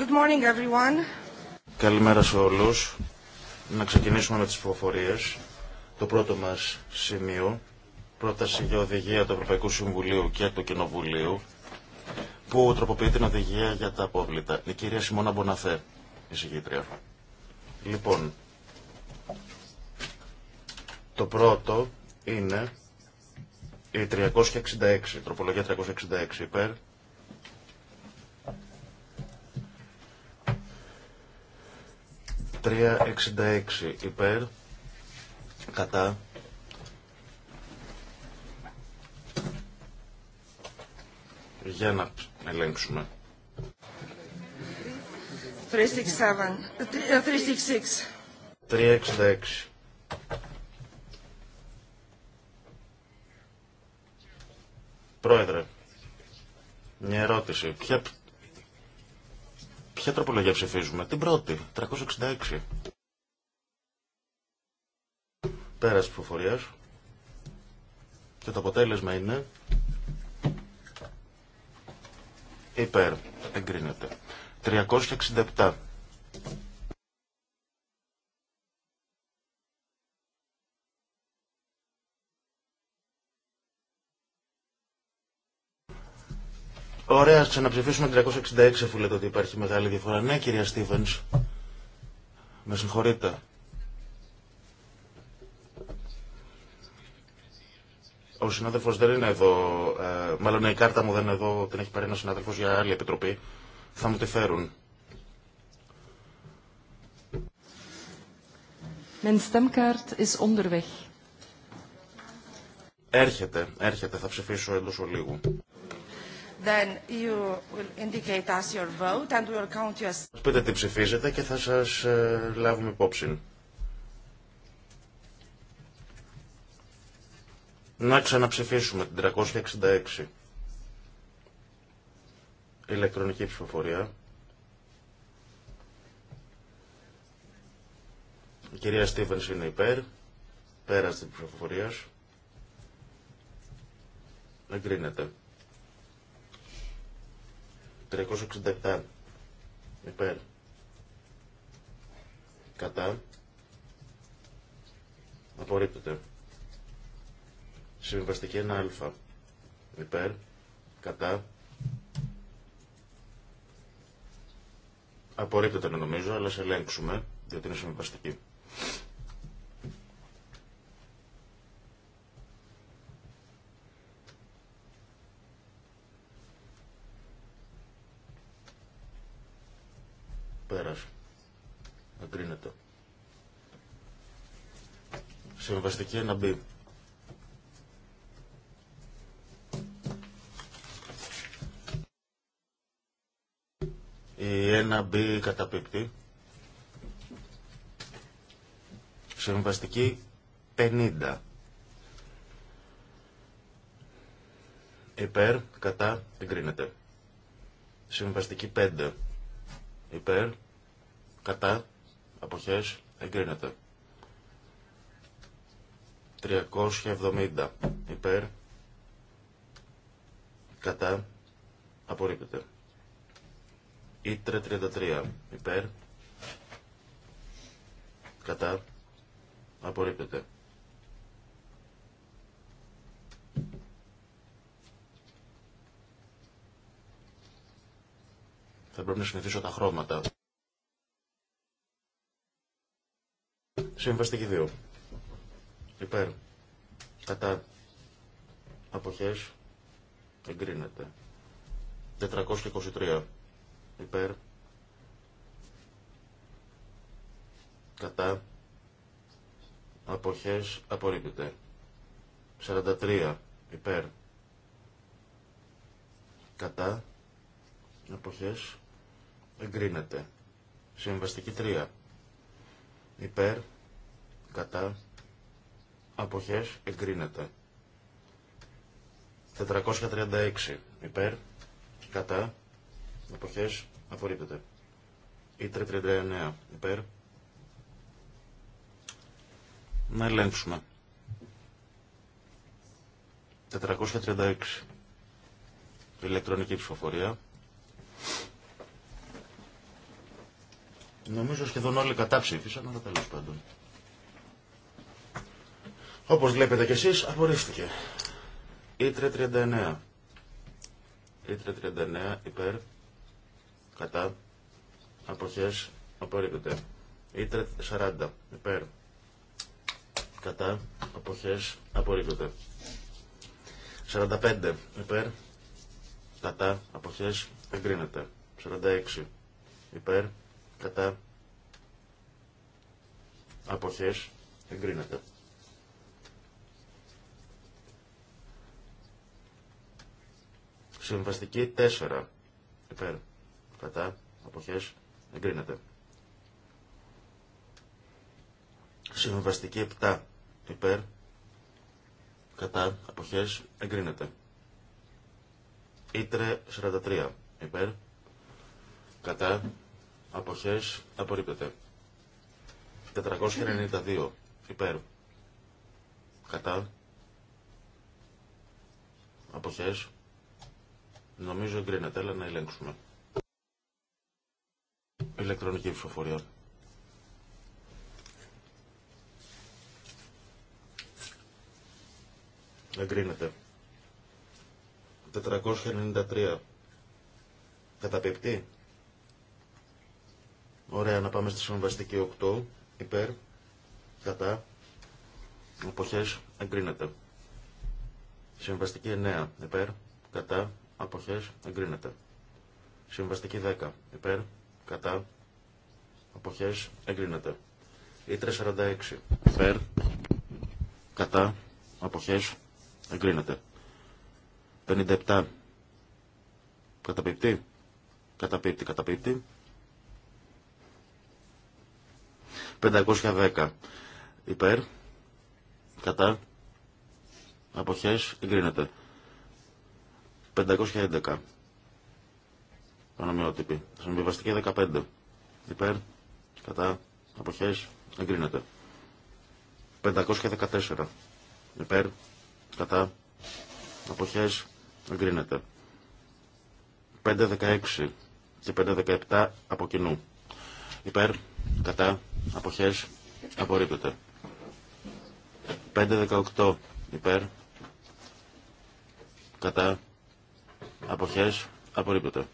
Good morning everyone. Καλημέρα σε όλους. Να ξεκινήσουμε με τις προφορίες. Το πρώτο μας σημείο, πρόταση για οδηγία του Ευρωπαϊκού Συμβουλίου και του Κοινοβουλίου, που τροποποιεί την οδηγία για τα απόβλητα. Η κυρία Σιμώνα Μποναφέ, εισηγήτρια. Λοιπόν, το πρώτο είναι η 366, τροπολογία 366 υπέρ, 366 υπέρ, κατά, για να ελέγξουμε. 366. Πρόεδρε, μια ερώτηση. Ποια Ποια τροπολογία ψηφίζουμε. Την πρώτη. 366. Πέρας ψηφοφορίας. Και το αποτέλεσμα είναι... Υπέρ. Εγκρίνεται. 367. Ωραία, ξαναψηφίσουμε 366, αφού λέτε ότι υπάρχει μεγάλη διαφορά. Ναι, κυρία Στίβενς. Με συγχωρείτε. Ο συνάδελφος δεν είναι εδώ, ε, μάλλον η κάρτα μου δεν είναι εδώ, την έχει πάρει ένα συνάδελφος για άλλη επιτροπή. Θα μου τη φέρουν. Mijn stemkaart is onderweg. Έρχεται, έρχεται, θα ψηφίσω εντός ολίγου. Then you πείτε τι ψηφίζετε και θα σας ε, λάβουμε υπόψη. Να ξαναψηφίσουμε την 366. Ηλεκτρονική ψηφοφορία. Η κυρία Στίβενς είναι υπέρ. Πέρας ψηφοφορία. ψηφοφορίας. Εγκρίνεται. 367 υπέρ κατά Συμβιβαστική συμβαστική 1α υπέρ κατά απορρίπτεται νομίζω αλλά σε ελέγξουμε διότι είναι συμβαστική Πέρας. Εγκρίνεται. Συμβαστική 1B. Η 1B καταπίπτει. Συμβαστική 50. Υπέρ, κατά, εγκρίνεται. Συμβαστική 5 υπέρ, κατά, αποχές, εγκρίνεται. 370 υπέρ, κατά, απορρίπτεται. Ήτρε 33 υπέρ, κατά, απορρίπτεται. Θα πρέπει να συνηθίσω τα χρώματα. Συμβαστική 2. Υπέρ. Κατά. Αποχές. Εγκρίνεται. 423. Υπέρ. Κατά. Αποχές. Απορρίπτεται. 43. Υπέρ. Κατά. Αποχές εγκρίνεται. Συμβαστική 3. Υπέρ, κατά, αποχές, εγκρίνεται. 436. Υπέρ, κατά, αποχές, απορρίπτεται. Ήτρε 39. Υπέρ. Να ελέγξουμε. 436. Ηλεκτρονική ψηφοφορία. Νομίζω σχεδόν όλοι κατάψηφισαν, αλλά τέλο πάντων. Όπω βλέπετε κι εσεί, απορρίφθηκε. Ήτρε 39. Ήτρε 39 υπέρ. Κατά. Αποχέ. Απορρίπτεται. Ήτρε 40 υπέρ. Κατά. Αποχέ. Απορρίπτεται. 45 υπέρ. Κατά. Αποχέ. Εγκρίνεται. 46 υπέρ κατά αποχές εγκρίνεται. Συμβαστική 4 υπέρ κατά αποχές εγκρίνεται. Συμβαστική 7 υπέρ κατά αποχές εγκρίνεται. Ήτρε 43 υπέρ κατά Αποχές απορρίπτεται. 492 υπέρ. Κατά. Αποχές. Νομίζω εγκρίνεται, αλλά να ελέγξουμε. Ηλεκτρονική ψηφοφορία. Εγκρίνεται. 493. Καταπεπτεί. Ωραία, να πάμε στη συμβαστική 8. Υπέρ, κατά, αποχές, εγκρίνεται. Συμβαστική 9. Υπέρ, κατά, αποχές, εγκρίνεται. Συμβαστική 10. Υπέρ, κατά, αποχές, εγκρίνεται. Ήτρε 46. Υπέρ, κατά, αποχές, εγκρίνεται. 57. Καταπίπτει. Καταπίπτει, καταπίπτει. 510 υπέρ, κατά, αποχές, εγκρίνεται. 511 πανομοιότυπη. Συμβιβαστική 15 υπέρ, κατά, αποχές, εγκρίνεται. 514 υπέρ, κατά, αποχές, εγκρίνεται. 516 και 517 από κοινού. Υπέρ, κατά, Αποχές. Απορρίπτεται. 5-18 υπέρ. Κατά. Αποχές. Απορρίπτεται.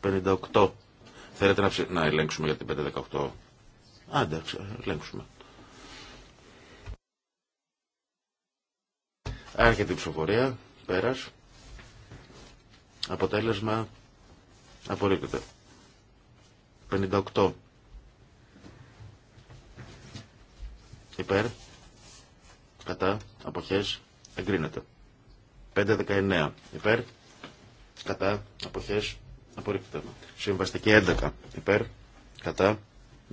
58. Θέλετε να, ψη... να ελέγξουμε για την 5-18. Άντε, ελέγξουμε. Άρχεται η ψηφοφορία. Πέρας. Αποτέλεσμα. Απορρίπτεται. 58 Υπέρ. Κατά. Αποχές. Εγκρίνεται. 519. Υπέρ. Κατά. Αποχές. Απορρίπτεται. Συμβαστική 11. Υπέρ. Κατά.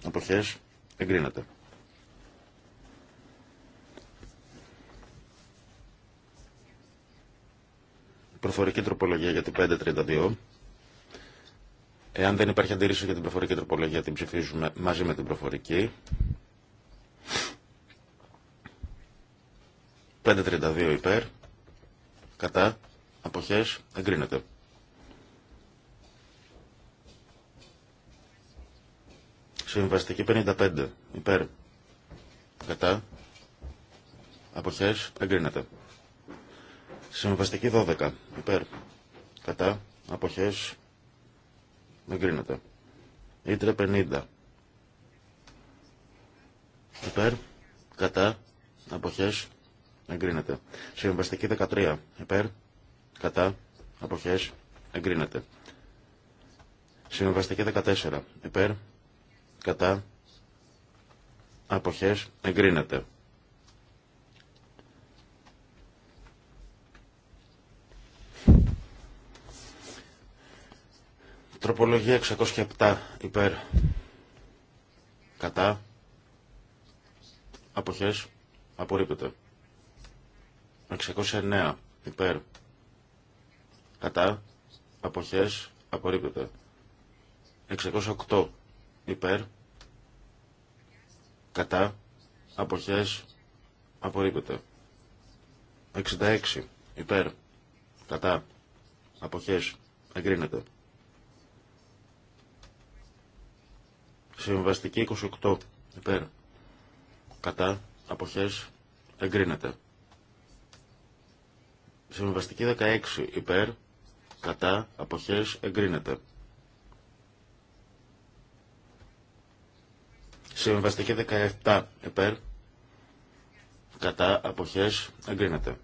Αποχές. Εγκρίνεται. Προφορική τροπολογία για την 532. Εάν δεν υπάρχει αντίρρηση για την προφορική τροπολογία, την ψηφίζουμε μαζί με την προφορική. 5.32 υπέρ. Κατά. Αποχές. Εγκρίνεται. Συμβαστική 55 υπέρ. Κατά. Αποχές. Εγκρίνεται. Συμβαστική 12 υπέρ. Κατά. Αποχές. Εγκρίνεται. Ήτρε 50. Υπέρ. Κατά. Αποχές εγκρίνεται. Συμβαστική 13 υπέρ, κατά, αποχές, εγκρίνεται. Συμβαστική 14 υπέρ, κατά, αποχές, εγκρίνεται. Τροπολογία 607 υπέρ, κατά, αποχές, απορρίπτεται. 609 υπέρ κατά αποχές απορρίπτεται 608 υπέρ κατά αποχές απορρίπτεται 66 υπέρ κατά αποχές εγκρίνεται Συμβαστική 28 υπέρ κατά αποχές εγκρίνεται Συμβαστική 16 υπέρ, κατά, αποχές, εγκρίνεται. Συμβαστική 17 υπέρ, κατά, αποχές, εγκρίνεται.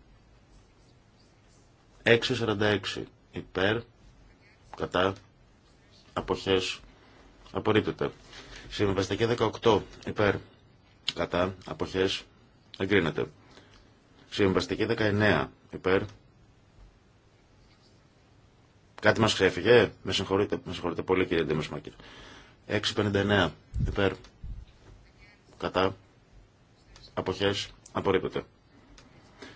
646 υπέρ, κατά, αποχές, απορρίπτεται. Συμβαστική 18 υπέρ, κατά, αποχές, εγκρίνεται. Συμβαστική 19 υπέρ, Κάτι μα ξέφυγε. Με συγχωρείτε, με συγχωρείτε πολύ κύριε Ντέμεσμακερ. 6.59. Υπέρ. Κατά. αποχέ, Απορρίπτεται.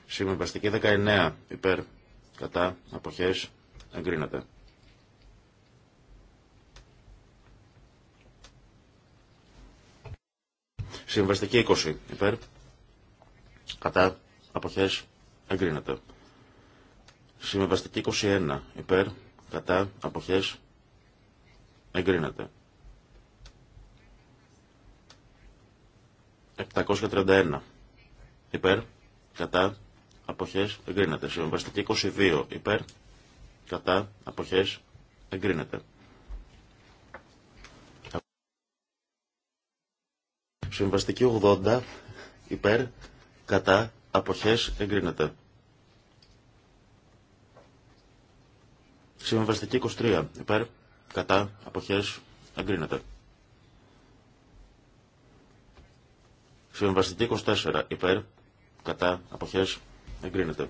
Συμβαστική 19. Υπέρ. Κατά. αποχέ, Εγκρίνεται. Συμβαστική 20. Υπέρ. Κατά. αποχέ, Εγκρίνεται. Συμβαστική 21. Υπέρ κατά, αποχές, εγκρίνεται. 731 υπέρ, κατά, αποχές, εγκρίνεται. Συμβαστική 22 υπέρ, κατά, αποχές, εγκρίνεται. Συμβαστική 80 υπέρ, κατά, αποχές, εγκρίνεται. Συμβαστική 23. Υπέρ. Κατά. Αποχές. Εγκρίνεται. Συμβαστική 24. Υπέρ. Κατά. Αποχές. Εγκρίνεται.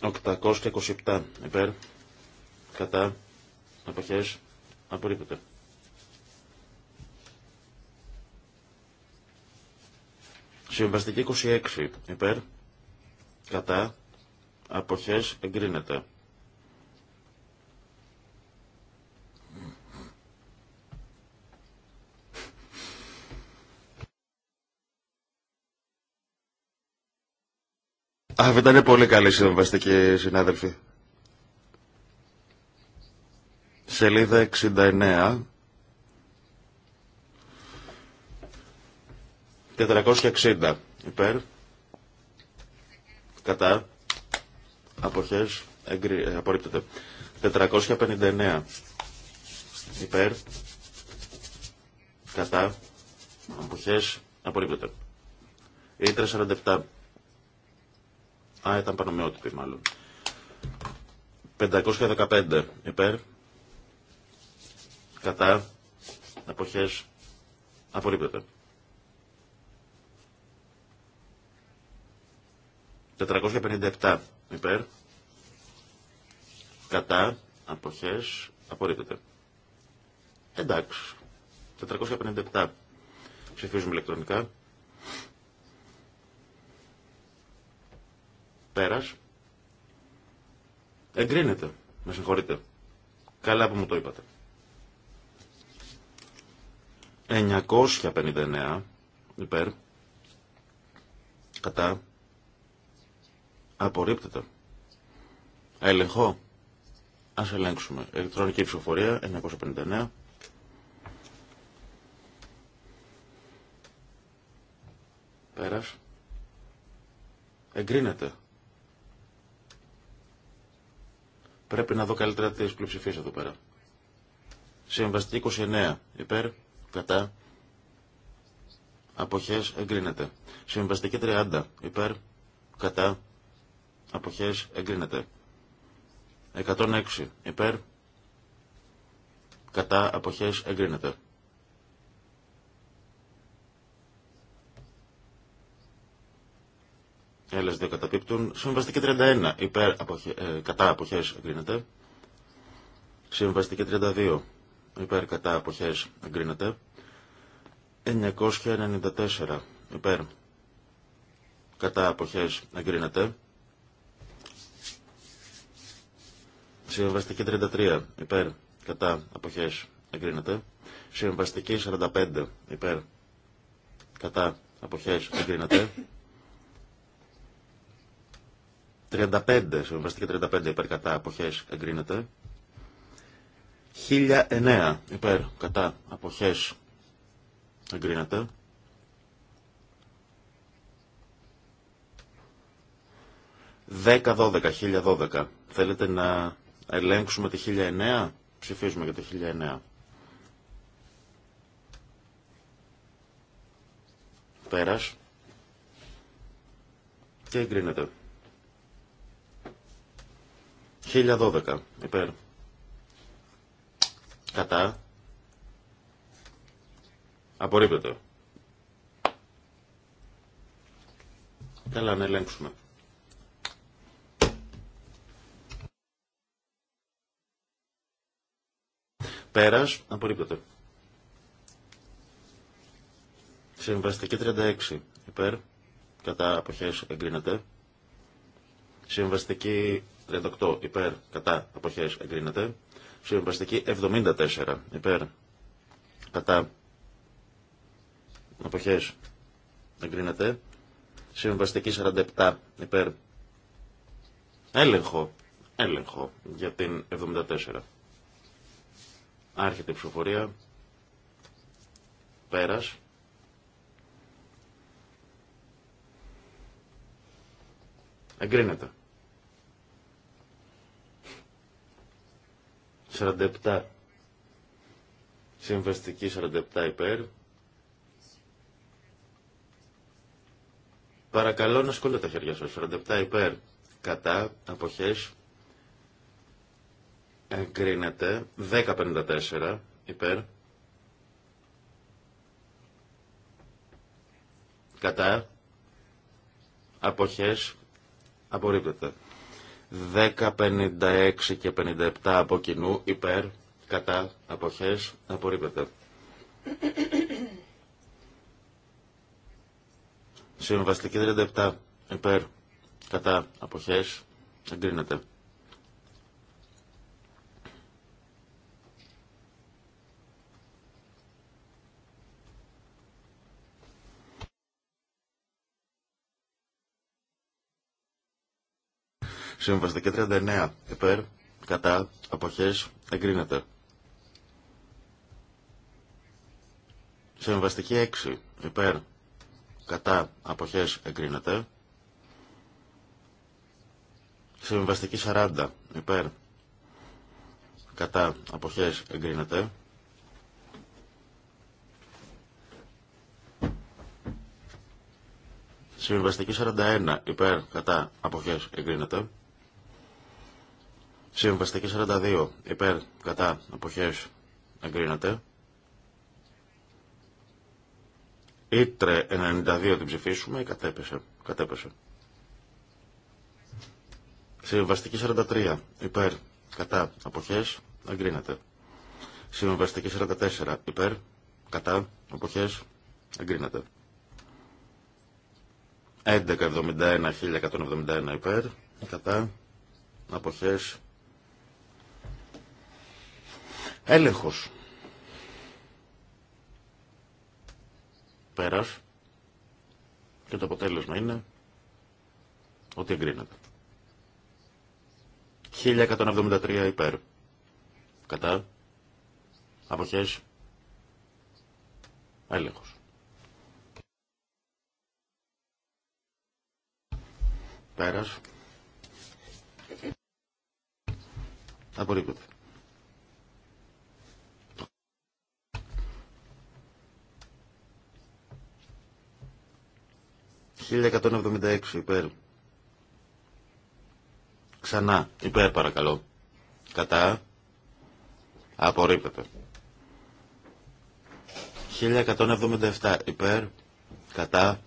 827. Υπέρ. Κατά. Αποχές. Απορρίπτεται. Συμβαστική 26. Υπέρ. Κατά αποχές εγκρίνεται. Α, ήταν πολύ καλή συμβαστική συνάδελφοι. Σελίδα 69. 460 υπέρ. Κατά αποχές εγκρι... Ε, απορρίπτεται. 459 υπέρ κατά αποχές απορρίπτεται. Ήτρα 47. Α, ήταν πανομοιότυπη μάλλον. 515 υπέρ κατά αποχές απορρίπτεται. 457 υπέρ, κατά, αποχές, απορρίπτεται. Εντάξει, 457 ψηφίζουμε ηλεκτρονικά. Πέρας. Εγκρίνεται, με συγχωρείτε. Καλά που μου το είπατε. 959 υπέρ, κατά, Απορρίπτεται. Έλεγχο. Ας ελέγξουμε. Ελεκτρονική ψηφοφορία 959. Πέρας. Εγκρίνεται. Πρέπει να δω καλύτερα τις πλειοψηφίες εδώ πέρα. Συμβαστική 29. Υπέρ. Κατά. Αποχές εγκρίνεται. Συμβαστική 30. Υπέρ. Κατά. Αποχές εγκρίνεται. 106 υπέρ. Κατά αποχές εγκρίνεται. 102 καταπίπτουν. Συμβαστική 31 ε, υπέρ κατά αποχές εγκρίνεται. Συμβαστική 32 υπέρ κατά αποχές εγκρίνεται. 994 υπέρ κατά αποχές εγκρίνεται. Συμβαστική 33 υπέρ κατά αποχές εγκρίνεται. Συμβαστική 45 υπέρ κατά αποχές εγκρίνεται. 35, συμβαστική 35 υπέρ κατά αποχές εγκρίνεται. 1009 υπέρ κατά αποχές εγκρίνεται. 10-12, 1012. Θέλετε να Ελέγξουμε τη 1009. Ψηφίζουμε για το 1009. Πέρας. Και εγκρίνεται. 1012. Υπέρ. Κατά. Απορρίπτεται. Καλά να ελέγξουμε. Πέρας, απορρίπτεται. Συμβαστική 36 υπέρ, κατά αποχές εγκρίνεται. Συμβαστική 38 υπέρ, κατά αποχές εγκρίνεται. Συμβαστική 74 υπέρ, κατά αποχέ. εγκρίνεται. Συμβαστική 47 υπέρ, έλεγχο, έλεγχο για την 74. Άρχεται η ψηφοφορία. Πέρας. Εγκρίνεται. 47. Συμβαστική 47 υπέρ. Παρακαλώ να σκόλετε τα χέρια σας. 47 υπέρ. Κατά. Αποχές εγκρίνεται 1054 υπέρ κατά αποχές απορρίπτεται 1056 και 57 από κοινού υπέρ κατά αποχές απορρίπτεται Συμβαστική 37 υπέρ κατά αποχές εγκρίνεται Συμβαστική 39 υπέρ, κατά, αποχές, εγκρίνεται. Συμβαστική 6 υπέρ, κατά, αποχές, εγκρίνεται. Συμβαστική 40 υπέρ, κατά, αποχές, εγκρίνεται. Συμβαστική 41 υπέρ, κατά, αποχές, εγκρίνεται. Συμβαστική 42. Υπέρ, κατά, αποχές, εγκρίνεται. Ήτρε 92 την ψηφίσουμε, κατέπεσε. κατέπεσε. Συμβαστική 43. Υπέρ, κατά, αποχές, εγκρίνεται. Συμβαστική 44. Υπέρ, κατά, αποχές, εγκρίνεται. 1171-1171 υπέρ, κατά, αποχές, Έλεγχος. Πέρας. Και το αποτέλεσμα είναι ότι εγκρίνεται. 1173 υπέρ. Κατά. Αποχές. Έλεγχος. Πέρας. Απορρίπτεται. 1176 υπέρ. Ξανά υπέρ παρακαλώ. Κατά. Απορρίπτεται. 1177 υπέρ. Κατά.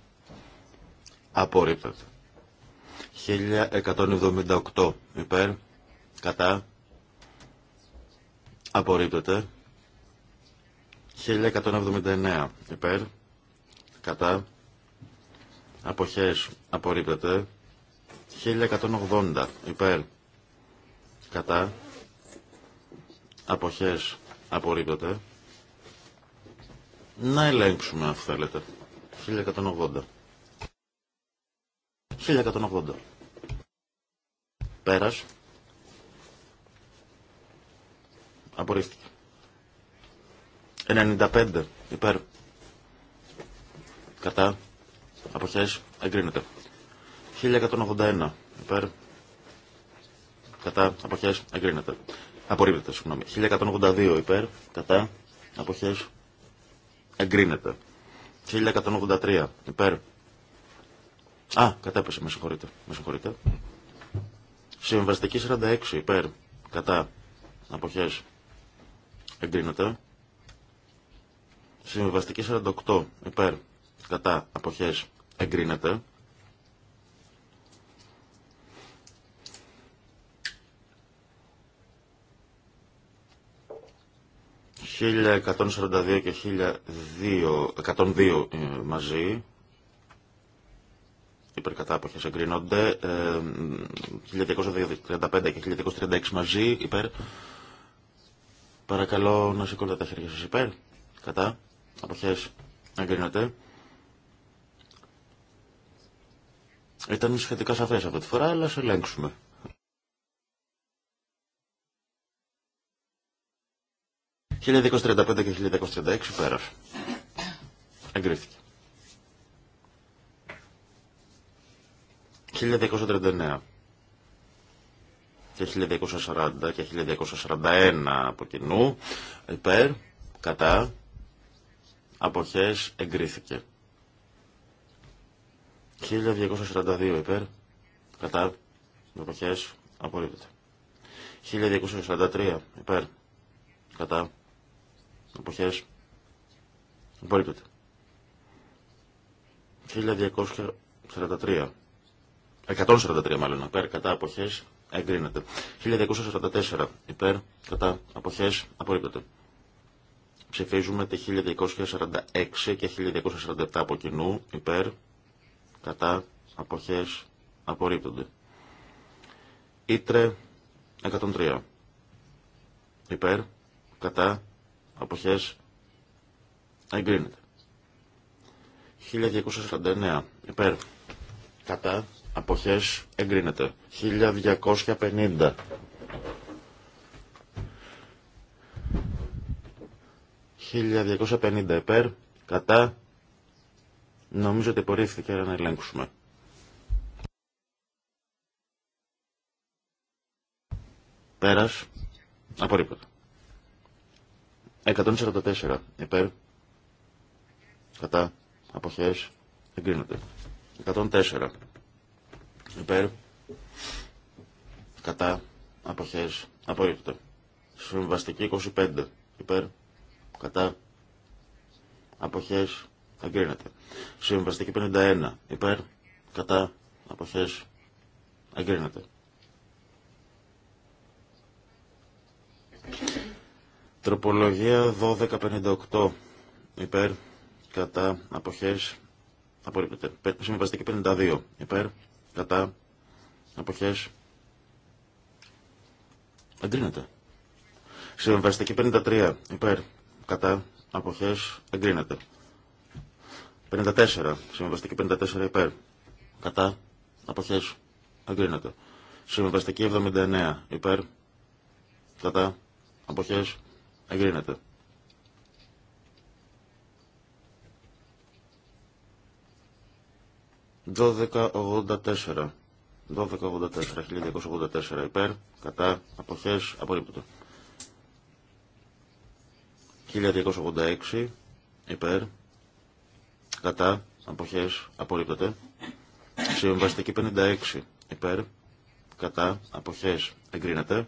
Απορρίπτεται. 1178 υπέρ. Κατά. Απορρίπτεται. 1179 υπέρ. Κατά. Αποχές απορρίπτεται. 1180 υπέρ. Κατά. Αποχές απορρίπτεται. Να ελέγξουμε αν θέλετε. 1180. 1180. Πέρας. Απορρίφθηκε. 95 υπέρ. Κατά. Αποχές. Εγκρίνεται. 1181. Υπέρ. Κατά. Αποχές. Εγκρίνεται. Απορρίπτεται, συγγνώμη. 1182 υπέρ. Κατά. Αποχές. Εγκρίνεται. 1183 υπέρ. Α, κατέπεσε, με συγχωρείτε. Με συγχωρείτε. Συμβαστική 46 υπέρ. Κατά. Αποχές. Εγκρίνεται. Συμβαστική 48 υπέρ. Κατά. Αποχές. Εγκρίνεται. «1142 και 102 ε, μαζί, υπερκατάποχες εγκρίνονται, 1235 ε, και 1236 μαζί, υπέρ. Παρακαλώ να σηκώνετε τα χέρια σας υπέρ, κατά, αποχές εγκρίνονται. Ήταν σχετικά σαφές αυτή τη φορά, αλλά σε ελέγξουμε. και 1236, πέρασε. Εγκρίθηκε. 1239 και 1240 και 1241 από κοινού υπέρ, κατά, αποχές εγκρίθηκε. 1242 υπέρ, κατά, αποχές απορρίπτεται. 1243 υπέρ, κατά, αποχές απορρίπτεται. 1243, 143 μάλλον, υπέρ, κατά, αποχές εγκρίνεται. 1244 υπέρ, κατά, αποχές απορρίπτεται. Ψηφίζουμε τη 1246 και 1247 από κοινού, υπέρ, κατά, αποχές, απορρίπτονται. Ήτρε 103. Υπέρ, κατά, αποχές, εγκρίνεται. 1249. Υπέρ, κατά, αποχές, εγκρίνεται. 1250. ...1250 υπέρ, κατά, Νομίζω ότι απορρίφθηκε, να ελέγξουμε. Πέρας. Απορρίπτω. 144. Υπέρ. Κατά. Αποχές. Εγκρίνεται. 104. Υπέρ. Κατά. Αποχές. Απορρίπτω. Συμβαστική 25. Υπέρ. Κατά. Αποχές. Εγκρίνεται. Συμβαστική 51. Υπέρ. Κατά. κατά, Αγκρίνεται. Τροπολογία 1258. Υπέρ. Κατά. Αποχές. Απορρίπτεται. Συμβαστική 52. Υπέρ. Κατά. Αποχές. Εγκρίνεται. Συμβαστική 53. Υπέρ. Κατά. Αποχές. Εγκρίνεται. 54. Συμβαστική 54 υπέρ. Κατά. Αποχές. Αγκρίνεται. Συμβαστική 79 υπέρ. Κατά. Αποχές. Αγκρίνεται. 1284. 1284. 1284 υπέρ. Κατά. Αποχές. ογδόντα 1286 υπέρ. Κατά. Αποχές. Απορρίπτεται. Συμβαστική 56. Υπέρ. Κατά. Αποχές. Εγκρίνεται.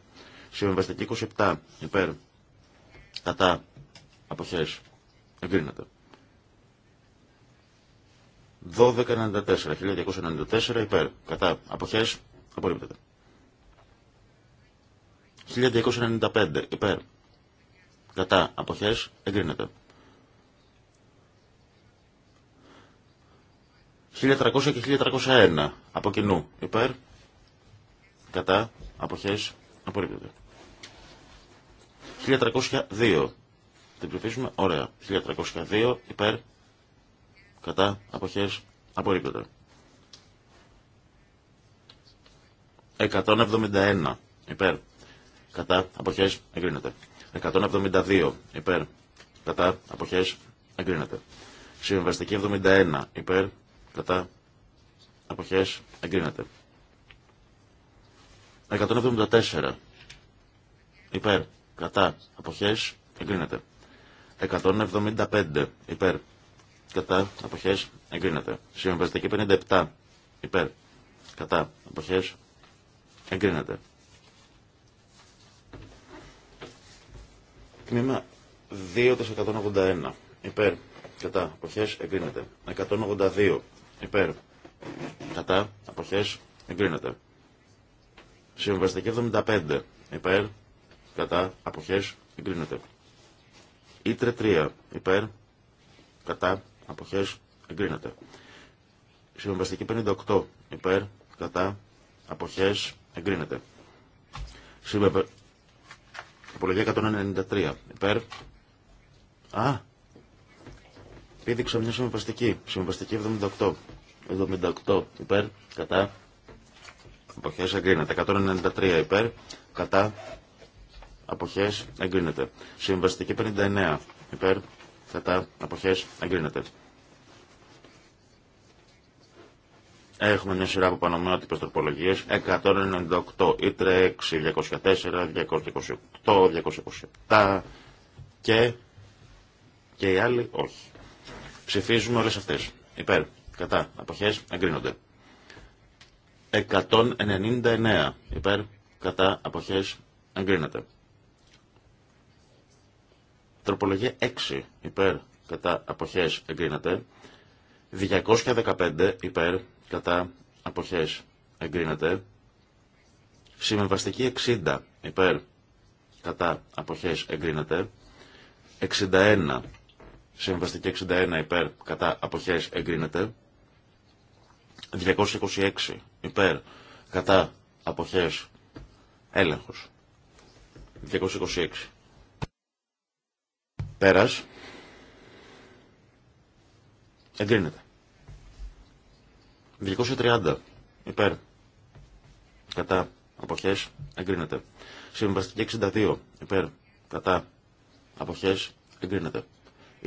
Συμβαστική 27. Υπέρ. Κατά. Αποχές. Εγκρίνεται. 1294. 1294 υπέρ. Κατά. Αποχές. Απορρίπτεται. 1295 υπέρ. Κατά. Αποχές. Εγκρίνεται. 1300 και 1301 από κοινού. Υπέρ. Κατά. Αποχές. Απορρίπτεται. 1302. Την ψηφίσουμε. Ωραία. 1302. Υπέρ. Κατά. Αποχές. Απορρίπτεται. 171. Υπέρ. Κατά. Αποχές. Εγκρίνεται. 172. Υπέρ. Κατά. Αποχές. Εγκρίνεται. Συμβαστική 71. Υπέρ. Κατά. Αποχές. Εγκρίνεται. 174. Υπέρ. Κατά. Αποχές. Εγκρίνεται. 175. Υπέρ. Κατά. Αποχές. Εγκρίνεται. Συμβαστική 57. Υπέρ. Κατά. Αποχές. Εγκρίνεται. Τμήμα 2 181. Υπέρ. Κατά. Αποχές. Εγκρίνεται. 182 υπέρ, κατά, αποχές, εγκρίνεται. Συμβαστική 75, υπέρ, κατά, αποχές, εγκρίνεται. Ήτρε 3, υπέρ, κατά, αποχές, εγκρίνεται. Συμβαστική 58, υπέρ, κατά, αποχές, εγκρίνεται. Συμβαστική 193, υπέρ, α, Επίδειξα μια συμβαστική. Συμβαστική 78. 78 υπέρ, κατά. Αποχέ εγκρίνεται. 193 υπέρ, κατά. Αποχέ εγκρίνεται. Συμβαστική 59 υπέρ, κατά. Αποχέ εγκρίνεται. Έχουμε μια σειρά από πανομοιότυπε τροπολογίε. 198, ή 6, 204, 228, 227 και. και οι άλλοι όχι. Ψηφίζουμε όλε αυτέ Υπέρ. Κατά. Αποχέ. Εγκρίνονται. 199. Υπέρ. Κατά. Αποχέ. Εγκρίνεται. Τροπολογία 6. Υπέρ. Κατά. αποχέ Εγκρίνεται. 215. Υπέρ. Κατά. Αποχέ. Εγκρίνεται. Συμμεβαστική 60. Υπέρ. Κατά. απόχέ Εγκρίνεται. 61 Συμβαστική 61 υπέρ κατά αποχές εγκρίνεται. 226 υπέρ κατά αποχές έλεγχος. 226. Πέρας. Εγκρίνεται. 230 υπέρ κατά αποχές εγκρίνεται. Συμβαστική 62 υπέρ κατά αποχές εγκρίνεται.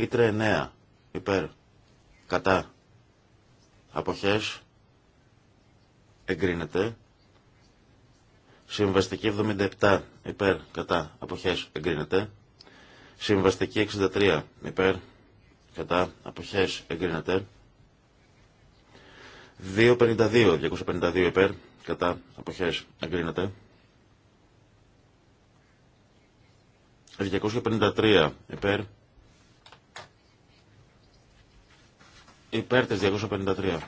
Ήτρε 9. Υπέρ. Κατά. Αποχές. Εγκρίνεται. Συμβαστική 77. Υπέρ. Κατά. Αποχές. Εγκρίνεται. Συμβαστική 63. Υπέρ. Κατά. Αποχές. Εγκρίνεται. 252. 252 υπέρ. Κατά. Αποχές. Εγκρίνεται. 253 υπέρ. Υπέρ της 253.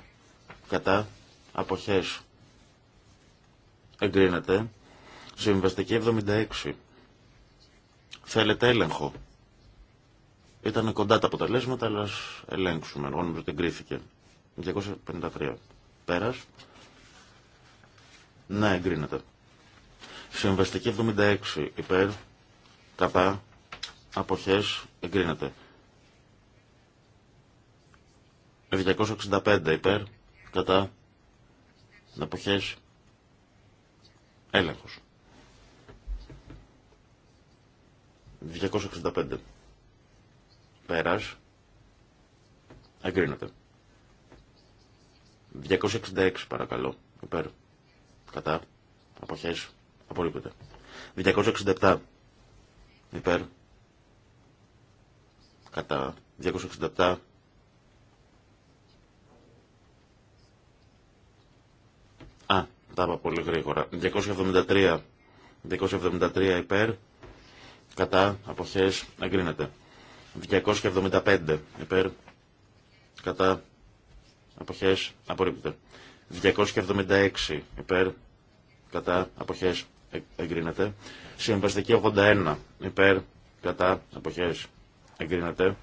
Κατά. Αποχές. Εγκρίνεται. Συμβαστική 76. Θέλετε έλεγχο. Ήταν κοντά τα αποτελέσματα, αλλά ας ελέγξουμε. Εγώ νομίζω ότι εγκρίθηκε. 253. Πέρας. Ναι, εγκρίνεται. Συμβαστική 76. Υπέρ. Κατά. Αποχές. Εγκρίνεται. 265 υπέρ, κατά, αποχές, έλεγχος. 265. Πέρας. Εγκρίνεται. 266 παρακαλώ. Υπέρ. Κατά. Αποχές. Απολύπτεται. 267. Υπέρ. Κατά. 267. Τα πολύ γρήγορα. 273. 273 υπέρ. Κατά. Αποχές. Εγκρίνεται. 275 υπέρ. Κατά. Αποχές. Απορρίπτεται. 276 ε, υπέρ. Κατά. Αποχές. Εγκρίνεται. Συμβαστική 81 υπέρ. Κατά. Αποχές. Εγκρίνεται.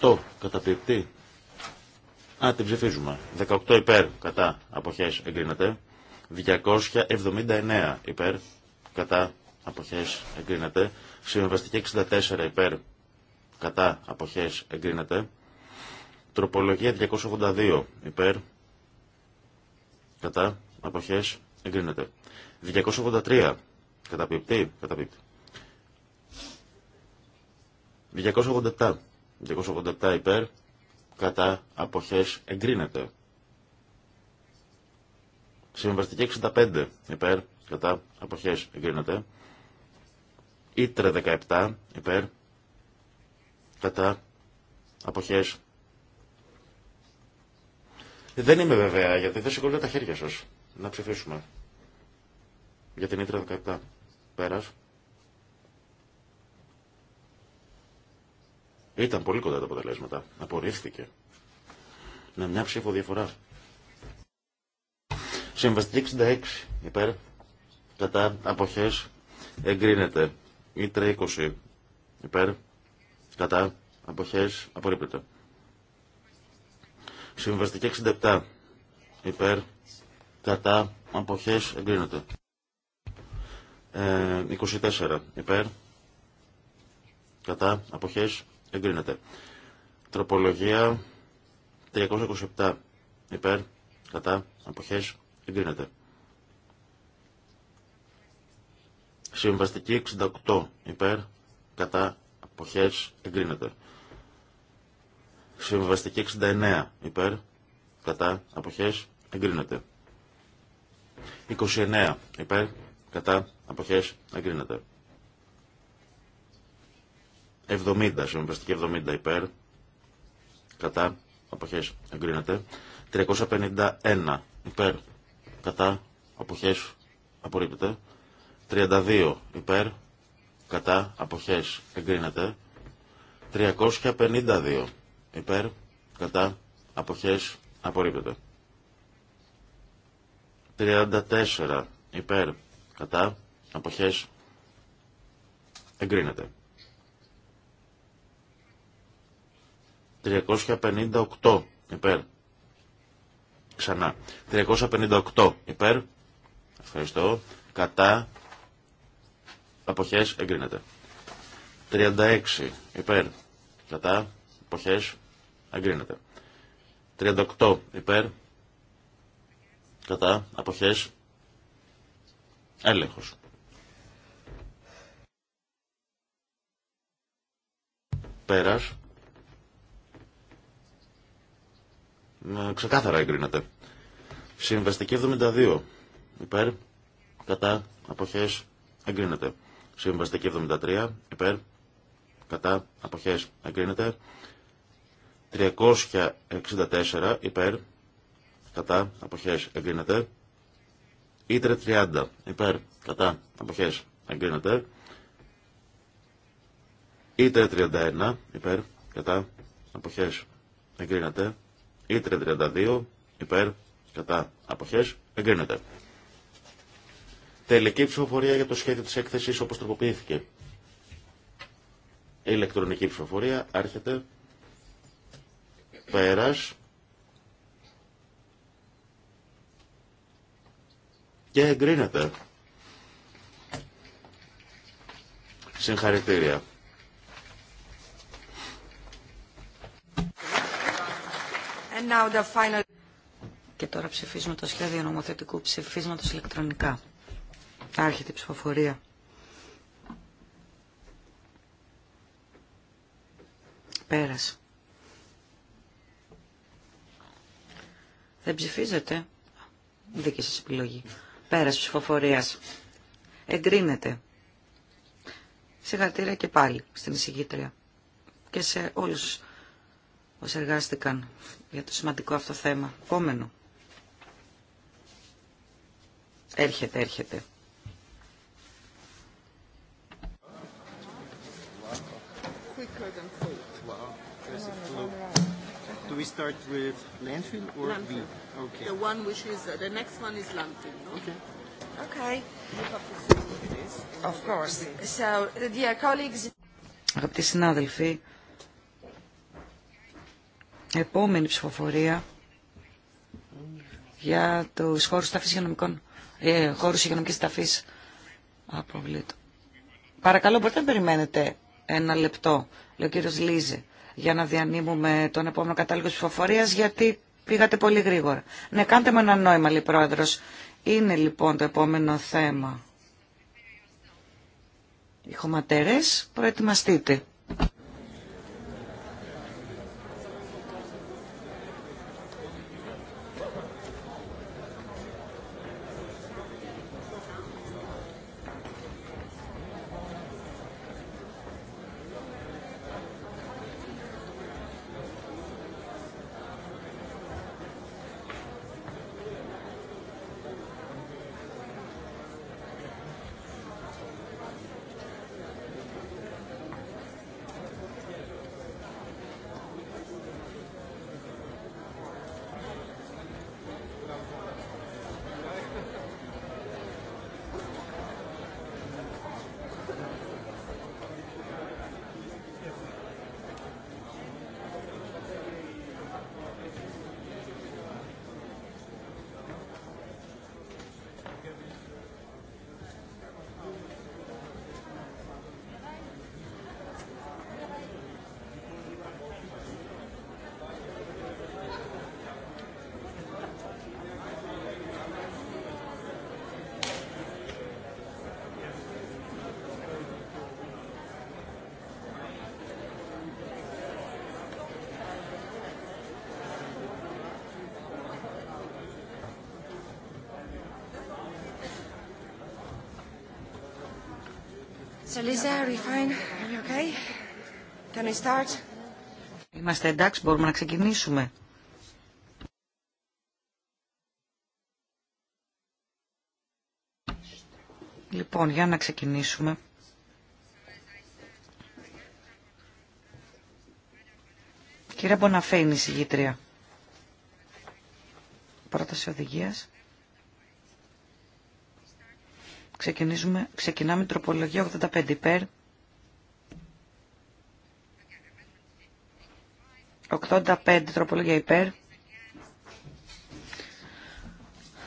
18 καταπληκτή Α, την ψηφίζουμε. 18 υπέρ, κατά, αποχές, εγκρίνεται. 279 υπέρ, κατά, αποχές, εγκρίνεται. Συμβαστική 64 υπέρ, κατά, αποχές, εγκρίνεται. Τροπολογία 282 υπέρ, κατά, αποχές, εγκρίνεται. 283 κατά καταπιπτή. 287, 287 υπέρ, κατά αποχές εγκρίνεται. Συμβαστική 65 υπέρ κατά αποχές εγκρίνεται. Ήτρε 17 υπέρ κατά αποχές. Δεν είμαι βέβαια γιατί δεν σηκώνετε τα χέρια σας. Να ψηφίσουμε. Για την Ήτρε 17. Πέρας. Ήταν πολύ κοντά τα αποτελέσματα. Απορρίφθηκε. να μια ψήφο διαφορά. Συμβαστική 66 υπέρ. Κατά αποχές εγκρίνεται. Ήτρε 20 υπέρ. Κατά αποχές απορρίπτεται. Συμβαστική 67 υπέρ. Κατά αποχές εγκρίνεται. Ε, 24 υπέρ. Κατά αποχές Εγκρίνεται. Τροπολογία 327 υπέρ, κατά, αποχές, εγκρίνεται. Συμβαστική 68 υπέρ, κατά, αποχές, εγκρίνεται. Συμβαστική 69 υπέρ, κατά, αποχές, εγκρίνεται. 29 υπέρ, κατά, αποχές, εγκρίνεται. 70, συμβαστική 70 υπέρ, κατά, αποχές, εγκρίνεται. 351 υπέρ, κατά, αποχές, απορρίπτεται. 32 υπέρ, κατά, αποχές, εγκρίνεται. 352 υπέρ, κατά, αποχές, απορρίπτεται. 34 υπέρ, κατά, αποχές, εγκρίνεται. 358 υπέρ. Ξανά. 358 υπέρ. Ευχαριστώ. Κατά. Αποχές εγκρίνεται. 36 υπέρ. Κατά. Αποχές εγκρίνεται. 38 υπέρ. Κατά. Αποχές. Έλεγχος. Πέρας. ξεκάθαρα εγκρίνεται. Συμβαστική 72. Υπέρ. Κατά. Αποχέ. Εγκρίνεται. Συμβαστική 73. Υπέρ. Κατά. Αποχέ. Εγκρίνεται. 364. Υπέρ. Κατά. Αποχέ. Εγκρίνεται. Ήτρε 30. Υπέρ. Κατά. Αποχέ. Εγκρίνεται. Ήτρε 31. Υπέρ. Κατά. Αποχέ. Εγκρίνεται. Η 32 υπέρ κατά αποχές εγκρίνεται. Τελική ψηφοφορία για το σχέδιο της έκθεσης όπως τροποποιήθηκε. Ηλεκτρονική ψηφοφορία άρχεται πέρας και εγκρίνεται. Συγχαρητήρια. Και τώρα ψηφίζουμε το σχέδιο νομοθετικού ψηφίσματος ηλεκτρονικά. Άρχεται η ψηφοφορία. Πέρασε. Δεν ψηφίζετε. Δίκη σας επιλογή. Πέρας ψηφοφορίας. Εγκρίνεται. Συγχαρητήρια και πάλι στην εισηγήτρια. Και σε όλους όσοι εργάστηκαν για το σημαντικό αυτό θέμα. Επόμενο. Έρχεται, έρχεται. we start Αγαπητοί συνάδελφοι, επόμενη ψηφοφορία για τους χώρους ταφής υγειονομικών, ε, χώρους υγειονομικής ταφής Παρακαλώ, μπορείτε να περιμένετε ένα λεπτό, λέει ο κύριος Λίζε, για να διανύμουμε τον επόμενο κατάλογο ψηφοφορία, γιατί πήγατε πολύ γρήγορα. Ναι, κάντε με ένα νόημα, λέει πρόεδρος. Είναι λοιπόν το επόμενο θέμα. Οι χωματερές, προετοιμαστείτε. Είμαστε εντάξει, μπορούμε να ξεκινήσουμε. Λοιπόν, για να ξεκινήσουμε. Κύριε Μποναφέ, είναι η συγγήτρια. Πρόταση οδηγίας Ξεκινήσουμε, ξεκινάμε τροπολογία 85 υπέρ. 85 τροπολογία υπέρ.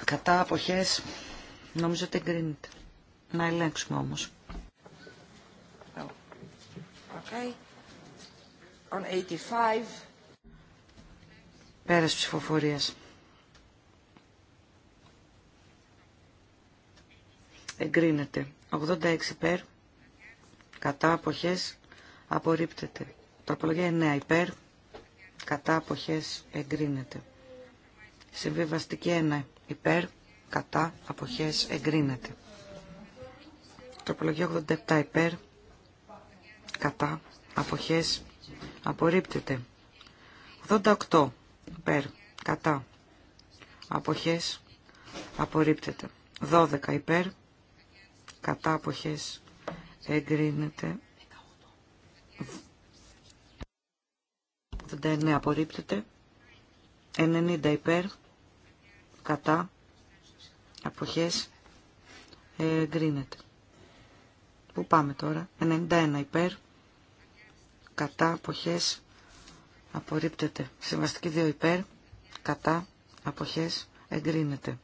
Κατά αποχές νομίζω ότι εγκρίνεται. Να ελέγξουμε όμως. Okay. On 85. Πέρας ψηφοφορίας. εγκρίνεται. 86 υπέρ, κατά αποχές απορρίπτεται. Τροπολογία 9 υπέρ, κατά αποχές εγκρίνεται. Συμβιβαστική 1 υπέρ, κατά αποχές εγκρίνεται. Τροπολογία 87 υπέρ, κατά αποχές απορρίπτεται. 88 υπέρ, κατά αποχές απορρίπτεται. 12 υπέρ, κατά αποχές εγκρίνεται 89 απορρίπτεται 90 υπέρ κατά αποχές εγκρίνεται Πού πάμε τώρα 91 υπέρ κατά αποχές απορρίπτεται συμβαστική 2 υπέρ κατά αποχές εγκρίνεται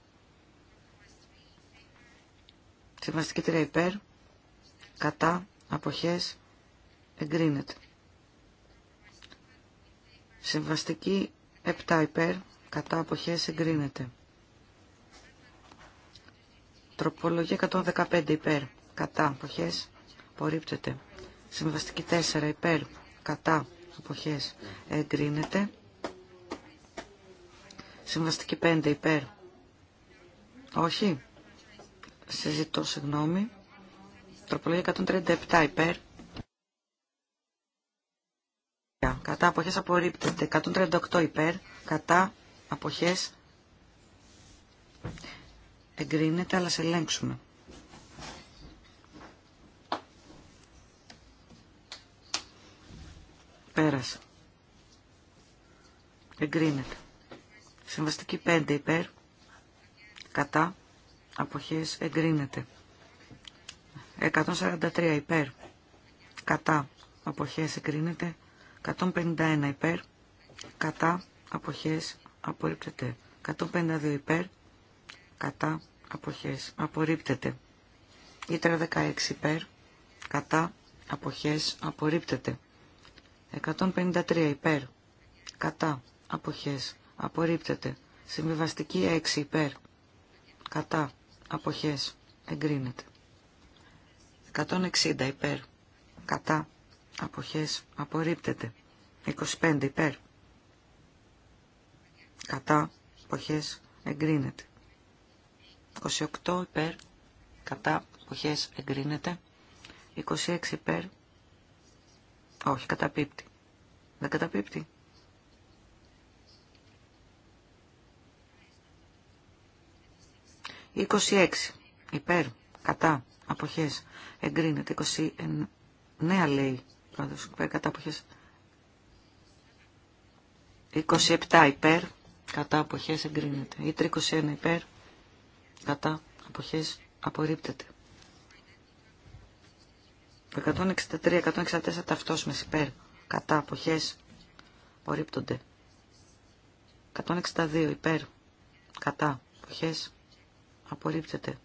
Συμβαστική 3 υπέρ, κατά, αποχές, εγκρίνεται. Συμβαστική 7 υπέρ, κατά, αποχές, εγκρίνεται. Τροπολογία 115 υπέρ, κατά, αποχές, απορρίπτεται. Συμβαστική 4 υπέρ, κατά, αποχές, εγκρίνεται. Συμβαστική 5 υπέρ. Όχι συζητώ, συγγνώμη. Τροπολογία 137 υπέρ. Κατά αποχές απορρίπτεται. 138 υπέρ. Κατά αποχές εγκρίνεται, αλλά σε ελέγξουμε. Πέρασε. Εγκρίνεται. Συμβαστική 5 υπέρ. Κατά αποχές εγκρίνεται. 143 υπέρ, κατά, αποχές εγκρίνεται. 151 υπέρ, κατά, αποχές απορρίπτεται. 152 υπέρ, κατά, αποχές απορρίπτεται. Ήτρα 16 υπέρ, κατά, αποχές απορρίπτεται. 153 υπέρ, κατά, αποχές απορρίπτεται. Συμβιβαστική 6 υπέρ, κατά, αποχές εγκρίνεται. 160 υπέρ κατά αποχές απορρίπτεται. 25 υπέρ κατά αποχές εγκρίνεται. 28 υπέρ κατά αποχές εγκρίνεται. 26 υπέρ όχι καταπίπτει. Δεν καταπίπτει. 26 υπέρ, κατά, αποχές, εγκρίνεται. 29 λέει, πρόεδρος, υπέρ, κατά, αποχές. 27 υπέρ, κατά, αποχές, εγκρίνεται. Ή 31 υπέρ, κατά, αποχές, απορρίπτεται. 163-164 ταυτόσμες υπέρ, κατά, αποχές, απορρίπτονται. 162 υπέρ, κατά, αποχές, απορρίπτεται.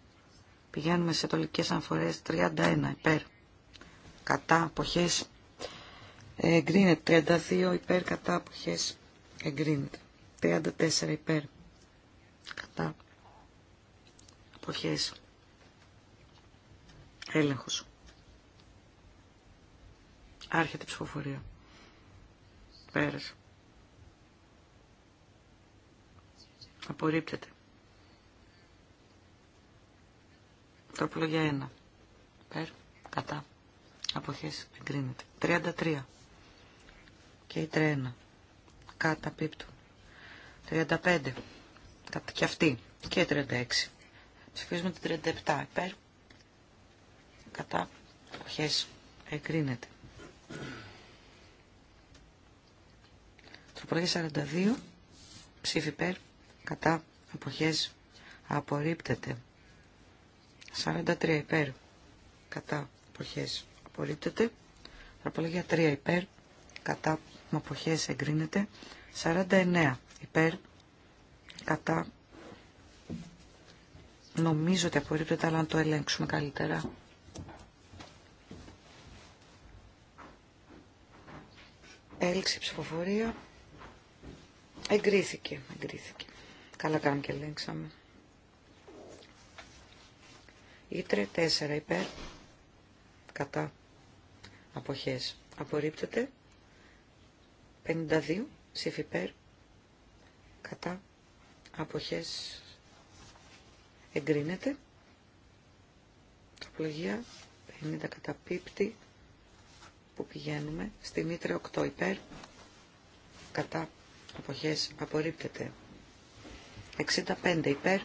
Πηγαίνουμε σε τολικές αναφορές 31 υπέρ. Κατά αποχές εγκρίνεται. 32 υπέρ κατά αποχές εγκρίνεται. 34 υπέρ κατά αποχές έλεγχος. Άρχεται η ψηφοφορία. Πέρασε. Απορρίπτεται. Τροπολογία 1. Περ. Κατά. Αποχές. Εγκρίνεται. 33. Και η τρένα. Κατά πίπτου. 35. Και αυτή. Και 36. Ψηφίζουμε την 37. Περ. Κατά. Αποχές. Εγκρίνεται. Τροπολογία 42. Ψήφι Περ. Κατά. Αποχές. Απορρίπτεται. 43 υπέρ κατά εποχές απορρίπτεται. Τροπολογία 3 υπέρ κατά εποχές εγκρίνεται. 49 υπέρ κατά νομίζω ότι απορρίπτεται αλλά να το ελέγξουμε καλύτερα. Έλξη ψηφοφορία. Εγκρίθηκε, εγκρίθηκε. Καλά κάνουμε και ελέγξαμε. Ήτρε 4 υπέρ. Κατά. Αποχές. Απορρίπτεται. 52 ψήφι υπέρ. Κατά. Αποχές. Εγκρίνεται. Τοπλογία 50 κατά πίπτη που πηγαίνουμε στην Ήτρε 8 υπέρ. Κατά. Αποχές. Απορρίπτεται. 65 υπέρ.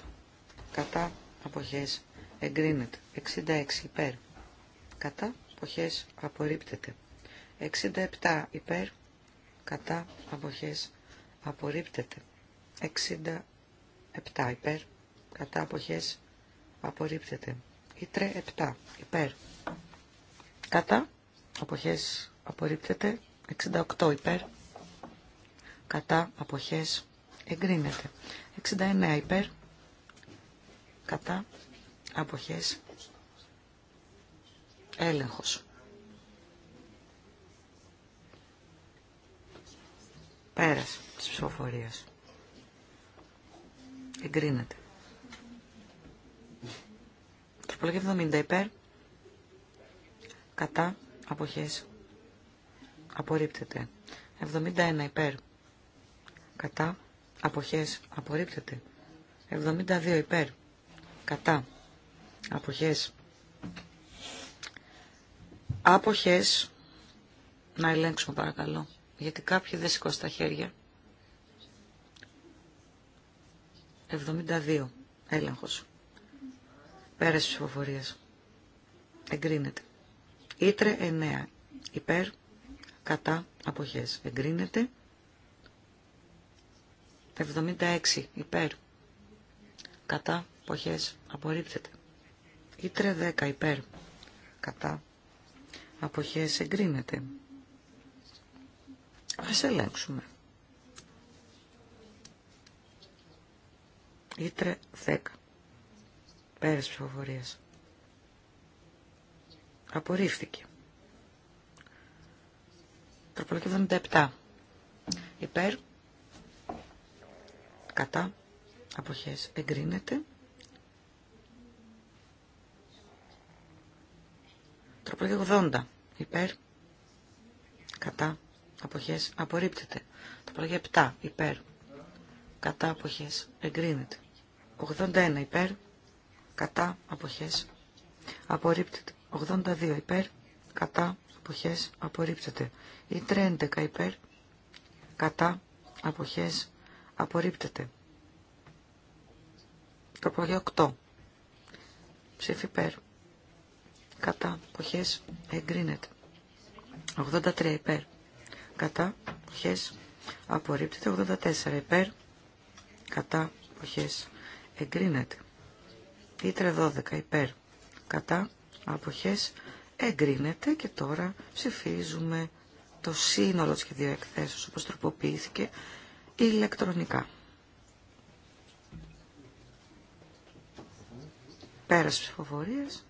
Κατά. Αποχές εγκρίνεται. 66 υπέρ. Κατά αποχές απορρίπτεται. 67 υπέρ. Κατά αποχές απορρίπτεται. 67 υπέρ. Κατά αποχές απορρίπτεται. Ήτρε 7 υπέρ. Κατά αποχές απορρίπτεται. 68 υπέρ. Κατά αποχές εγκρίνεται. 69 υπέρ. Κατά αποχές έλεγχος πέρας της ψηφοφορίας εγκρίνεται τροπολογία 70 υπέρ κατά αποχές απορρίπτεται 71 υπέρ κατά αποχές απορρίπτεται 72 υπέρ κατά Αποχές. Αποχές. Να ελέγξουμε παρακαλώ. Γιατί κάποιοι δεν σηκώσουν τα χέρια. 72. Έλεγχος. Πέρας τη ψηφοφορίας. Εγκρίνεται. Ήτρε 9. Υπέρ. Κατά. Αποχές. Εγκρίνεται. 76. Υπέρ. Κατά. Αποχές. Απορρίπτεται. Ήτρε 10 υπέρ. Κατά. Αποχές εγκρίνεται. Ας ελέγξουμε. Ήτρε 10. πέρες ψηφοφορίας. Απορρίφθηκε. Τροπολογία 77. Υπέρ. Κατά. Αποχές εγκρίνεται. Τροπολογία 80. Υπέρ. Κατά. Αποχές. Απορρίπτεται. Τροπολογία 7. Υπέρ. Κατά. Αποχές. Εγκρίνεται. 81. Υπέρ. Κατά. Αποχές. Απορρίπτεται. 82. Υπέρ. Κατά. Αποχές. Απορρίπτεται. Ή 11. Υπέρ. Κατά. Αποχές. Απορρίπτεται. Τροπολογία 8. Ψήφι υπέρ κατά ποχές εγκρίνεται. 83 υπέρ κατά ποχές απορρίπτεται. 84 υπέρ κατά ποχές εγκρίνεται. Ήτρε 12 υπέρ κατά αποχές εγκρίνεται και τώρα ψηφίζουμε το σύνολο της δύο εκθέσεως όπως τροποποιήθηκε ηλεκτρονικά. Πέρας ψηφοφορίας.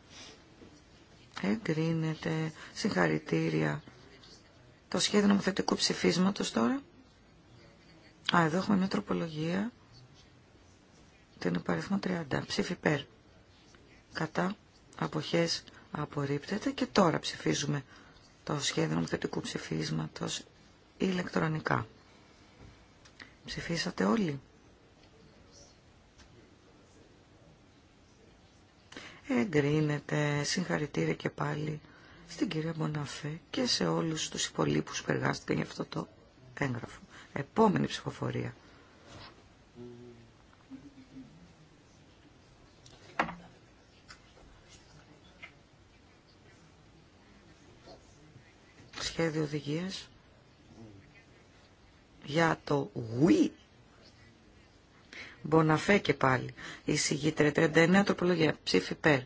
Εγκρίνεται. Συγχαρητήρια. Το σχέδιο νομοθετικού ψηφίσματος τώρα. Α, εδώ έχουμε μια τροπολογία. Την υπαριθμό 30. Ψήφι Κατά. Αποχές. Απορρίπτεται. Και τώρα ψηφίζουμε το σχέδιο νομοθετικού ψηφίσματος ηλεκτρονικά. Ψηφίσατε όλοι. εγκρίνεται. Συγχαρητήρια και πάλι στην κυρία Μοναφέ και σε όλους τους υπολείπους που εργάστηκαν για αυτό το έγγραφο. Επόμενη ψηφοφορία. Σχέδιο οδηγίας για το WIT Μποναφέ και πάλι. Η συγγήτρια 39 τροπολογία. Ψήφι υπέρ.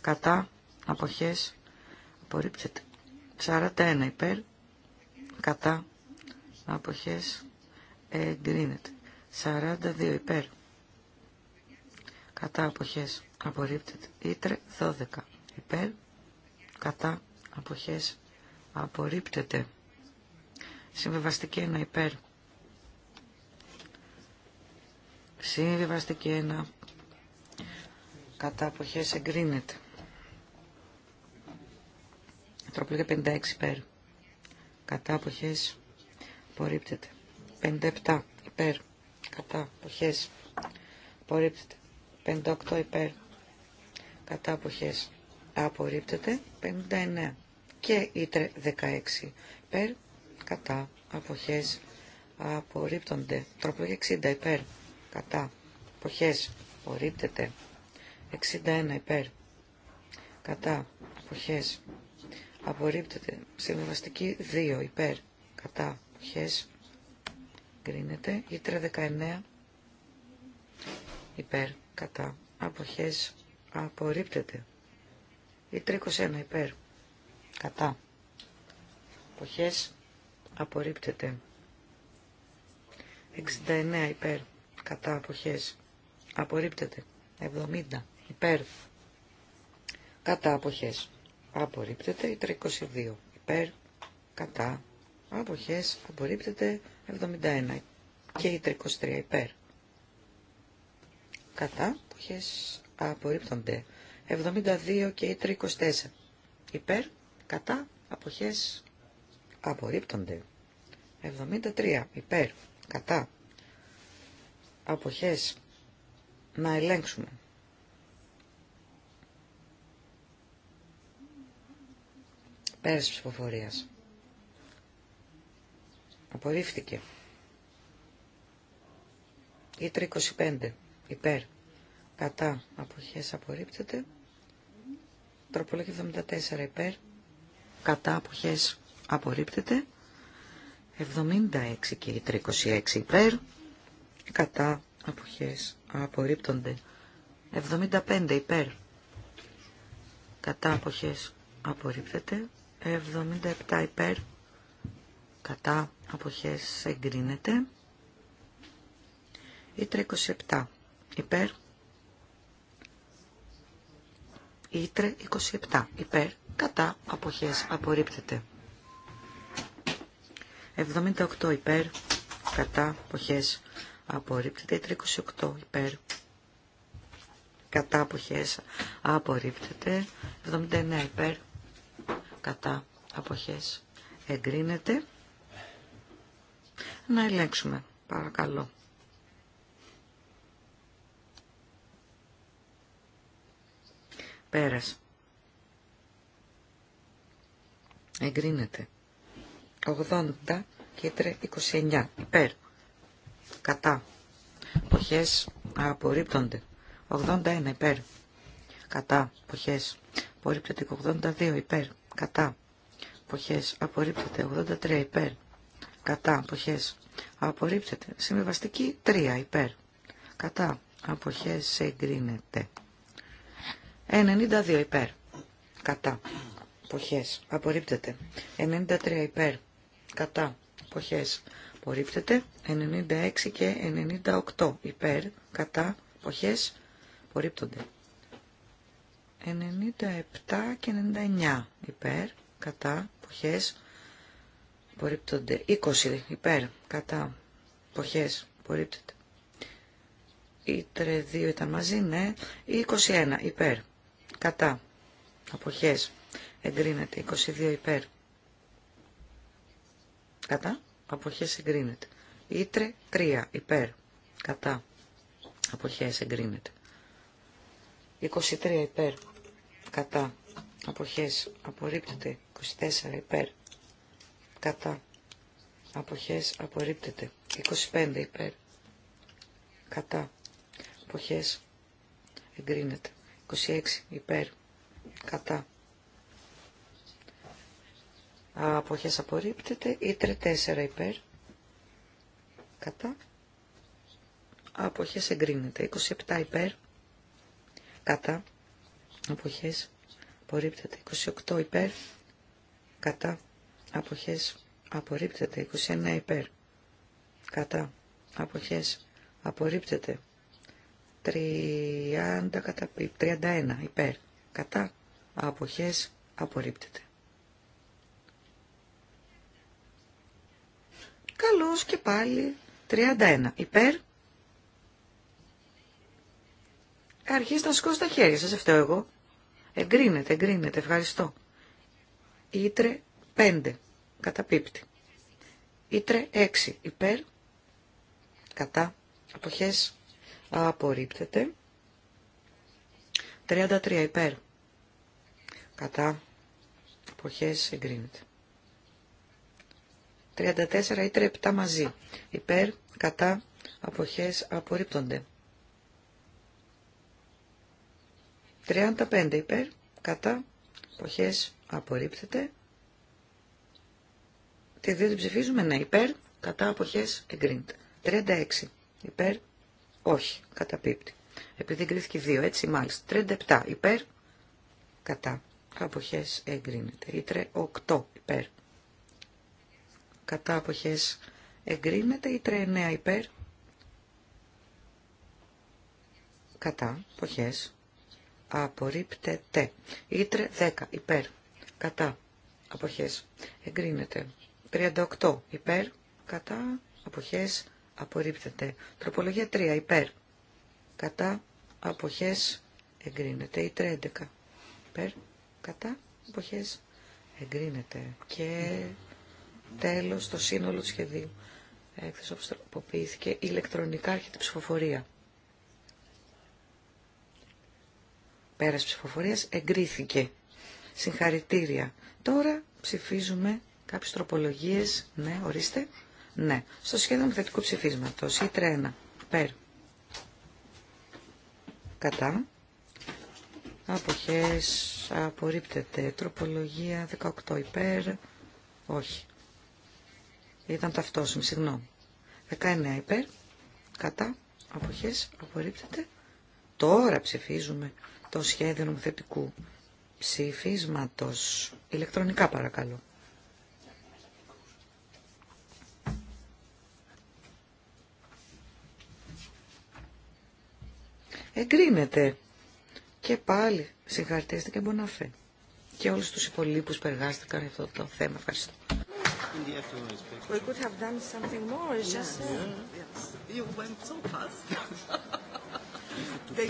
Κατά. Αποχές. Απορρίπτεται. 41 υπέρ. Κατά. Αποχές. Εγκρίνεται. 42 υπέρ. Κατά. Αποχές. Απορρίπτεται. Ήτρε 12 υπέρ. Κατά. Αποχές. Απορρίπτεται. Συμβεβαστική 1 υπέρ. και 1. Κατά αποχές εγκρίνεται. Τροπολογία 56 υπέρ. Κατά αποχές απορρίπτεται. 57 υπέρ. Κατά αποχές απορρίπτεται. 58 υπέρ. Κατά αποχές απορρίπτεται. 59 και ήτρε 16 υπέρ. Κατά αποχές απορρίπτονται. Τροπολογία 60 υπέρ κατά αποχές απορρίπτεται 61 υπέρ κατά αποχές απορρίπτεται Συμβαστική 2 υπέρ κατά αποχές γκρίνεται ήτρα 19 υπέρ κατά αποχές απορρίπτεται ήτρα 21 υπέρ κατά αποχές απορρίπτεται 69 υπέρ κατά αποχές απορρίπτεται 70 υπέρ κατά αποχές απορρίπτεται 32. υπέρ κατά αποχές απορρίπτεται 71 και η 33 υπέρ κατά αποχές απορρίπτονται 72 και η 34. υπέρ κατά αποχές απορρίπτονται 73 υπέρ κατά αποχές να ελέγξουμε. Πέρασε ψηφοφορίας. Απορρίφθηκε. Ή 25. Υπέρ. Κατά. Αποχές απορρίπτεται. Τροπολογία 74. Υπέρ. Κατά. Αποχές απορρίπτεται. 76 και η 26 υπέρ κατά αποχές απορρίπτονται 75 υπέρ κατά αποχές απορρίπτεται 77 υπέρ κατά αποχές εγκρίνεται ή 27 υπέρ Ήτρε 27. Υπέρ, κατά, αποχές, απορρίπτεται. 78. Υπέρ, κατά, αποχές, απορρίπτεται. 328 υπέρ κατά αποχές απορρίπτεται. 79 υπέρ κατά αποχές εγκρίνεται. Να ελέγξουμε παρακαλώ. Πέρας. Εγκρίνεται. 80 και 29 υπέρ κατά ποχές απορρίπτονται 81 υπέρ κατά ποχές απορρίπτεται 82 υπέρ κατά ποχές απορρίπτεται 83 υπέρ κατά ποχές απορρίπτεται συμβιβαστική 3 υπέρ κατά αποχές εγκρίνεται 92 υπέρ κατά ποχές απορρίπτεται 93 υπέρ κατά ποχές απορρίπτεται 96 και 98 υπέρ κατά εποχές απορρίπτονται 97 και 99 υπέρ κατά εποχές απορρίπτονται 20 υπέρ κατά εποχές απορρίπτεται οι 3 2 ήταν μαζί ναι 21 υπέρ κατά αποχές εγκρίνεται 22 υπέρ κατά αποχές εγκρίνεται. Ήτρε 3 υπέρ κατά αποχές εγκρίνεται. 23 υπέρ κατά αποχές απορρίπτεται. 24 υπέρ κατά αποχές απορρίπτεται. 25 υπέρ κατά αποχές εγκρίνεται. 26 υπέρ κατά αποχές απορρίπτεται, ήτρε 4 υπέρ, κατά, αποχές εγκρίνεται, 27 υπέρ, κατά, αποχές απορρίπτεται, 28 υπέρ, κατά, αποχές απορρίπτεται, 21 υπέρ, κατά, αποχές απορρίπτεται, 30 κατά 31 υπέρ, κατά, αποχές απορρίπτεται. Καλώς και πάλι 31. Υπέρ. Αρχίστε να σηκώσετε τα χέρια σας, αυτό εγώ. Εγκρίνεται, εγκρίνεται, ευχαριστώ. Ήτρε 5, καταπίπτει. Ήτρε 6, υπέρ, κατά, αποχές, απορρίπτεται. 33, υπέρ, κατά, αποχές, εγκρίνεται. 34 ή 37 μαζί. Υπέρ, κατά, αποχές, απορρίπτονται. 35 υπέρ, κατά, αποχές, απορρίπτεται. Τι δύο την ψηφίζουμε, ναι, υπέρ, κατά, αποχές, εγκρίνεται. 36 υπέρ, όχι, καταπίπτει. Επειδή εγκρίθηκε 2, έτσι μάλιστα. 37 υπέρ, κατά, αποχές, εγκρίνεται. Ήτρε 8 υπέρ, κατά αποχές εγκρίνεται, η 39 υπέρ, κατά αποχές απορρίπτεται, η 10 υπέρ, κατά αποχές εγκρίνεται, 38 υπέρ, κατά αποχές απορρίπτεται, τροπολογία 3 υπέρ, κατά αποχές εγκρίνεται, η 11 υπέρ, κατά αποχές εγκρίνεται και Τέλος, το σύνολο του σχεδίου έκθεση όπως τροποποιήθηκε ηλεκτρονικά έρχεται ψηφοφορία. Πέρας ψηφοφορίας εγκρίθηκε. Συγχαρητήρια. Τώρα ψηφίζουμε κάποιες τροπολογίες. Ναι, ορίστε. Ναι. Στο σχέδιο θετικού ψηφίσματος. Ή τρένα. Πέρ. Κατά. Αποχές. Απορρίπτεται. Τροπολογία 18 υπέρ. Όχι. Ήταν ταυτόσιμη, συγγνώμη. 19 υπέρ, κατά, αποχές, απορρίπτεται. Τώρα ψηφίζουμε το σχέδιο νομοθετικού ψηφίσματος. Ηλεκτρονικά παρακαλώ. Εγκρίνεται. Και πάλι συγχαρητήστε και Μποναφέ. Και όλους τους υπολείπους που εργάστηκαν αυτό το θέμα. Ευχαριστώ in the afternoon is We could have done something more. It's just yes. you went so fast. they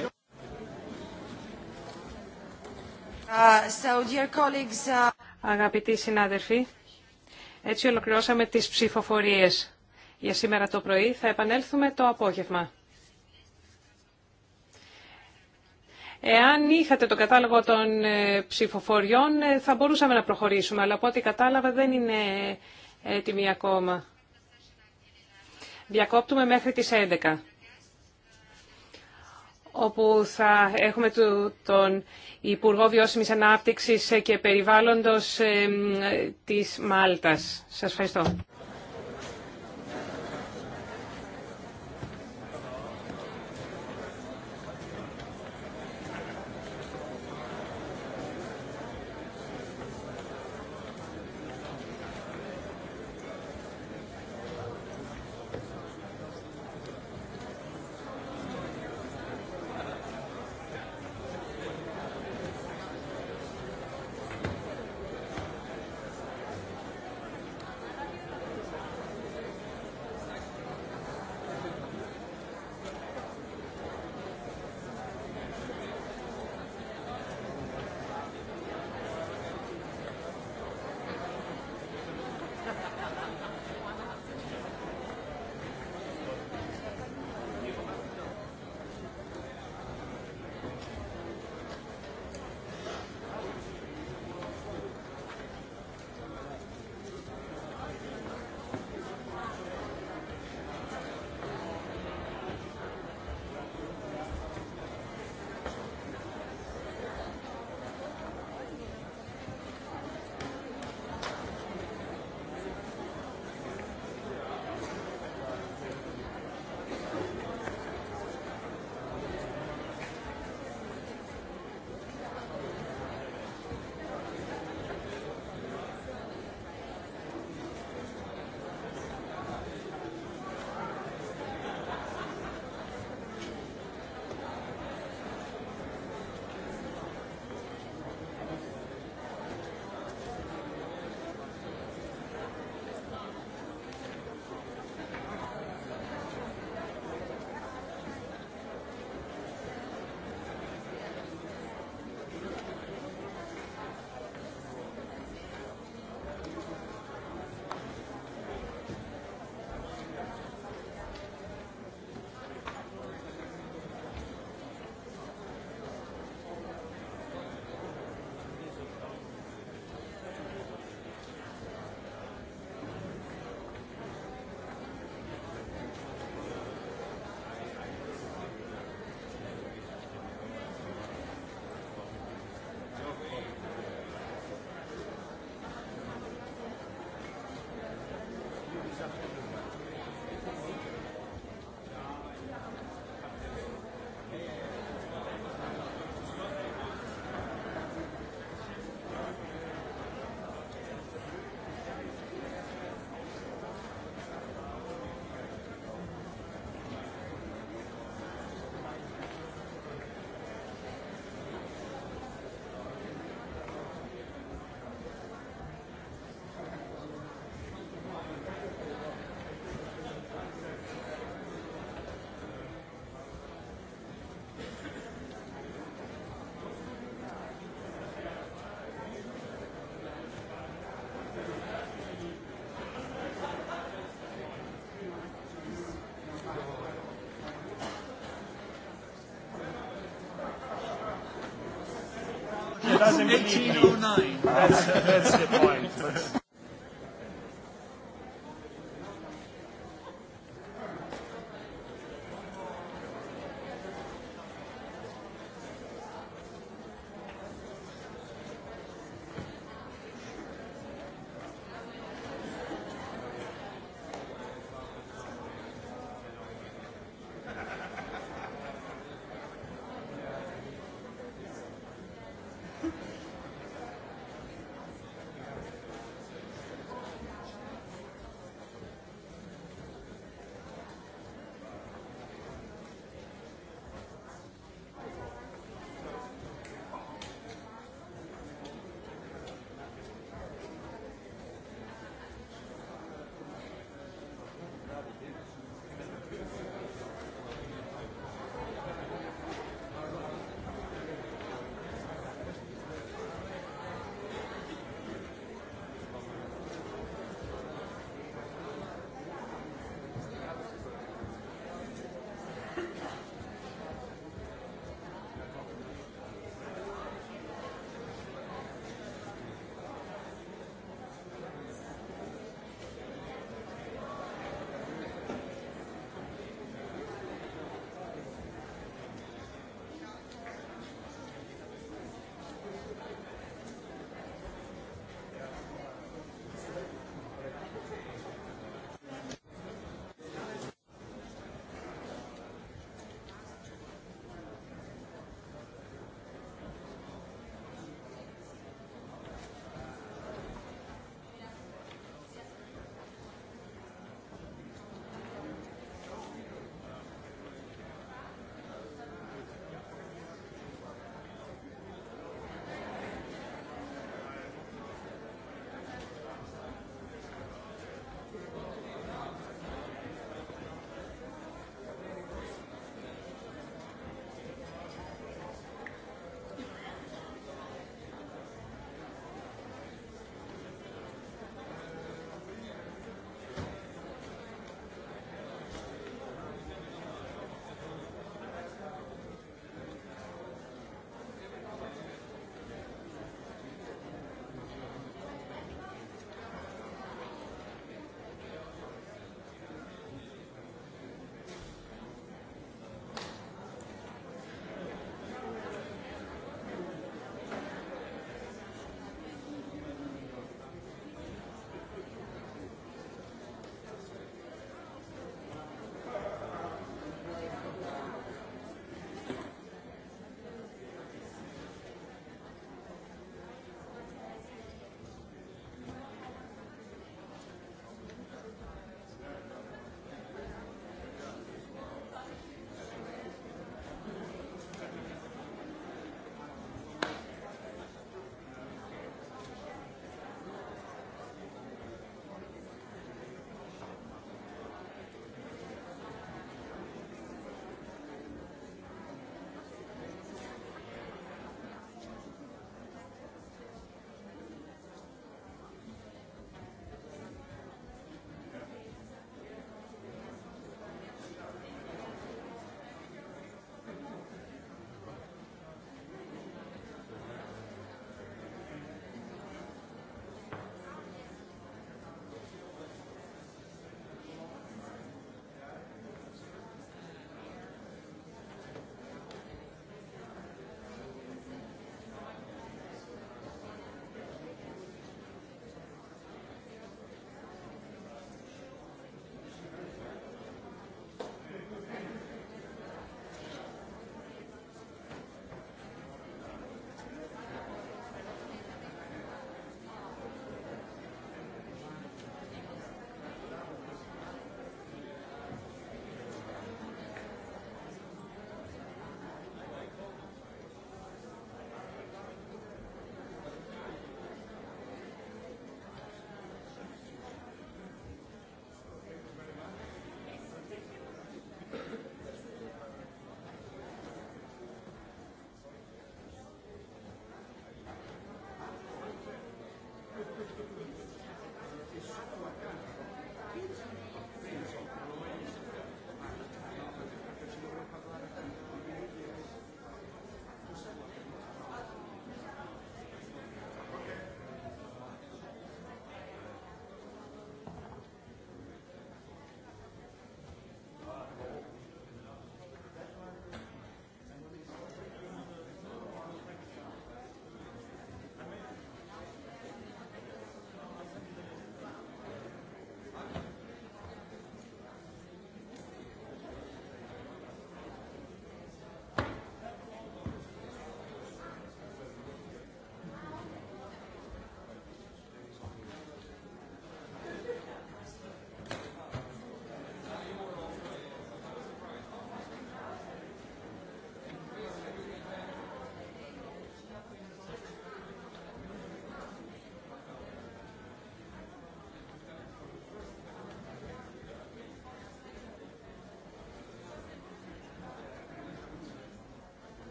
uh, so, dear colleagues, uh... Αγαπητοί συνάδελφοι, έτσι ολοκληρώσαμε τις ψηφοφορίες. Για σήμερα το πρωί θα επανέλθουμε το απόγευμα. Εάν είχατε το κατάλογο των ε, ψηφοφοριών ε, θα μπορούσαμε να προχωρήσουμε, αλλά από ό,τι κατάλαβα δεν είναι έτοιμοι ακόμα. Διακόπτουμε μέχρι τις 11 όπου θα έχουμε τον Υπουργό Βιώσιμης Ανάπτυξης και Περιβάλλοντος της Μάλτας. Σας ευχαριστώ. 1809. That's, that's the point.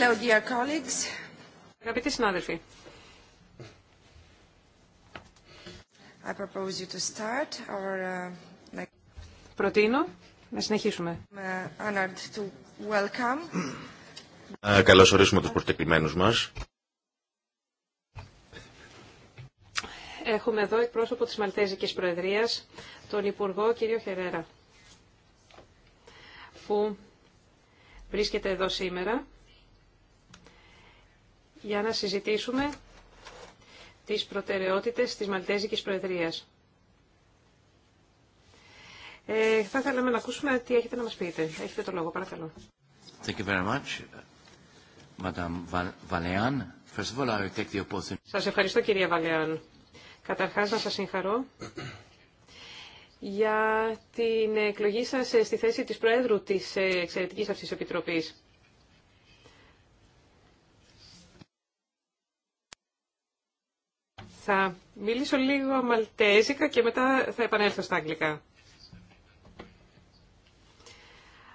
Hello, Αγαπητοί συνάδελφοι. Uh, Προτείνω να συνεχίσουμε. Καλώ uh, to welcome. ορίσουμε τους προσκεκλημένους μας. Έχουμε εδώ εκπρόσωπο της Μαλτέζικης Προεδρίας, τον Υπουργό κ. Χερέρα, που βρίσκεται εδώ σήμερα για να συζητήσουμε τις προτεραιότητες της Μαλτέζικης Προεδρίας. Ε, θα θέλαμε να ακούσουμε τι έχετε να μας πείτε. Έχετε το λόγο, παρακαλώ. Thank you very much. First of all, I take the Σας ευχαριστώ κυρία Βαλεάν. Καταρχάς να σας συγχαρώ για την εκλογή σας ε, στη θέση της Προέδρου της ε, Εξαιρετικής Αυτής Επιτροπής. Θα μιλήσω λίγο μαλτέζικα και μετά θα επανέλθω στα αγγλικά.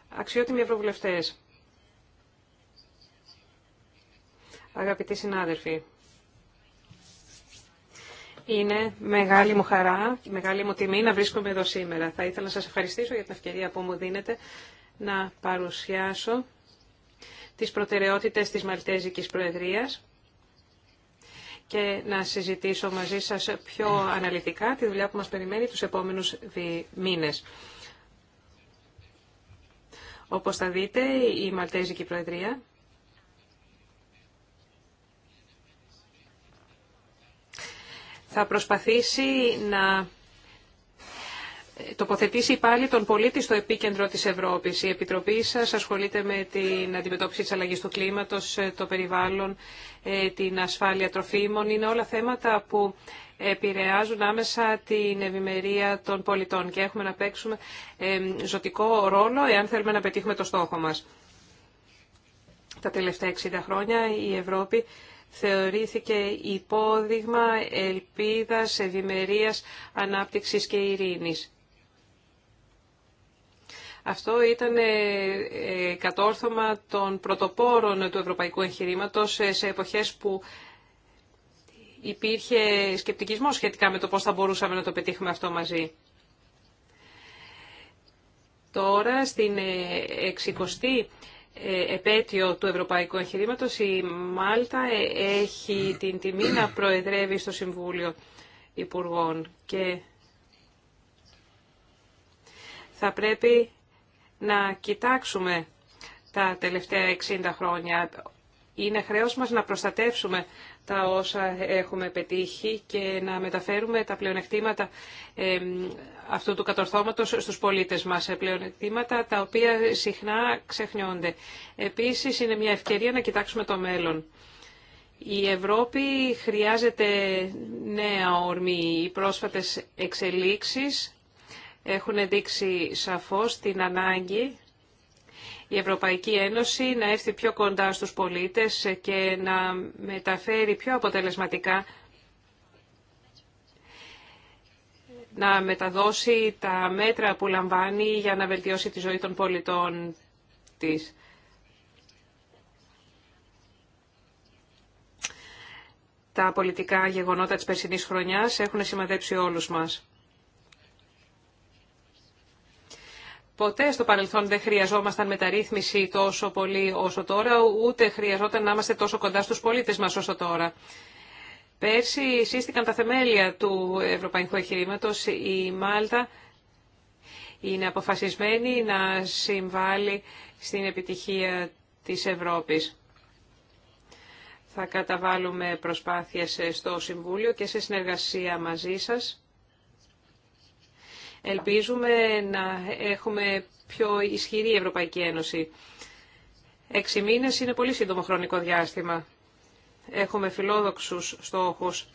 Αξιότιμοι ευρωβουλευτές, αγαπητοί συνάδελφοι, είναι μεγάλη μου χαρά και μεγάλη μου τιμή να βρίσκομαι εδώ σήμερα. Θα ήθελα να σας ευχαριστήσω για την ευκαιρία που μου δίνετε να παρουσιάσω τις προτεραιότητες της Μαλτέζικης Προεδρίας και να συζητήσω μαζί σας πιο αναλυτικά τη δουλειά που μας περιμένει τους επόμενους μήνες. Όπως θα δείτε, η Μαλτέζικη Προεδρία θα προσπαθήσει να τοποθετήσει πάλι τον πολίτη στο επίκεντρο της Ευρώπης. Η Επιτροπή σας ασχολείται με την αντιμετώπιση της αλλαγής του κλίματος, ε, το περιβάλλον, ε, την ασφάλεια τροφίμων. Είναι όλα θέματα που επηρεάζουν άμεσα την ευημερία των πολιτών και έχουμε να παίξουμε ζωτικό ρόλο εάν θέλουμε να πετύχουμε το στόχο μας. Τα τελευταία 60 χρόνια η Ευρώπη θεωρήθηκε υπόδειγμα ελπίδας, ευημερίας, ανάπτυξης και ειρήνης. Αυτό ήταν ε, ε, κατόρθωμα των πρωτοπόρων του ευρωπαϊκού εγχειρήματος ε, σε εποχές που υπήρχε σκεπτικισμό σχετικά με το πώς θα μπορούσαμε να το πετύχουμε αυτό μαζί. Τώρα, στην 60η επέτειο του Ευρωπαϊκού Εγχειρήματο, Μάλτα έχει την τιμή να προεδρεύει στο Συμβούλιο Υπουργών και θα πρέπει να κοιτάξουμε τα τελευταία 60 χρόνια. Είναι χρέος μας να προστατεύσουμε τα όσα έχουμε πετύχει και να μεταφέρουμε τα πλεονεκτήματα αυτού του κατορθώματος στους πολίτες μας. Πλεονεκτήματα τα οποία συχνά ξεχνιόνται. Επίσης είναι μια ευκαιρία να κοιτάξουμε το μέλλον. Η Ευρώπη χρειάζεται νέα ορμή. Οι πρόσφατες εξελίξεις έχουν δείξει σαφώς την ανάγκη η Ευρωπαϊκή Ένωση να έρθει πιο κοντά στους πολίτες και να μεταφέρει πιο αποτελεσματικά να μεταδώσει τα μέτρα που λαμβάνει για να βελτιώσει τη ζωή των πολιτών της. Τα πολιτικά γεγονότα της περσινής χρονιάς έχουν σημαδέψει όλους μας. Ποτέ στο παρελθόν δεν χρειαζόμασταν μεταρρύθμιση τόσο πολύ όσο τώρα, ούτε χρειαζόταν να είμαστε τόσο κοντά στους πολίτες μας όσο τώρα. Πέρσι σύστηκαν τα θεμέλια του Ευρωπαϊκού Εχειρήματο. Η Μάλτα είναι αποφασισμένη να συμβάλλει στην επιτυχία της Ευρώπης. Θα καταβάλουμε προσπάθειες στο Συμβούλιο και σε συνεργασία μαζί σας Ελπίζουμε να έχουμε πιο ισχυρή Ευρωπαϊκή Ένωση. Έξι μήνες είναι πολύ σύντομο χρονικό διάστημα. Έχουμε φιλόδοξους στόχους.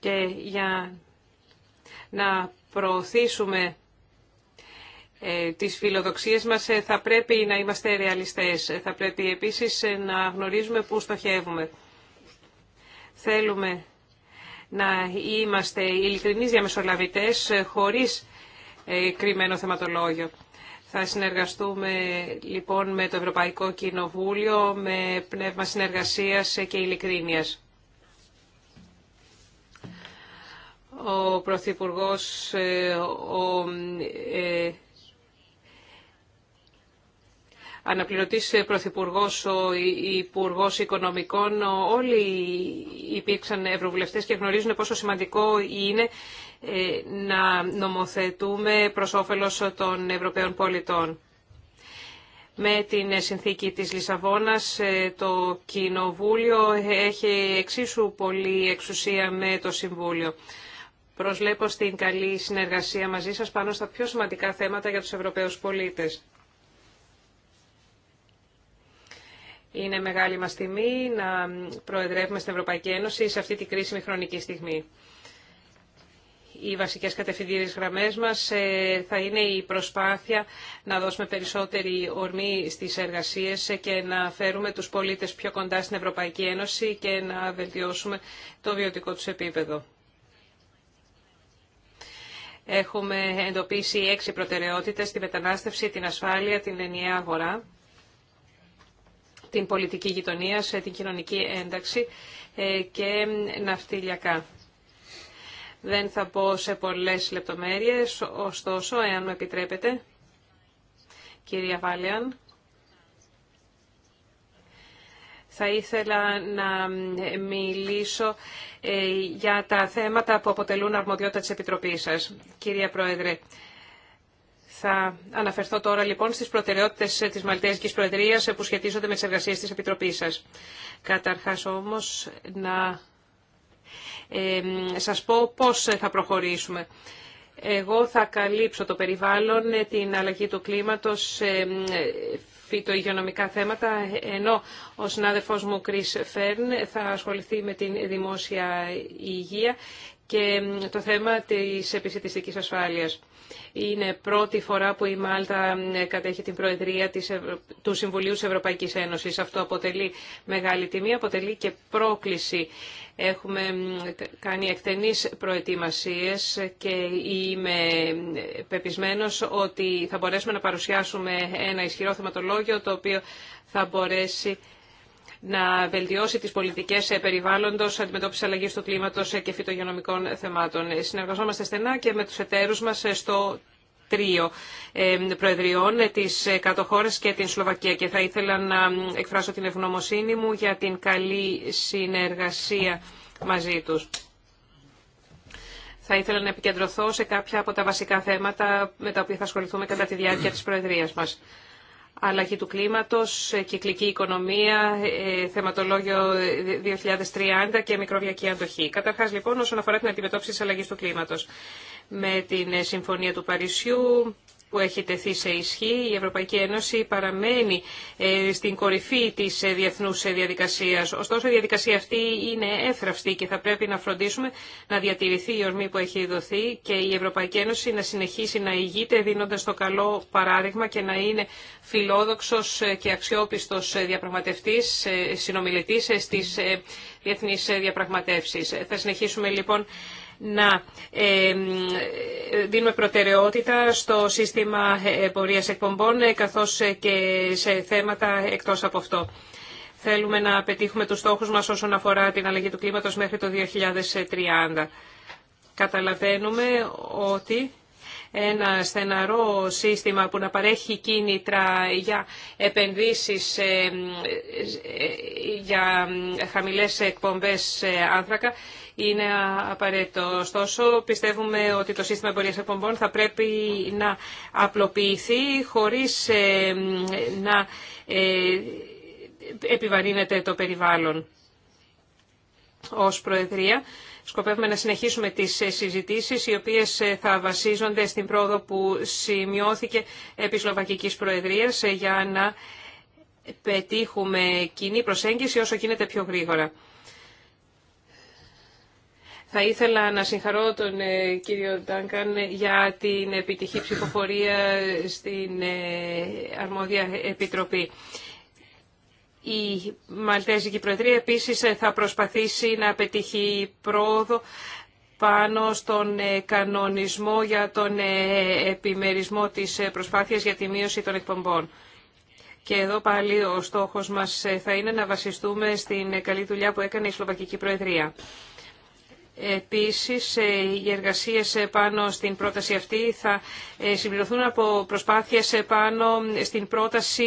Και για να προωθήσουμε ε, τις φιλοδοξίες μας ε, θα πρέπει να είμαστε ρεαλιστές. Θα πρέπει επίσης ε, να γνωρίζουμε πού στοχεύουμε. Θέλουμε να είμαστε ειλικρινείς διαμεσολαβητές ε, χωρίς ε, κρυμμένο θεματολόγιο. Θα συνεργαστούμε λοιπόν με το Ευρωπαϊκό Κοινοβούλιο με πνεύμα συνεργασίας ε, και ειλικρίνειας. Ο Πρωθυπουργός, ο αναπληρωτής πρωθυπουργό, ο υπουργό οικονομικών, όλοι υπήρξαν ευρωβουλευτέ και γνωρίζουν πόσο σημαντικό είναι ε, να νομοθετούμε προ όφελο των Ευρωπαίων πολιτών. Με την συνθήκη της Λισαβόνας, ε, το Κοινοβούλιο έχει εξίσου πολύ εξουσία με το Συμβούλιο. Προσλέπω στην καλή συνεργασία μαζί σας πάνω στα πιο σημαντικά θέματα για τους Ευρωπαίους πολίτες. Είναι μεγάλη μας τιμή να προεδρεύουμε στην Ευρωπαϊκή Ένωση σε αυτή τη κρίσιμη χρονική στιγμή. Οι βασικές κατευθυντήριες γραμμές μας ε, θα είναι η προσπάθεια να δώσουμε περισσότερη ορμή στις εργασίες και να φέρουμε τους πολίτες πιο κοντά στην Ευρωπαϊκή Ένωση και να βελτιώσουμε το βιωτικό τους επίπεδο. Έχουμε εντοπίσει έξι προτεραιότητες, τη μετανάστευση, την ασφάλεια, την ενιαία αγορά, την πολιτική γειτονία, σε την κοινωνική ένταξη ε, και ναυτιλιακά. Δεν θα πω σε πολλές λεπτομέρειες, ωστόσο, εάν μου επιτρέπετε, κυρία Βάλιαν, θα ήθελα να μιλήσω ε, για τα θέματα που αποτελούν αρμοδιότητα της Επιτροπής σας. Κυρία Πρόεδρε, θα αναφερθώ τώρα λοιπόν στις προτεραιότητες της Μαλτέζικης Προεδρίας που σχετίζονται με τις εργασίες της Επιτροπής σας. Καταρχάς όμως να ε, σας πω πώς θα προχωρήσουμε. Εγώ θα καλύψω το περιβάλλον, την αλλαγή του κλίματος, φυτοϊγειονομικά θέματα, ενώ ο συνάδελφός μου Κρίς Φέρν θα ασχοληθεί με την δημόσια υγεία και το θέμα της επιστημιστικής ασφάλειας. Είναι πρώτη φορά που η Μάλτα κατέχει την Προεδρία του Συμβουλίου της Ευρωπαϊκής Ένωσης. Αυτό αποτελεί μεγάλη τιμή, αποτελεί και πρόκληση. Έχουμε κάνει εκτενείς προετοιμασίες και είμαι πεπισμένος ότι θα μπορέσουμε να παρουσιάσουμε ένα ισχυρό θεματολόγιο το οποίο θα μπορέσει να βελτιώσει τις πολιτικές ε, περιβάλλοντος, αντιμετώπιση αλλαγής του κλίματος ε, και φυτογενομικών θεμάτων. Ε, συνεργαζόμαστε στενά και με τους εταίρους μας στο τρίο προεδριών της κατοχώρες και την Σλοβακία και θα ήθελα να εκφράσω την ευγνωμοσύνη μου για την καλή συνεργασία μαζί τους. Θα ήθελα να επικεντρωθώ σε κάποια από τα βασικά θέματα με τα οποία θα ασχοληθούμε κατά τη διάρκεια της Προεδρίας μας αλλαγή του κλίματος, ε, κυκλική οικονομία, ε, θεματολόγιο 2030 ε, και μικροβιακή αντοχή. Καταρχάς λοιπόν όσον αφορά την αντιμετώπιση της αλλαγής του κλίματος. Με την Συμφωνία του Παρισιού, που έχει τεθεί σε ισχύ. Η Ευρωπαϊκή Ένωση παραμένει ε, στην κορυφή της ε, διεθνούς ε, διαδικασίας. Ωστόσο, η διαδικασία αυτή είναι έφραυστη και θα πρέπει να φροντίσουμε να διατηρηθεί η ορμή που έχει δοθεί και η Ευρωπαϊκή Ένωση να συνεχίσει να ηγείται δίνοντας το καλό παράδειγμα και να είναι φιλόδοξος και αξιόπιστος διαπραγματευτής, συνομιλητής στις διεθνείς διαπραγματεύσεις. Θα συνεχίσουμε λοιπόν να δίνουμε προτεραιότητα στο σύστημα ε, πορείας εκπομπών ε, καθώς ε, και σε θέματα εκτός από αυτό. Θέλουμε να πετύχουμε τους στόχους μας όσον αφορά την αλλαγή του κλίματος μέχρι το 2030. Καταλαβαίνουμε ότι ένα στεναρό σύστημα που να παρέχει κίνητρα για επενδύσεις ε, ε, για χαμηλές εκπομπές ε, άνθρακα είναι απαραίτητο. Ωστόσο, πιστεύουμε ότι το σύστημα εμπορίας εκπομπών θα πρέπει να απλοποιηθεί χωρίς να επιβαρύνεται το περιβάλλον. Ως Προεδρία Σκοπεύουμε να συνεχίσουμε τις συζητήσεις, οι οποίες ε, θα βασίζονται στην πρόοδο που σημειώθηκε επί Σλοβακικής Προεδρίας ε, για να πετύχουμε κοινή προσέγγιση όσο γίνεται πιο γρήγορα. Θα ήθελα να συγχαρώ τον ε, κύριο Ντάνκαν για την επιτυχή ψηφοφορία στην αρμόδια επιτροπή. Η Μαλτέζικη Προεδρία επίσης ε, θα προσπαθήσει να πετύχει πρόοδο πάνω στον ε, κανονισμό για τον ε, επιμερισμό της προσπάθειας για τη μείωση των εκπομπών. Και εδώ πάλι ο στόχος μας θα είναι να βασιστούμε στην καλή δουλειά που έκανε η Σλοβακική Προεδρία. Επίσης, ε, οι εργασίες ε, πάνω στην πρόταση αυτή θα ε, συμπληρωθούν από προσπάθειες πάνω στην πρόταση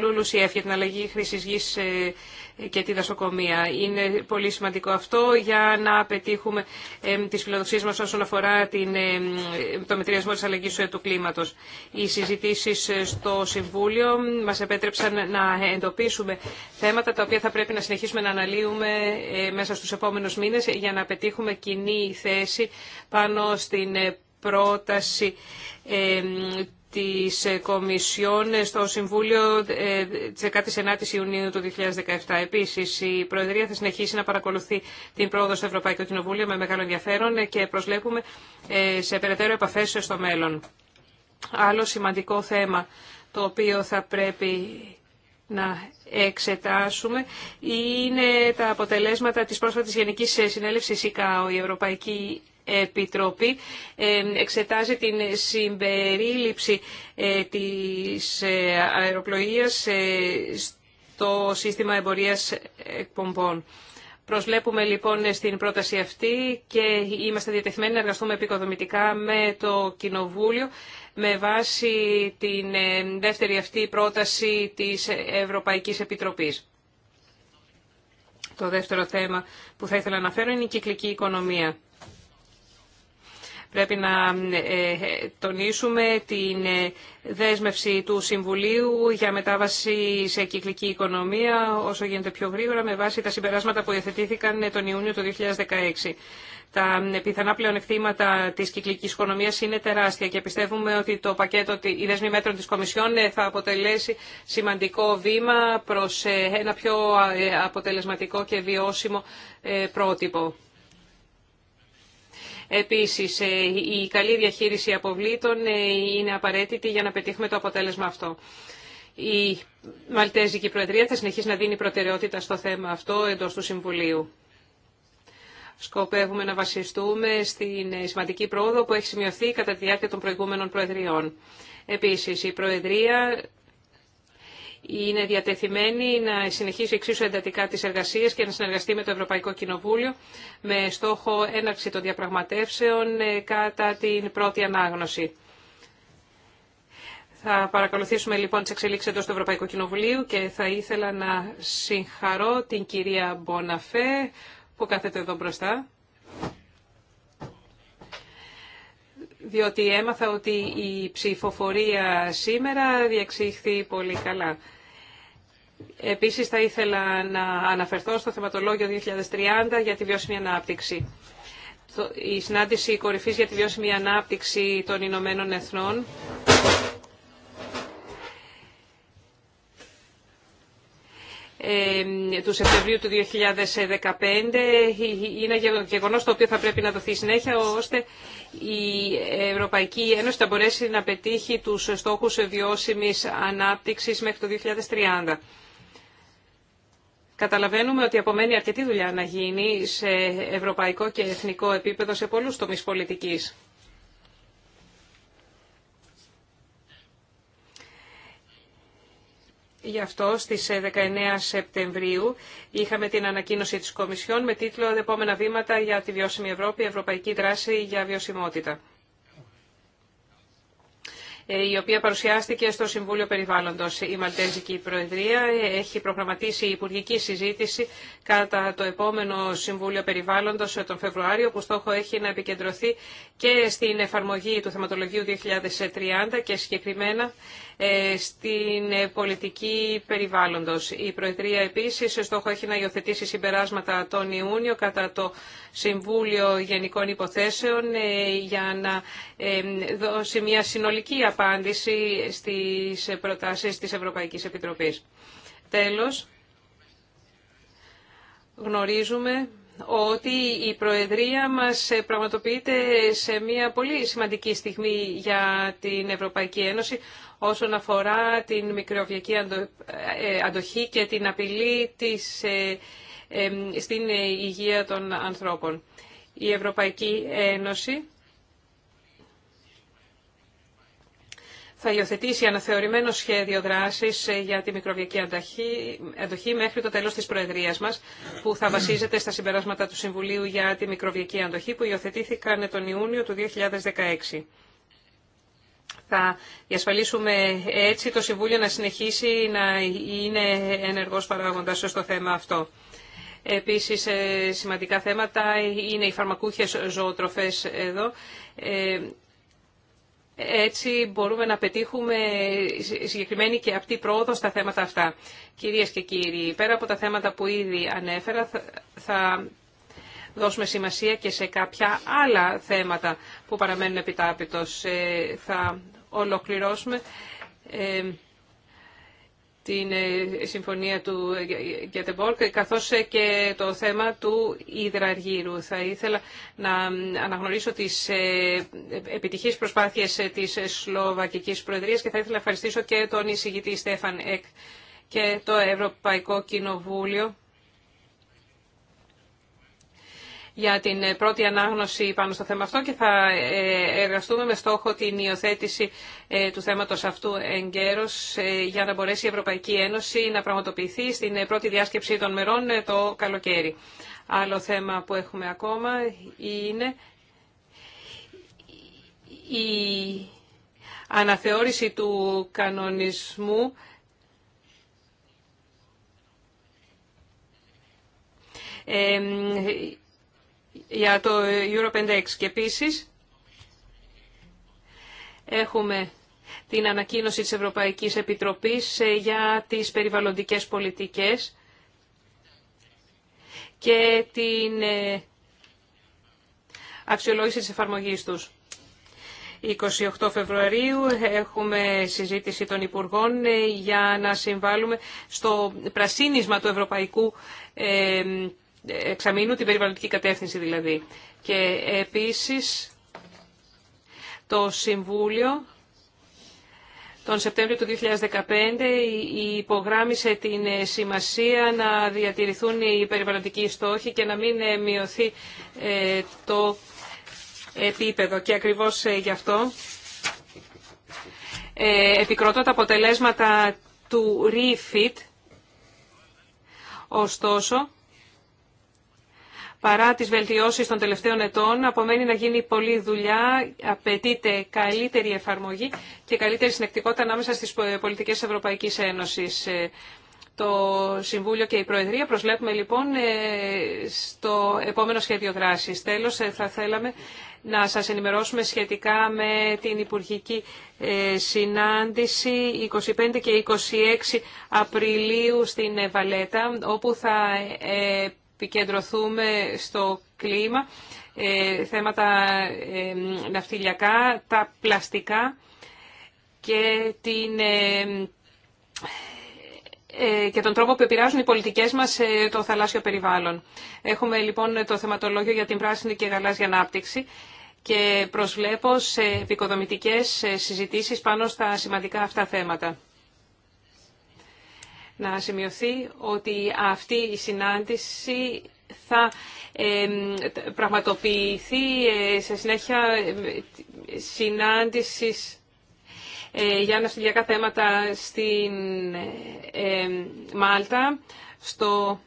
Λούλου για την αλλαγή χρήσης γης και τη δασοκομεία. Είναι πολύ σημαντικό αυτό για να πετύχουμε τις φιλοδοξίες μας όσον αφορά την, το μετριασμό της αλλαγής ε, του κλίματος. Οι συζητήσεις ε, στο Συμβούλιο μας επέτρεψαν να εντοπίσουμε θέματα τα οποία θα πρέπει να συνεχίσουμε να αναλύουμε ε, μέσα στους επόμενους μήνες για να πετύχουμε κοινή θέση πάνω στην πρόταση της ε, Κομισιόν ε, στο Συμβούλιο ε, της 19ης Ιουνίου του 2017. Επίσης, η Προεδρία θα συνεχίσει να παρακολουθεί την πρόοδο στο Ευρωπαϊκό Κοινοβούλιο με μεγάλο ενδιαφέρον και προσλέπουμε σε περαιτέρω επαφές στο μέλλον. Άλλο σημαντικό θέμα το οποίο θα πρέπει να εξετάσουμε είναι τα αποτελέσματα της πρόσφατης Γενικής Συνέλευσης ΙΚΑΟ. Η Ευρωπαϊκή Επιτροπή εξετάζει την συμπερίληψη ε, της ε, αεροπλοείας ε, στο σύστημα εμπορίας εκπομπών. Προσλέπουμε λοιπόν στην πρόταση αυτή και είμαστε διατεθειμένοι να εργαστούμε επικοδομητικά με το Κοινοβούλιο με βάση την δεύτερη αυτή πρόταση της Ευρωπαϊκής Επιτροπής. Το δεύτερο θέμα που θα ήθελα να αναφέρω είναι η κυκλική οικονομία. Πρέπει να ε, τονίσουμε την ε, δέσμευση του Συμβουλίου για μετάβαση σε κυκλική οικονομία όσο γίνεται πιο γρήγορα με βάση τα συμπεράσματα που υιοθετήθηκαν ε, τον Ιούνιο του 2016. Τα πιθανά πλεονεκτήματα τη κυκλική οικονομία είναι τεράστια και πιστεύουμε ότι το πακέτο, η δέσμη μέτρων τη Κομισιόν θα αποτελέσει σημαντικό βήμα προ ένα πιο αποτελεσματικό και βιώσιμο πρότυπο. Επίσης, ε, η καλή διαχείριση αποβλήτων ε, είναι απαραίτητη για να πετύχουμε το αποτέλεσμα αυτό. Η Μαλτέζικη Προεδρία θα συνεχίσει να δίνει προτεραιότητα στο θέμα αυτό εντός του Συμβουλίου. Σκοπεύουμε να βασιστούμε στην ε, σημαντική πρόοδο που έχει σημειωθεί κατά τη διάρκεια των προηγούμενων Προεδριών. Επίσης, η Προεδρία είναι διατεθειμένη να συνεχίσει εξίσου εντατικά τις εργασίες και να συνεργαστεί με το Ευρωπαϊκό Κοινοβούλιο με στόχο έναρξη των διαπραγματεύσεων ε, κατά την πρώτη ανάγνωση. Θα παρακολουθήσουμε λοιπόν τις εξελίξεις εντός του Ευρωπαϊκού Κοινοβουλίου και θα ήθελα να συγχαρώ την κυρία Μποναφέ που κάθεται εδώ μπροστά. διότι έμαθα ότι η ψηφοφορία σήμερα διεξήχθη πολύ καλά. Επίσης θα ήθελα να αναφερθώ στο θεματολόγιο 2030 για τη βιώσιμη ανάπτυξη. Η συνάντηση κορυφής για τη βιώσιμη ανάπτυξη των Ηνωμένων Εθνών ε, του Σεπτεμβρίου του 2015 είναι γεγονό το οποίο θα πρέπει να δοθεί συνέχεια ώστε η Ευρωπαϊκή Ένωση θα μπορέσει να πετύχει τους στόχους βιώσιμης ανάπτυξης μέχρι το 2030. Καταλαβαίνουμε ότι απομένει αρκετή δουλειά να γίνει σε ευρωπαϊκό και εθνικό επίπεδο σε πολλούς τομείς πολιτικής. Γι' αυτό στις 19 ε, Σεπτεμβρίου είχαμε την ανακοίνωση της Κομισιόν με τίτλο «Δεπόμενα βήματα για τη βιώσιμη Ευρώπη, Ευρωπαϊκή δράση για βιωσιμότητα». Ε, η οποία παρουσιάστηκε στο Συμβούλιο Περιβάλλοντος. Η Μαλτέζικη Προεδρία ε, έχει προγραμματίσει υπουργική συζήτηση κατά το επόμενο Συμβούλιο Περιβάλλοντος ε, τον Φεβρουάριο, που στόχο έχει να επικεντρωθεί και στην εφαρμογή του θεματολογίου 2030 και συγκεκριμένα ε, στην ε, πολιτική περιβάλλοντος. Η Προεδρία επίσης στόχο έχει να υιοθετήσει συμπεράσματα τον Ιούνιο κατά το Συμβούλιο Γενικών Υποθέσεων ε, για να δώσει μια συνολική απάντηση στις προτάσεις της Ευρωπαϊκής Επιτροπής. Τέλος, γνωρίζουμε ότι η Προεδρία μας πραγματοποιείται σε μια πολύ σημαντική στιγμή για την Ευρωπαϊκή Ένωση όσον αφορά την μικροβιακή ε, αντοχή και την απειλή της, ε, ε, στην υγεία των ανθρώπων. Η Ευρωπαϊκή Ένωση θα υιοθετήσει αναθεωρημένο σχέδιο δράσης ε, για τη μικροβιακή αντοχή, μέχρι το τέλος της Προεδρίας μας, που θα βασίζεται στα συμπεράσματα του Συμβουλίου για τη μικροβιακή αντοχή, που υιοθετήθηκαν τον Ιούνιο του 2016. Θα διασφαλίσουμε έτσι το Συμβούλιο να συνεχίσει να είναι ενεργός παραγοντα στο θέμα αυτό. Επίσης ε, σημαντικά θέματα είναι οι φαρμακούχες ζωοτροφές εδώ. Ε, έτσι μπορούμε να πετύχουμε συγκεκριμένη και απτή πρόοδο στα θέματα αυτά. Κυρίες και κύριοι, πέρα από τα θέματα που ήδη ανέφερα, θα δώσουμε σημασία και σε κάποια άλλα θέματα που παραμένουν επιτάπητος. Ε, θα ολοκληρώσουμε ε, την ε, συμφωνία του ε, Γκέτεμπορκ, καθώς ε, και το θέμα του υδραργύρου. Θα ήθελα να αναγνωρίσω τις επιτυχείς προσπάθειες της Σλοβακικής Προεδρίας και θα ήθελα να ευχαριστήσω και τον εισηγητή Στέφαν Εκ και το Ευρωπαϊκό Κοινοβούλιο για την ε, πρώτη ανάγνωση πάνω στο θέμα αυτό και θα ε, εργαστούμε με στόχο την υιοθέτηση ε, του θέματος αυτού εγκαίρως για να μπορέσει η Ευρωπαϊκή Ένωση να πραγματοποιηθεί στην πρώτη διάσκεψη των μερών το καλοκαίρι. Άλλο θέμα που έχουμε ακόμα είναι η αναθεώρηση του κανονισμού για το Euro 56. Και επίσης έχουμε την ανακοίνωση της Ευρωπαϊκής Επιτροπής ε, για τις περιβαλλοντικές πολιτικές και την ε, αξιολόγηση της εφαρμογής τους. 28 Φεβρουαρίου έχουμε συζήτηση των Υπουργών ε, για να συμβάλλουμε στο πρασίνισμα του ευρωπαϊκού εξαμείνουν την περιβαλλοντική κατεύθυνση δηλαδή. Και επίσης το Συμβούλιο τον Σεπτέμβριο του 2015 υπογράμμισε την ε, σημασία να διατηρηθούν οι περιβαλλοντικοί στόχοι και να μην ε, μειωθεί ε, το επίπεδο. Και ακριβώς γι' αυτό επικροτώ τα αποτελέσματα του REFIT. Ωστόσο, Παρά τις βελτιώσεις των τελευταίων ετών, απομένει να γίνει πολλή δουλειά, απαιτείται καλύτερη εφαρμογή και καλύτερη συνεκτικότητα ανάμεσα στις πολιτικές Ευρωπαϊκής Ένωσης. Ε, το Συμβούλιο και η Προεδρία προσβλέπουμε λοιπόν ε, στο επόμενο σχέδιο δράσης. Τέλος, ε, θα θέλαμε να σας ενημερώσουμε σχετικά με την Υπουργική Συνάντηση 25 και 26 Απριλίου στην Βαλέτα, όπου θα επικεντρωθούμε στο κλίμα, ε, θέματα ε, ναυτιλιακά, τα πλαστικά και την ε, και τον τρόπο που επηρεάζουν οι πολιτικές μας το θαλάσσιο περιβάλλον. Έχουμε λοιπόν το θεματολόγιο για την πράσινη και γαλάζια ανάπτυξη και προσβλέπω σε επικοδομητικές συζητήσεις πάνω στα σημαντικά αυτά θέματα να σημειωθεί ότι αυτή η συνάντηση θα πραγματοποιηθεί ε, σε συνέχεια συνάντησης ε, για αναστηλιακά θέματα στην ε, Μάλτα, στο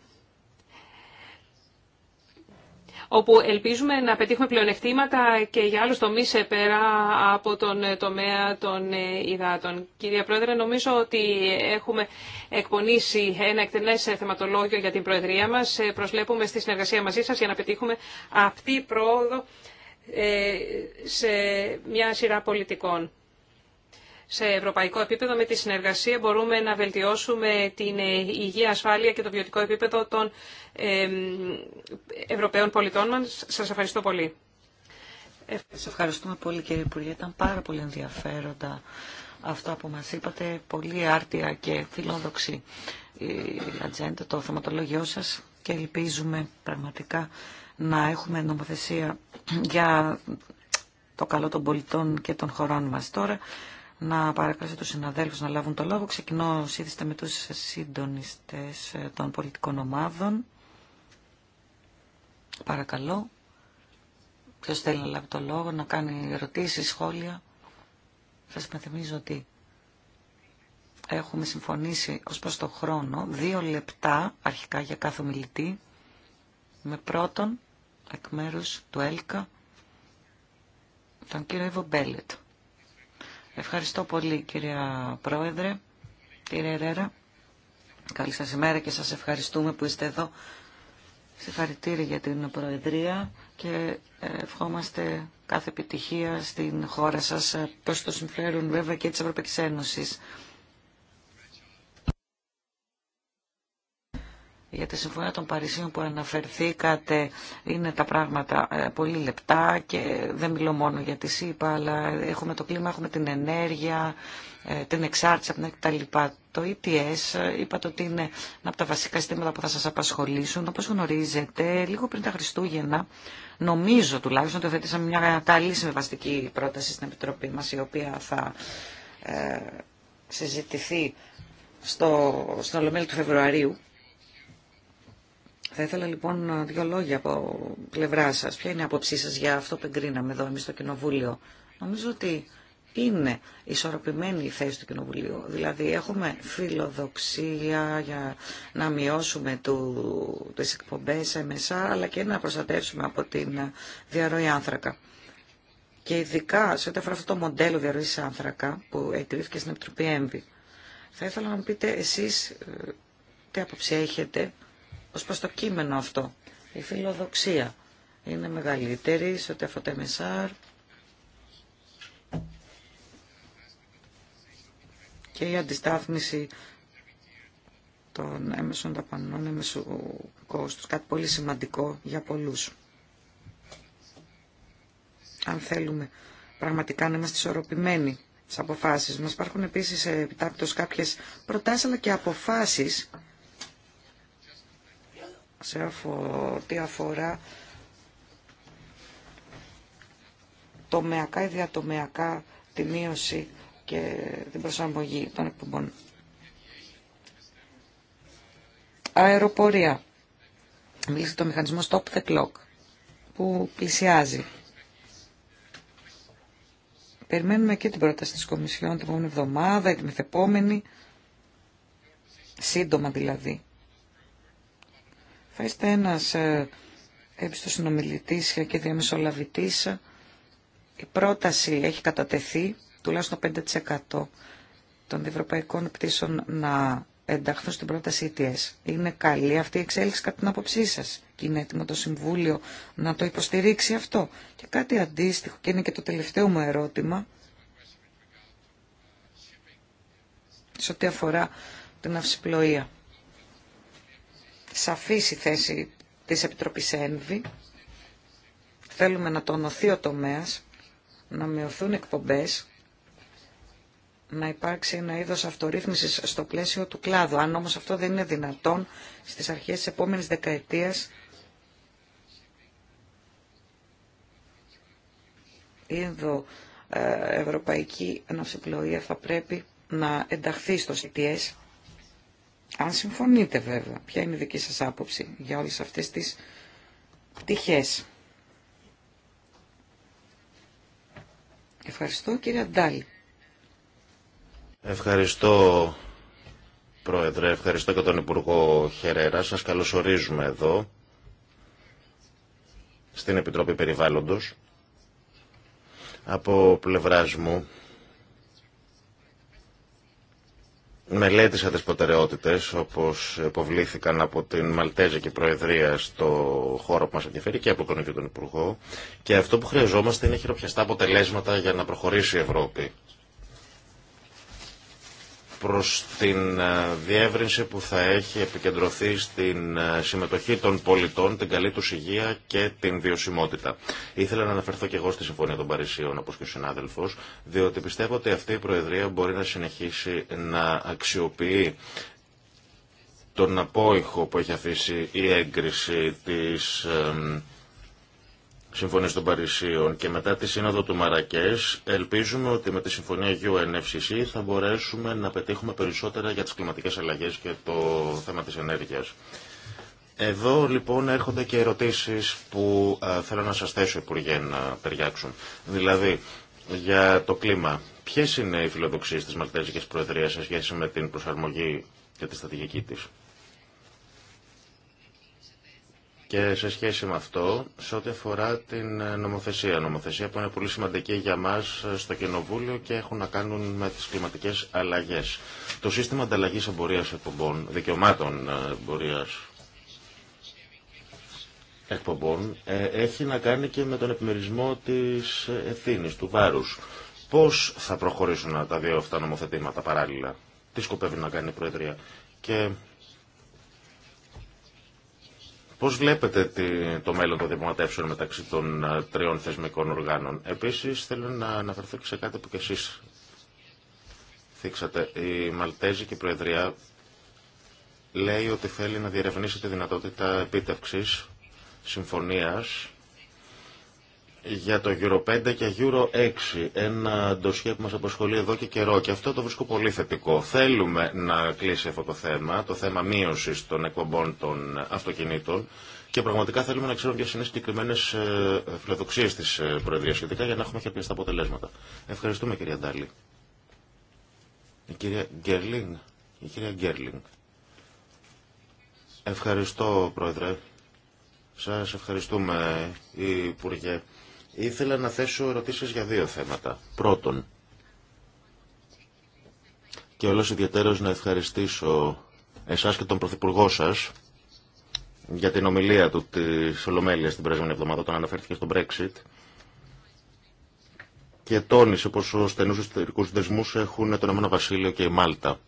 όπου ελπίζουμε να πετύχουμε πλεονεκτήματα και για άλλους τομείς πέρα από τον τομέα των ε, υδάτων. Κυρία Πρόεδρε, νομίζω ότι έχουμε εκπονήσει ένα εκτενές θεματολόγιο για την Προεδρία μας. Ε, προσλέπουμε στη συνεργασία μαζί σας για να πετύχουμε αυτή πρόοδο ε, σε μια σειρά πολιτικών σε ευρωπαϊκό επίπεδο με τη συνεργασία μπορούμε να βελτιώσουμε την ε, υγεία, ασφάλεια και το βιωτικό επίπεδο των ε, Ευρωπαίων πολιτών μας. Σας ευχαριστώ πολύ. Σας ευχαριστούμε πολύ κύριε Υπουργέ. Ήταν πάρα πολύ ενδιαφέροντα αυτά που μας είπατε. Πολύ άρτια και φιλόδοξη η ατζέντα, το θεματολόγιο σας και ελπίζουμε πραγματικά να έχουμε νομοθεσία για το καλό των πολιτών και των χωρών μας τώρα να παρακάσω τους συναδέλφους να λάβουν το λόγο. Ξεκινώ σύντομα με τους συντονιστές ε, των πολιτικών ομάδων. Παρακαλώ. Ποιος θέλει να λάβει το λόγο, να κάνει ερωτήσεις, σχόλια. Σας υπενθυμίζω ότι έχουμε συμφωνήσει ως προς το χρόνο δύο λεπτά αρχικά για κάθε μιλητή με πρώτον εκ μέρους του ΕΛΚΑ τον κύριο Ιβο Μπέλετ. Ευχαριστώ πολύ κυρία Πρόεδρε, κύριε Ερέρα. Καλή σας ημέρα και σας ευχαριστούμε που είστε εδώ. Συγχαρητήρια για την Προεδρία και ε, ευχόμαστε κάθε επιτυχία στην χώρα σας προς ε, το συμφέρον βέβαια και της Ευρωπαϊκής Ένωσης. για τη Συμφωνία των Παρισίων που αναφερθήκατε είναι τα πράγματα ε, πολύ λεπτά και δεν μιλώ μόνο για τη ΣΥΠΑ, αλλά έχουμε το κλίμα, έχουμε την ενέργεια, ε, την εξάρτηση από την λοιπά. Το ETS ε, είπατε ότι είναι ένα από τα βασικά συστήματα που θα σας απασχολήσουν. Όπως γνωρίζετε, λίγο πριν τα Χριστούγεννα, νομίζω τουλάχιστον ότι θέτησαμε μια καλή συμβαστική πρόταση στην Επιτροπή μας, η οποία θα συζητηθεί στο, στο Ολομέλη του Φεβρουαρίου θα ήθελα λοιπόν δύο λόγια από πλευρά σα. Ποια είναι η άποψή σα για αυτό που εγκρίναμε εδώ εμεί στο Κοινοβούλιο. Νομίζω ότι είναι ισορροπημένη η θέση του Κοινοβουλίου. Δηλαδή έχουμε φιλοδοξία για να μειώσουμε του, τις εκπομπές MSA αλλά και να προστατεύσουμε από την διαρροή άνθρακα. Και ειδικά σε ό,τι αφορά αυτό το μοντέλο διαρροής άνθρακα που εγκρίθηκε στην Επιτροπή ΕΜΒΗ. Θα ήθελα να μου πείτε εσείς ε, τι άποψη έχετε ως προς το κείμενο αυτό, η φιλοδοξία είναι μεγαλύτερη σε ό,τι αφορά MSR και η αντιστάθμιση των έμεσων ταπανών έμεσου κόστους, κάτι πολύ σημαντικό για πολλούς. Αν θέλουμε πραγματικά να είμαστε ισορροπημένοι στις αποφάσεις μας, υπάρχουν επίσης επιτάπτως κάποιες προτάσεις αλλά και αποφάσεις σε ό,τι αφορά τομεακά ή διατομεακά τη μείωση και την προσαρμογή των εκπομπών. Αεροπορία. Μιλήσε το μηχανισμό Stop the Clock που πλησιάζει. Περιμένουμε και την πρόταση της Κομισιόν την επόμενη εβδομάδα ή την μεθεπόμενη, σύντομα δηλαδή. Θα είστε ένας έμπιστος ε, συνομιλητής και διαμεσολαβητής. Η πρόταση έχει κατατεθεί τουλάχιστον 5% των ευρωπαϊκών πτήσεων να ενταχθούν στην πρόταση ETS. Είναι καλή αυτή η εξέλιξη κατά την άποψή σα και είναι έτοιμο το Συμβούλιο να το υποστηρίξει αυτό. Και κάτι αντίστοιχο, και είναι και το τελευταίο μου ερώτημα, σε ό,τι αφορά την αυσιπλοεία σαφής η θέση της Επιτροπής ΕΝΒΗ. Θέλουμε να τονωθεί ο τομέας, να μειωθούν εκπομπές, να υπάρξει ένα είδος αυτορύθμισης στο πλαίσιο του κλάδου. Αν όμως αυτό δεν είναι δυνατόν, στις αρχές της επόμενης δεκαετίας η Ευρωπαϊκή αναυσιπλοεία θα πρέπει να ενταχθεί στο CTS αν συμφωνείτε βέβαια, ποια είναι η δική σας άποψη για όλες αυτές τις πτυχές. Ευχαριστώ κύριε Αντάλη. Ευχαριστώ Πρόεδρε, ευχαριστώ και τον Υπουργό Χερέρα. Σας καλωσορίζουμε εδώ στην Επιτροπή Περιβάλλοντος. Από πλευράς μου μελέτησα τις προτεραιότητες όπως υποβλήθηκαν από την Μαλτέζικη Προεδρία στο χώρο που μας ενδιαφέρει και από τον ίδιο τον Υπουργό και αυτό που χρειαζόμαστε είναι χειροπιαστά αποτελέσματα για να προχωρήσει η Ευρώπη προς την ε, διεύρυνση που θα έχει επικεντρωθεί στην ε, συμμετοχή των πολιτών, την καλή τους υγεία και την βιωσιμότητα. Ήθελα να αναφερθώ και εγώ στη Συμφωνία των Παρισίων, όπως και ο συνάδελφος, διότι πιστεύω ότι αυτή η Προεδρία μπορεί να συνεχίσει να αξιοποιεί τον απόϊχο που έχει αφήσει η έγκριση της ε, Συμφωνία των Παρισίων και μετά τη Σύνοδο του Μαρακές ελπίζουμε ότι με τη Συμφωνία UNFCC θα μπορέσουμε να πετύχουμε περισσότερα για τις κλιματικές αλλαγές και το θέμα της ενέργειας. Εδώ λοιπόν έρχονται και ερωτήσεις που ε, θέλω να σας θέσω Υπουργέ να ταιριάξουν. Δηλαδή για το κλίμα. Ποιες είναι οι φιλοδοξίες της Μαλτέζικης Προεδρίας σε σχέση με την προσαρμογή και τη στρατηγική της. Και σε σχέση με αυτό, σε ό,τι αφορά την ε, νομοθεσία, νομοθεσία που είναι πολύ σημαντική για μα ε, στο Κοινοβούλιο και έχουν να κάνουν με τις κλιματικές αλλαγές. Το σύστημα ανταλλαγής εμπορία εκπομπών, δικαιωμάτων ε, εμπορία εκπομπών, έχει να κάνει και με τον επιμερισμό τη ευθύνη του βάρους. Πώς θα προχωρήσουν τα δύο αυτά νομοθετήματα παράλληλα, τι σκοπεύει να κάνει η Προεδρία. Και Πώ βλέπετε το μέλλον των διαπραγματεύσεων μεταξύ των ε, τριών θεσμικών οργάνων. Επίσης θέλω να αναφερθώ και σε κάτι που και εσείς θίξατε. Η Μαλτέζικη Προεδρία λέει ότι θέλει να διερευνήσει τη δυνατότητα επίτευξης συμφωνίας για το Euro 5 και Euro 6, ένα ντοσιέ που μα απασχολεί εδώ και καιρό και αυτό το βρίσκω πολύ θετικό. Θέλουμε να κλείσει αυτό το θέμα, το θέμα μείωση των εκπομπών των αυτοκινήτων και πραγματικά θέλουμε να ξέρουμε ποιε είναι οι συγκεκριμένε ε, φιλοδοξίε τη ε, Προεδρία σχετικά για να έχουμε και τα αποτελέσματα. Ευχαριστούμε κυρία Ντάλη. Η κυρία Γκέρλινγκ. Η κυρία Γκέρλινγκ. Ευχαριστώ πρόεδρε. Σας ευχαριστούμε Υπουργέ Ήθελα να θέσω ερωτήσεις για δύο θέματα. Πρώτον, και όλος ιδιαίτερος να ευχαριστήσω εσάς και τον Πρωθυπουργό σας για την ομιλία του της Ολομέλειας την προηγούμενη εβδομάδα όταν αναφέρθηκε στο Brexit και τόνισε πως ο στενούς ιστορικούς δεσμούς έχουν το Ηνωμένο Βασίλειο και η Μάλτα.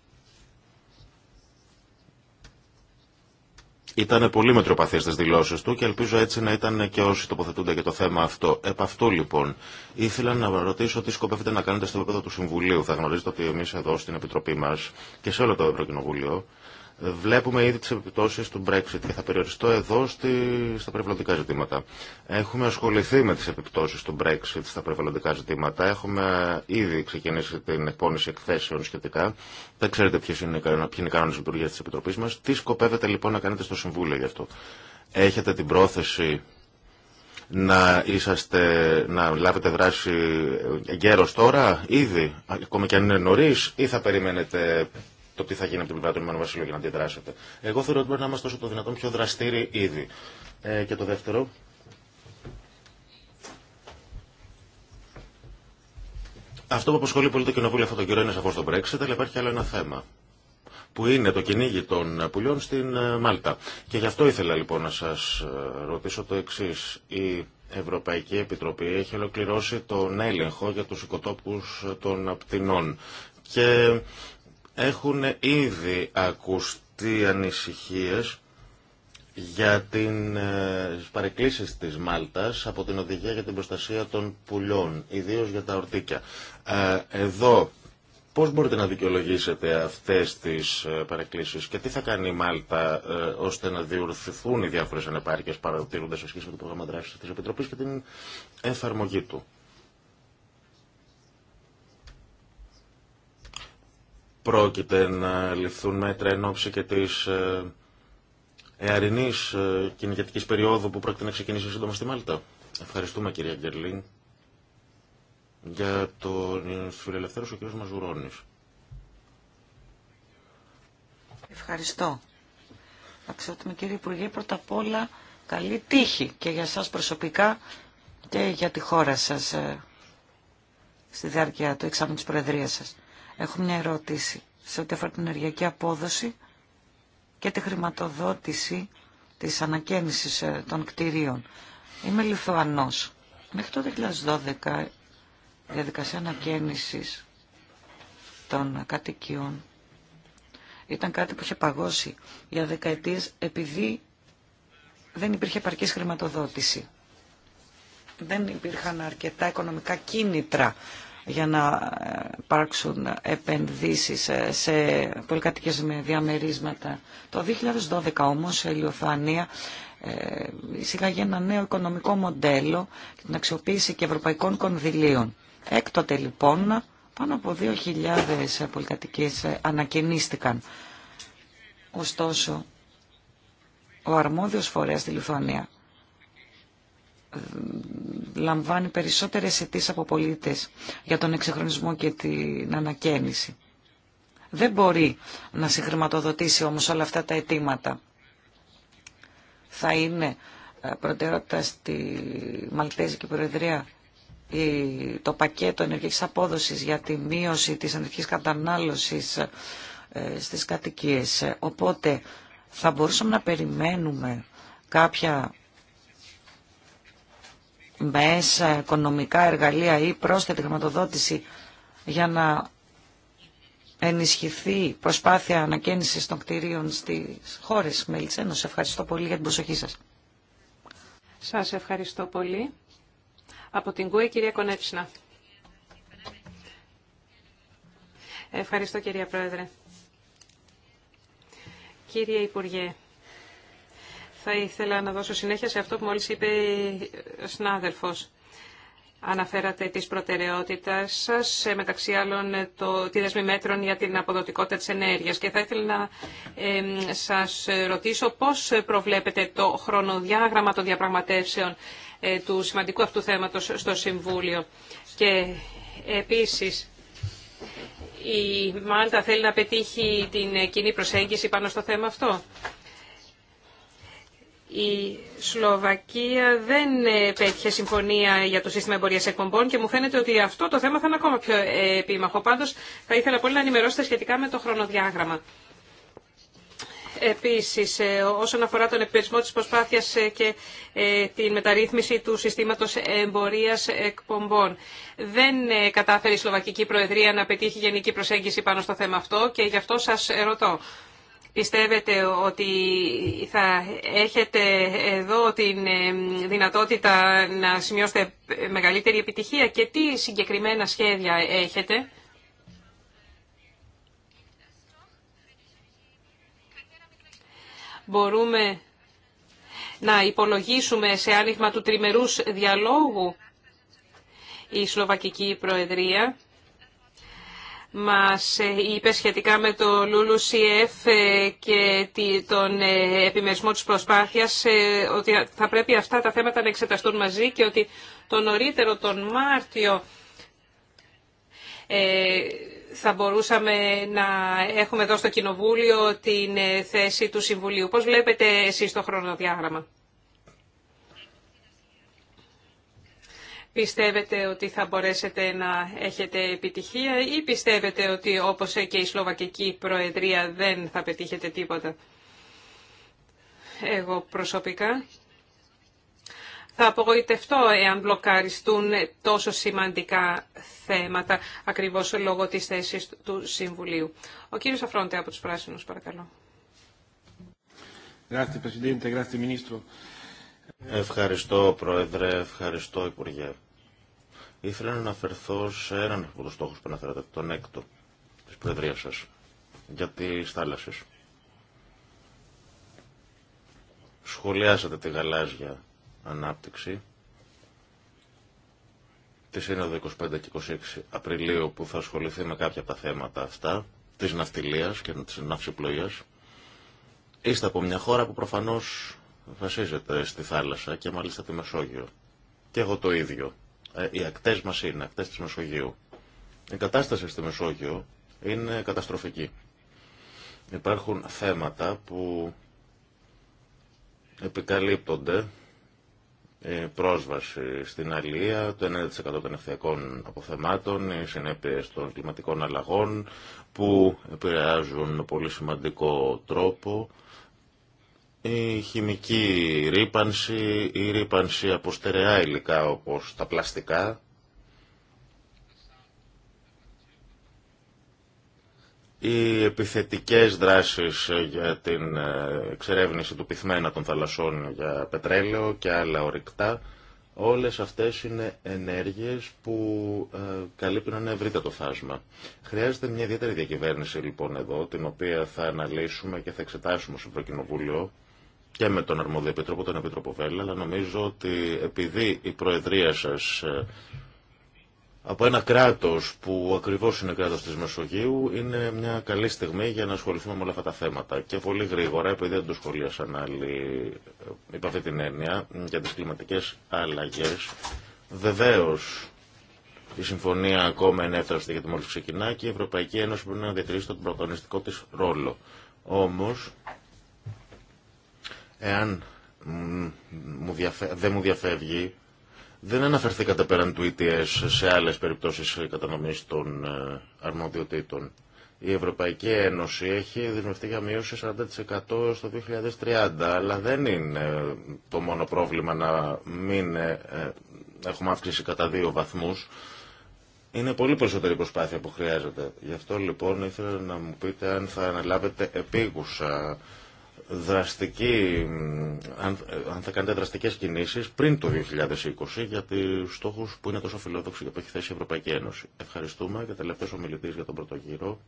Ήταν πολύ μετροπαθή στι δηλώσεις του και ελπίζω έτσι να ήταν και όσοι τοποθετούνται για το θέμα αυτό. Επ' αυτού λοιπόν, ήθελα να ρωτήσω τι σκοπεύετε να κάνετε στο επίπεδο του Συμβουλίου. Θα γνωρίζετε ότι εμείς εδώ στην Επιτροπή μας και σε όλο το Ευρωκοινοβούλιο Βλέπουμε ήδη τι επιπτώσει του Brexit και θα περιοριστώ εδώ στη, στα περιβαλλοντικά ζητήματα. Έχουμε ασχοληθεί με τι επιπτώσει του Brexit στα περιβαλλοντικά ζητήματα. Έχουμε ήδη ξεκινήσει την εκπόνηση εκθέσεων σχετικά. Δεν ξέρετε ποιοι είναι, είναι οι κανόνε λειτουργία τη Επιτροπή μα. Τι σκοπεύετε λοιπόν να κάνετε στο Συμβούλιο γι' αυτό. Έχετε την πρόθεση να είσαστε, να λάβετε δράση γέρος τώρα, ήδη, ακόμα και αν είναι νωρίς, ή θα περιμένετε το τι θα γίνει από την πλευρά του Ηνωμένου Βασιλείου για να αντιδράσετε. Εγώ θεωρώ ότι πρέπει να είμαστε όσο το δυνατόν πιο δραστήριοι ήδη. Ε, και το δεύτερο. Αυτό που αποσχολεί πολύ το κοινοβούλιο αυτόν τον καιρό είναι σαφώ το Brexit, αλλά υπάρχει άλλο ένα θέμα που είναι το κυνήγι των πουλιών στην ε, Μάλτα. Και γι' αυτό ήθελα λοιπόν να σας ε, ρωτήσω το εξής. Η Ευρωπαϊκή Επιτροπή έχει ολοκληρώσει τον έλεγχο για τους οικοτόπους των πτηνών. Και έχουν ήδη ακουστεί ανησυχίες για την ε, παρεκκλήσεις της Μάλτας από την Οδηγία για την Προστασία των Πουλιών, ιδίως για τα ορτίκια. Ε, εδώ Πώς μπορείτε να δικαιολογήσετε αυτές τις ε, παρεκκλήσεις και τι θα κάνει η Μάλτα ώστε να διορθωθούν οι διάφορες ανεπάρκειες παρατηρούντας σε σχέση με το πρόγραμμα δράσης της Επιτροπής και την εφαρμογή του. πρόκειται να ληφθούν μέτρα εν ώψη και τη ε, εαρινή ε, κυνηγετική περίοδου που πρόκειται να ξεκινήσει σύντομα στη Μάλτα. Ευχαριστούμε κυρία Γκερλίν για τον φιλελευθέρος ο κ. Μαζουρόνης. Ευχαριστώ. Αξιότιμη κύριε Υπουργέ, πρώτα απ' όλα καλή τύχη και για σας προσωπικά και για τη χώρα σας ε, στη διάρκεια του εξάμεινου της Προεδρίας σας. Έχω μια ερώτηση σε ό,τι αφορά την ενεργειακή απόδοση και τη χρηματοδότηση της ανακαίνησης ε, των κτηρίων. Είμαι Λιθουανός. Μέχρι το 2012 η διαδικασία ανακαίνησης των κατοικιών ήταν κάτι που είχε παγώσει για δεκαετίες επειδή δεν υπήρχε επαρκής χρηματοδότηση. Δεν υπήρχαν αρκετά οικονομικά κίνητρα για να ε, υπάρξουν επενδύσεις σε πολυκατοικίες με διαμερίσματα. Το 2012 όμως η Λιωθανία ε, εισήγαγε ένα νέο οικονομικό μοντέλο και την αξιοποίηση και ευρωπαϊκών κονδυλίων. Έκτοτε λοιπόν πάνω από 2.000 πολυκατοικίες ε, ανακαινίστηκαν. Ωστόσο, ο αρμόδιος φορέας στη Λιθουανία ε, λαμβάνει περισσότερες αιτήσει από πολίτες για τον εξεχρονισμό και την ανακαίνιση. Δεν μπορεί να συγχρηματοδοτήσει όμως όλα αυτά τα αιτήματα. Θα είναι ε, προτεραιότητα στη Μαλτέζικη Προεδρία το πακέτο ενεργειακής απόδοσης για τη μείωση της ενεργειακής κατανάλωσης ε, στις κατοικίες. Οπότε θα μπορούσαμε να περιμένουμε κάποια μέσα, οικονομικά εργαλεία ή πρόσθετη χρηματοδότηση για να ενισχυθεί προσπάθεια ανακαίνησης των κτηρίων στις χώρες μέλη τη Ευχαριστώ πολύ για την προσοχή σας. Σας ευχαριστώ πολύ. Από την ΚΟΕ, κυρία Κονέψινα. Ευχαριστώ, κυρία Πρόεδρε. Κύριε Υπουργέ, θα ήθελα να δώσω συνέχεια σε αυτό που μόλις είπε ο συνάδελφος. Αναφέρατε τις προτεραιότητες σας, ε, μεταξύ άλλων ε, το, τη δεσμή μέτρων για την αποδοτικότητα της ενέργειας. Και θα ήθελα να σας ρωτήσω πώς προβλέπετε το χρονοδιάγραμμα των διαπραγματεύσεων ε, του σημαντικού αυτού θέματος στο Συμβούλιο. Και επίσης, η Μάλτα θέλει να πετύχει την κοινή προσέγγιση πάνω στο θέμα αυτό. Η Σλοβακία δεν ε, πέτυχε συμφωνία για το σύστημα εμπορία εκπομπών και μου φαίνεται ότι αυτό το θέμα θα είναι ακόμα πιο ε, επίμαχο. Πάντω, θα ήθελα πολύ να ενημερώσετε σχετικά με το χρονοδιάγραμμα. Επίσης, ε, όσον αφορά τον επιπερισμό της προσπάθειας και την μεταρρύθμιση του συστήματος εμπορίας εκπομπών. Δεν κατάφερε η Σλοβακική Προεδρία να πετύχει γενική προσέγγιση πάνω στο θέμα αυτό και γι' αυτό σας ρωτώ. Πιστεύετε ότι θα έχετε εδώ την ε, δυνατότητα να σημειώσετε μεγαλύτερη επιτυχία και τι συγκεκριμένα σχέδια έχετε. Μπορούμε να υπολογίσουμε σε άνοιγμα του τριμερούς διαλόγου η Σλοβακική Προεδρία μας ε, είπε σχετικά με το Λούλου CF ε, και τον ε, επιμερισμό της προσπάθειας ότι θα πρέπει αυτά τα θέματα να εξεταστούν μαζί και ότι το νωρίτερο τον Μάρτιο θα μπορούσαμε να έχουμε εδώ στο Κοινοβούλιο την θέση του Συμβουλίου. Πώς βλέπετε εσείς το χρονοδιάγραμμα. Πιστεύετε ότι θα μπορέσετε να έχετε επιτυχία ή πιστεύετε ότι όπως και η Σλοβακική Προεδρία δεν θα πετύχετε τίποτα. Εγώ προσωπικά θα απογοητευτώ εάν μπλοκαριστούν τόσο σημαντικά θέματα ακριβώς λόγω της θέσης του Συμβουλίου. Ο κύριος Αφρόντε από τους Πράσινους παρακαλώ. Ευχαριστώ Πρόεδρε, ευχαριστώ Υπουργέ. Ήθελα να αναφερθώ σε έναν από του στόχου που αναφέρατε, τον έκτο τη Προεδρία σα, για τι θάλασσε. Σχολιάσατε τη γαλάζια ανάπτυξη τη Σύνοδο 25 και 26 Απριλίου που θα ασχοληθεί με κάποια από τα θέματα αυτά της ναυτιλίας και της ναυσιπλοείας. Είστε από μια χώρα που προφανώς βασίζεται στη θάλασσα και μάλιστα τη Μεσόγειο. Και εγώ το ίδιο. Ε, οι ακτές μας είναι, ακτές της Μεσογείου. Η κατάσταση στη Μεσόγειο είναι καταστροφική. Υπάρχουν θέματα που επικαλύπτονται η πρόσβαση στην αλία, το 90% των ευθυακών αποθεμάτων, οι συνέπειε των κλιματικών αλλαγών που επηρεάζουν πολύ σημαντικό τρόπο η χημική ρήπανση, η ρήπανση από στερεά υλικά όπως τα πλαστικά, οι επιθετικές δράσεις για την ε, εξερεύνηση του πυθμένα των θαλασσών για πετρέλαιο και άλλα ορυκτά, όλες αυτές είναι ενέργειες που ε, καλύπτουν ένα ευρύτατο φάσμα. Χρειάζεται μια ιδιαίτερη διακυβέρνηση λοιπόν εδώ, την οποία θα αναλύσουμε και θα εξετάσουμε στο Ευρωκοινοβούλιο, και με τον αρμόδιο επίτροπο, τον Επίτροπο Βέλλα, αλλά νομίζω ότι επειδή η Προεδρία σας ε, από ένα κράτος που ακριβώς είναι κράτος της Μεσογείου είναι μια καλή στιγμή για να ασχοληθούμε με όλα αυτά τα θέματα. Και πολύ γρήγορα, επειδή δεν το σχολίασαν άλλοι ε, υπ' αυτή την έννοια, για τις κλιματικές αλλαγές, βεβαίως η συμφωνία ακόμα έφταστη γιατί μόλις ξεκινά και η Ευρωπαϊκή Ένωση μπορεί να διατηρήσει τον πρωτονιστικό της ρόλο. Όμως, Εάν δεν μου διαφεύγει, δεν αναφερθήκατε πέραν του ETS σε άλλες περιπτώσεις κατανομής των ε, αρμοδιοτήτων. Η Ευρωπαϊκή Ένωση έχει δημιουργηθεί για μείωση 40% στο 2030, αλλά δεν είναι ε, το μόνο πρόβλημα να μην ε, έχουμε αύξηση κατά δύο βαθμούς. Είναι πολύ περισσότερη προσπάθεια που χρειάζεται. Γι' αυτό λοιπόν ήθελα να μου πείτε αν θα αναλάβετε επίγουσα δραστική, αν, θα κάνετε δραστικέ κινήσεις πριν το 2020 για του στόχου που είναι τόσο φιλόδοξοι και που έχει θέσει η Ευρωπαϊκή Ένωση. Ευχαριστούμε και τελευταίο ομιλητή για τον πρώτο γύρο.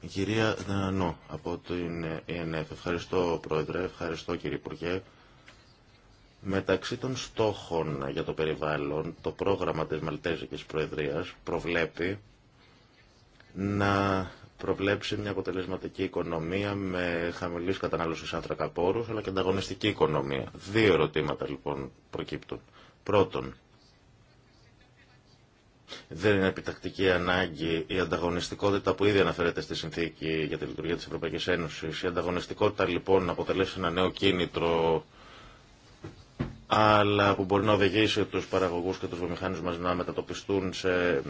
Η κυρία Δανανό από την ΕΝΕΦ. Ευχαριστώ Πρόεδρε, ευχαριστώ κύριε Υπουργέ. Μεταξύ των στόχων για το περιβάλλον, το πρόγραμμα της Μαλτέζικης Προεδρίας προβλέπει να προβλέψει μια αποτελεσματική οικονομία με χαμηλή κατανάλωση άνθρακα πόρου, αλλά και ανταγωνιστική οικονομία. Δύο ερωτήματα λοιπόν προκύπτουν. Πρώτον, δεν είναι επιτακτική ανάγκη η ανταγωνιστικότητα που ήδη αναφέρεται στη συνθήκη για τη λειτουργία της Ευρωπαϊκής Ένωσης. Η ανταγωνιστικότητα λοιπόν αποτελέσει ένα νέο κίνητρο αλλά που μπορεί να οδηγήσει τους παραγωγούς και τους βιομηχάνους μας να μετατοπιστούν σε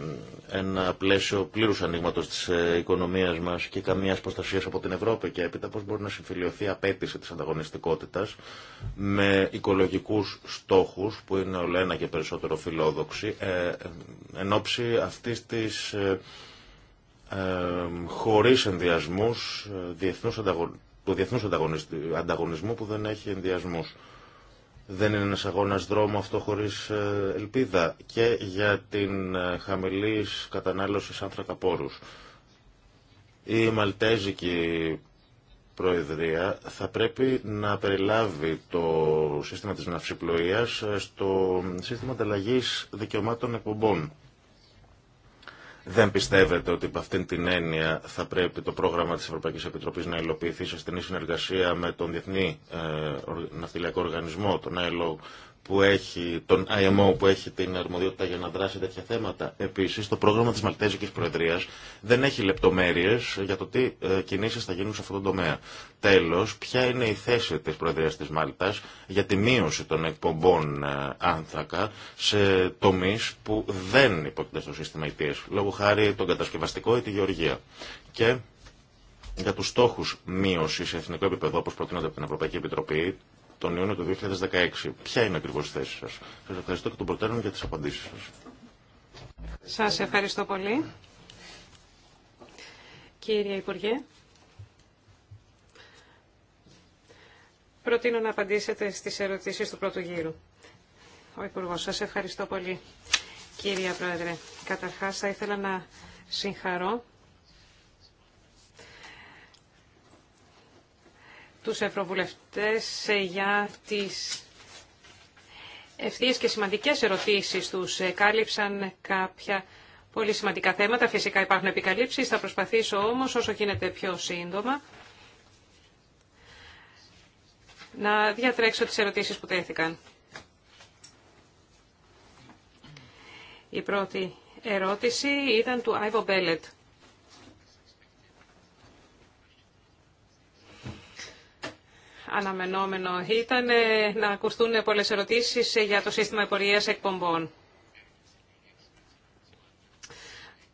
ένα πλαίσιο πλήρους ανοίγματος της ε, οικονομίας μας και καμίας προστασίας από την Ευρώπη και έπειτα πώς μπορεί να συμφιλειωθεί απέτηση της ανταγωνιστικότητας με οικολογικούς στόχους που είναι όλο ένα και περισσότερο φιλόδοξοι ε, εν ώψη αυτής της ε, χωρίς ενδιασμούς διεθνούς του διεθνούς ανταγωνισμού που δεν έχει ενδιασμούς δεν είναι ένας αγώνας δρόμου αυτό χωρίς ε, ελπίδα και για την ε, χαμηλή κατανάλωση άνθρακα πόρους. Η Μαλτέζικη Προεδρία θα πρέπει να περιλάβει το σύστημα της ναυσιπλοείας ε, στο σύστημα ανταλλαγή δικαιωμάτων εκπομπών. Δεν πιστεύετε ότι από αυτήν την έννοια θα πρέπει το πρόγραμμα της Ευρωπαϊκής Επιτροπής να υλοποιηθεί σε στενή συνεργασία με τον Διεθνή ε, Ναυτιλιακό Οργανισμό, τον ILO που έχει, τον IMO που έχει την αρμοδιότητα για να δράσει τέτοια θέματα. Επίσης, το πρόγραμμα της Μαλτέζικης Προεδρίας δεν έχει λεπτομέρειες για το τι ε, κινήσεις θα γίνουν σε αυτόν τον τομέα. Τέλος, ποια είναι η θέση της Προεδρίας της Μάλτας για τη μείωση των εκπομπών ε, άνθρακα σε τομείς που δεν υπόκειται στο σύστημα ETS, λόγω χάρη τον κατασκευαστικό ή τη γεωργία. Και για τους στόχους μείωσης σε εθνικό επίπεδο, όπως προτείνονται από την Ευρωπαϊκή Επιτροπή, τον Ιούνιο του 2016. Ποια είναι ακριβώς η θέση σας. Σας ευχαριστώ και τον προτέρων για τις απαντήσεις σας. Σας ευχαριστώ πολύ. Κύριε Υπουργέ. Προτείνω να απαντήσετε στις ερωτήσεις του πρώτου γύρου. Ο Υπουργό, σας ευχαριστώ πολύ, κύριε Πρόεδρε. Καταρχάς, θα ήθελα να συγχαρώ τους ευρωβουλευτές για τις ευθείες και σημαντικές ερωτήσεις τους. Ε, κάλυψαν κάποια πολύ σημαντικά θέματα. Φυσικά υπάρχουν επικαλύψεις. Θα προσπαθήσω όμως όσο γίνεται πιο σύντομα να διατρέξω τις ερωτήσεις που τέθηκαν. Η πρώτη ερώτηση ήταν του Άιβο Μπέλετ. αναμενόμενο ήταν ε, να ακουστούν πολλές ερωτήσεις για το σύστημα επορίας εκπομπών.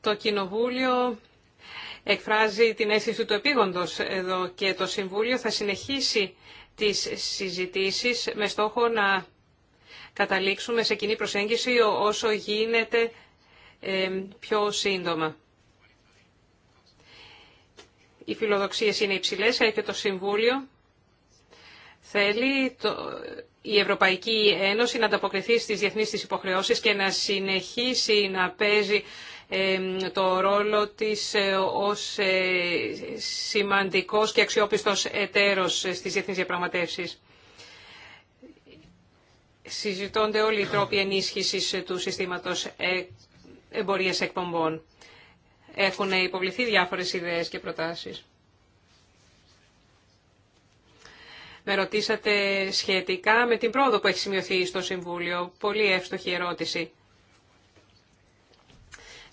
Το Κοινοβούλιο εκφράζει την αίσθηση του επίγοντος εδώ και το Συμβούλιο θα συνεχίσει τις συζητήσεις με στόχο να καταλήξουμε σε κοινή προσέγγιση όσο γίνεται ε, πιο σύντομα. Οι φιλοδοξίες είναι υψηλές και το Συμβούλιο Θέλει η Ευρωπαϊκή Ένωση να ανταποκριθεί στις διεθνείς της υποχρεώσεις και να συνεχίσει να παίζει το ρόλο της ε, ως ε, σημαντικός και αξιόπιστος εταίρος στις διεθνείς διαπραγματεύσεις. Συζητώνται όλοι οι τρόποι ενίσχυσης του συστήματος ε, εμπορίας εκπομπών. Έχουν υποβληθεί διάφορες ιδέες και προτάσεις. Με ρωτήσατε σχετικά με την πρόοδο που έχει σημειωθεί στο Συμβούλιο. Πολύ εύστοχη ερώτηση.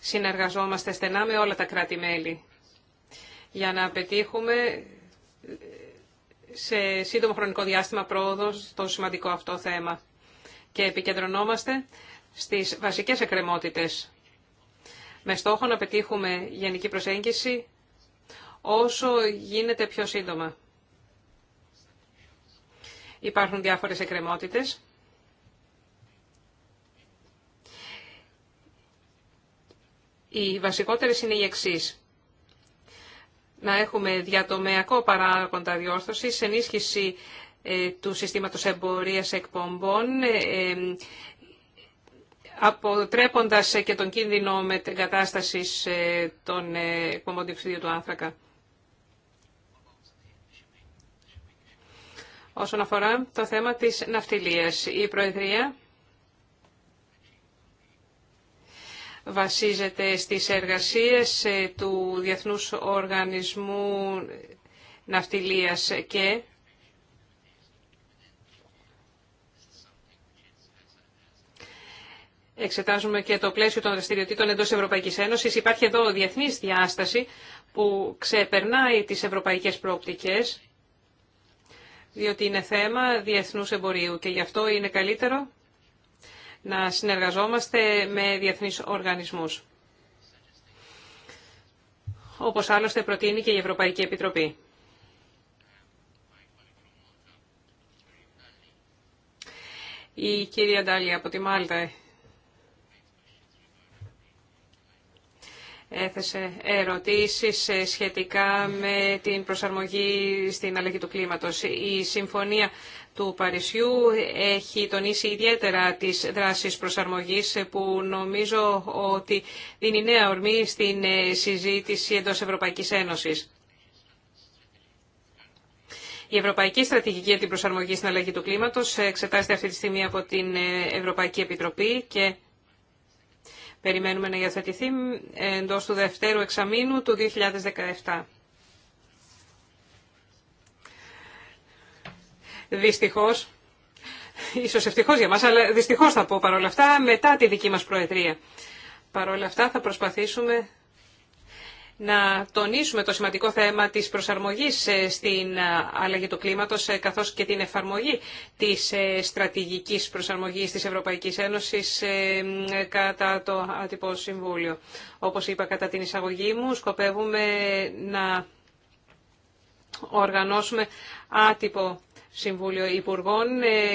Συνεργαζόμαστε στενά με όλα τα κράτη-μέλη για να πετύχουμε σε σύντομο χρονικό διάστημα πρόοδο στο σημαντικό αυτό θέμα. Και επικεντρωνόμαστε στις βασικές εκκρεμότητες με στόχο να πετύχουμε γενική προσέγγιση όσο γίνεται πιο σύντομα. Υπάρχουν διάφορες εκκρεμότητες. Οι βασικότερες είναι οι εξής. Να έχουμε διατομεακό παράγοντα διόρθωσης, ενίσχυση ε, του συστήματος εμπορίας εκπομπών, ε, ε, αποτρέποντας και τον κίνδυνο με κατάσταση των εκπομπών του άνθρακα. όσον αφορά το θέμα της ναυτιλίας. Η Προεδρία βασίζεται στις εργασίες ε, του Διεθνούς Οργανισμού Ναυτιλίας και εξετάζουμε και το πλαίσιο των δραστηριοτήτων εντός Ευρωπαϊκής Ένωσης. Υπάρχει εδώ διεθνής διάσταση που ξεπερνάει τις ευρωπαϊκές προοπτικές διότι είναι θέμα διεθνούς εμπορίου και γι' αυτό είναι καλύτερο να συνεργαζόμαστε με διεθνείς οργανισμούς. Όπως άλλωστε προτείνει και η Ευρωπαϊκή Επιτροπή. Η κυρία Ντάλια από τη Μάλτα έθεσε ερωτήσεις ε, σχετικά με την προσαρμογή στην αλλαγή του κλίματος. Η Συμφωνία του Παρισιού έχει τονίσει ιδιαίτερα τις δράσεις προσαρμογής ε, που νομίζω ότι δίνει νέα ορμή στην ε, συζήτηση εντός Ευρωπαϊκής Ένωσης. Η Ευρωπαϊκή Στρατηγική για την Προσαρμογή στην Αλλαγή του Κλίματος εξετάζεται αυτή τη στιγμή από την Ευρωπαϊκή Επιτροπή και περιμένουμε να υιοθετηθεί εντός του δευτέρου εξαμήνου του 2017. Δυστυχώς, ίσως ευτυχώς για μας, αλλά δυστυχώς θα πω παρόλα αυτά, μετά τη δική μας προεδρία. Παρόλα αυτά θα προσπαθήσουμε να τονίσουμε το σημαντικό θέμα της προσαρμογής ε, στην ε, αλλαγή του κλίματος ε, καθώς και την εφαρμογή της στρατηγικής προσαρμογής της Ευρωπαϊκής Ένωσης κατά το Άτυπο Συμβούλιο. Όπως είπα κατά την εισαγωγή μου, σκοπεύουμε να οργανώσουμε άτυπο Συμβούλιο Υπουργών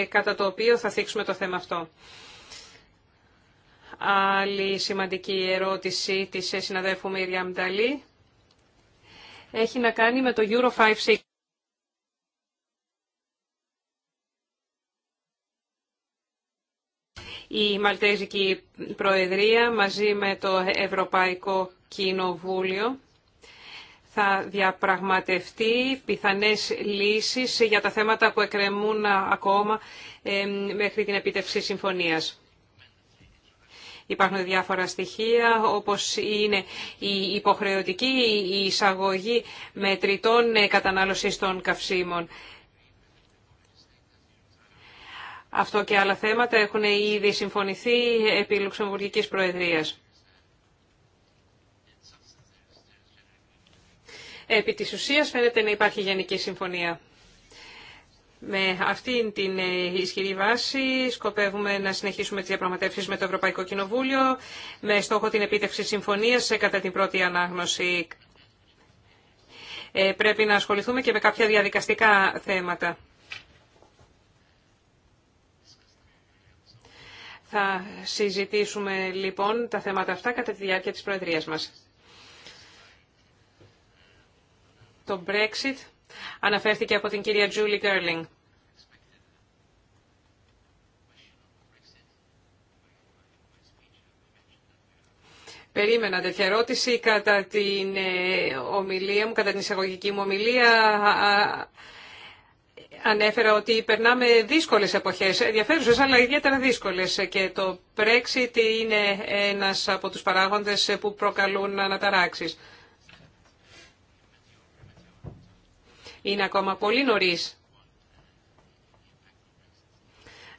κατά το οποίο θα θίξουμε το θέμα αυτό. Άλλη σημαντική ερώτηση της συναδέλφου Μίρια Μταλή έχει να κάνει με το Euro 5 Η Μαλτέζικη Προεδρία μαζί με το Ευρωπαϊκό Κοινοβούλιο θα διαπραγματευτεί πιθανές λύσεις για τα θέματα που εκκρεμούν ακόμα μέχρι την επίτευξη συμφωνίας. Υπάρχουν διάφορα στοιχεία όπως είναι η υποχρεωτική η εισαγωγή μετρητών ε, κατανάλωσης των καυσίμων. Αυτό και άλλα θέματα έχουν ήδη συμφωνηθεί επί Λουξεμβουργικής Προεδρίας. Επί της ουσίας φαίνεται να υπάρχει γενική συμφωνία. Με αυτήν την ε, ισχυρή βάση σκοπεύουμε να συνεχίσουμε τις διαπραγματεύσεις με το Ευρωπαϊκό Κοινοβούλιο με στόχο την επίτευξη συμφωνίας κατά την πρώτη ανάγνωση. Ε, πρέπει να ασχοληθούμε και με κάποια διαδικαστικά θέματα. Θα συζητήσουμε λοιπόν τα θέματα αυτά κατά τη διάρκεια της Προεδρίας μας. Το Brexit αναφέρθηκε από την κυρία Τζούλι Γκέρλινγκ. Περίμενα τέτοια ερώτηση κατά την ε, ομιλία μου, κατά την εισαγωγική μου ομιλία. Ανέφερα ότι περνάμε δύσκολες εποχές, ενδιαφέρουσες αλλά ιδιαίτερα δύσκολες και το Brexit είναι ένας από τους παράγοντες που προκαλούν αναταράξεις. Είναι ακόμα πολύ νωρίς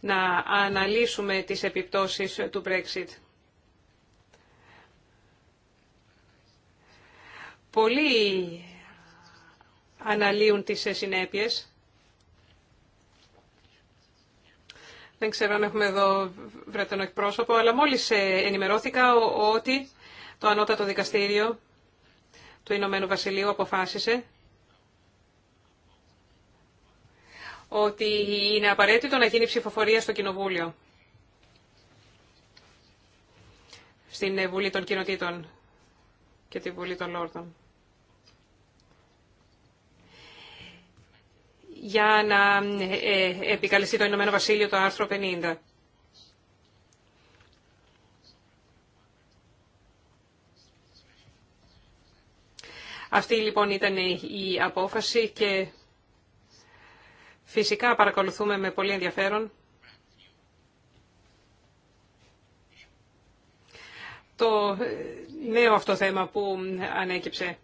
να αναλύσουμε τις επιπτώσεις του Brexit. Πολλοί αναλύουν τις συνέπειες. Δεν ξέρω αν έχουμε εδώ βρετανό εκπρόσωπο, αλλά μόλις ενημερώθηκα ότι το Ανώτατο Δικαστήριο του Ηνωμένου Βασιλείου αποφάσισε ότι είναι απαραίτητο να γίνει ψηφοφορία στο Κοινοβούλιο. Στην Βουλή των Κοινοτήτων και τη Βουλή των Λόρδων. για να ε, ε, επικαλεστεί το Ηνωμένο Βασίλειο το άρθρο 50. Αυτή λοιπόν ήταν η απόφαση και Φυσικά παρακολουθούμε με πολύ ενδιαφέρον το νέο αυτό θέμα που ανέκυψε.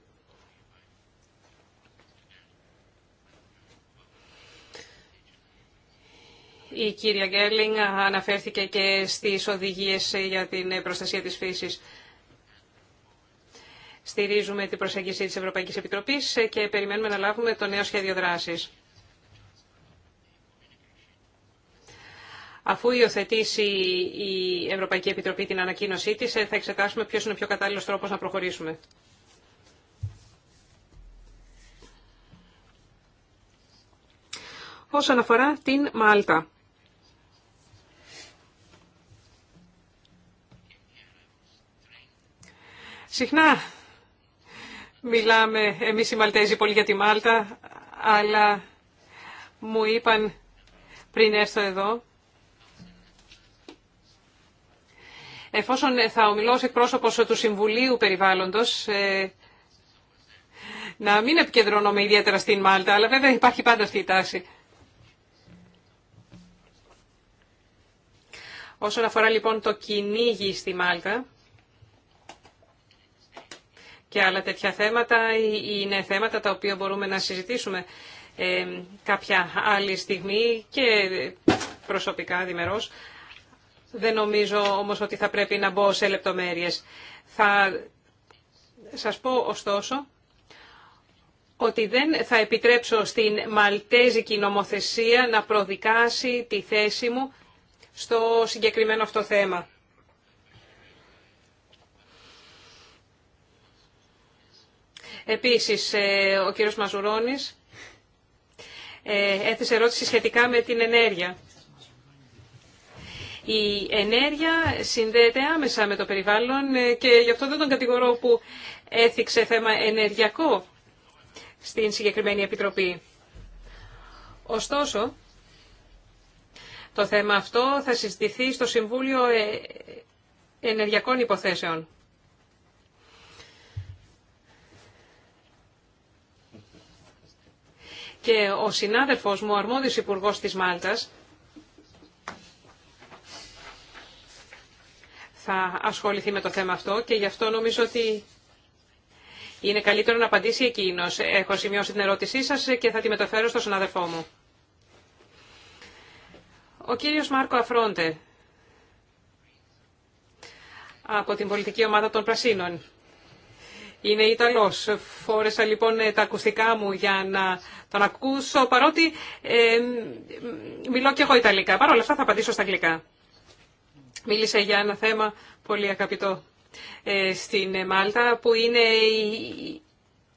Η κυρία Γκέρλινγκ αναφέρθηκε και στις οδηγίες για την προστασία της φύσης. Στηρίζουμε την προσέγγιση της Ευρωπαϊκής Επιτροπής και περιμένουμε να λάβουμε το νέο σχέδιο δράσης. Αφού υιοθετήσει η Ευρωπαϊκή Επιτροπή την ανακοίνωσή τη, ε, θα εξετάσουμε ποιο είναι ο πιο κατάλληλο τρόπο να προχωρήσουμε. Όσον αφορά την Μάλτα. Συχνά μιλάμε εμείς οι Μαλτέζοι πολύ για τη Μάλτα, αλλά μου είπαν πριν έρθω εδώ εφόσον θα ομιλώ ως εκπρόσωπος του Συμβουλίου Περιβάλλοντος, ε, να μην επικεντρώνομαι ιδιαίτερα στην Μάλτα, αλλά βέβαια υπάρχει πάντα αυτή η τάση. Όσον αφορά λοιπόν το κυνήγι στη Μάλτα και άλλα τέτοια θέματα, ε, είναι θέματα τα οποία μπορούμε να συζητήσουμε ε, κάποια άλλη στιγμή και προσωπικά διμερώς, δεν νομίζω όμως ότι θα πρέπει να μπω σε λεπτομέρειες. Θα σας πω ωστόσο ότι δεν θα επιτρέψω στην Μαλτέζικη νομοθεσία να προδικάσει τη θέση μου στο συγκεκριμένο αυτό θέμα. Επίσης, ε, ο κύριος Μαζουρόνης ε, έθεσε ερώτηση σχετικά με την ενέργεια. Η ενέργεια συνδέεται άμεσα με το περιβάλλον ε, και γι' αυτό δεν τον κατηγορώ που έθιξε θέμα ενεργειακό στην συγκεκριμένη επιτροπή. Ωστόσο, το θέμα αυτό θα συζητηθεί στο Συμβούλιο ε, Ενεργειακών Υποθέσεων. Και ο συνάδελφος μου, ο αρμόδιος υπουργός της Μάλτας, θα ασχοληθεί με το θέμα αυτό και γι' αυτό νομίζω ότι είναι καλύτερο να απαντήσει εκείνο. Έχω σημειώσει την ερώτησή σα και θα τη μεταφέρω στον συναδελφό μου. Ο κύριος Μάρκο Αφρόντε από την πολιτική ομάδα των Πρασίνων. Είναι Ιταλός. Φόρεσα λοιπόν τα ακουστικά μου για να τον ακούσω, παρότι ε, μιλώ και εγώ Ιταλικά. Παρ' όλα αυτά θα απαντήσω στα αγγλικά. Μίλησε για ένα θέμα πολύ αγαπητό ε, στην Μάλτα που είναι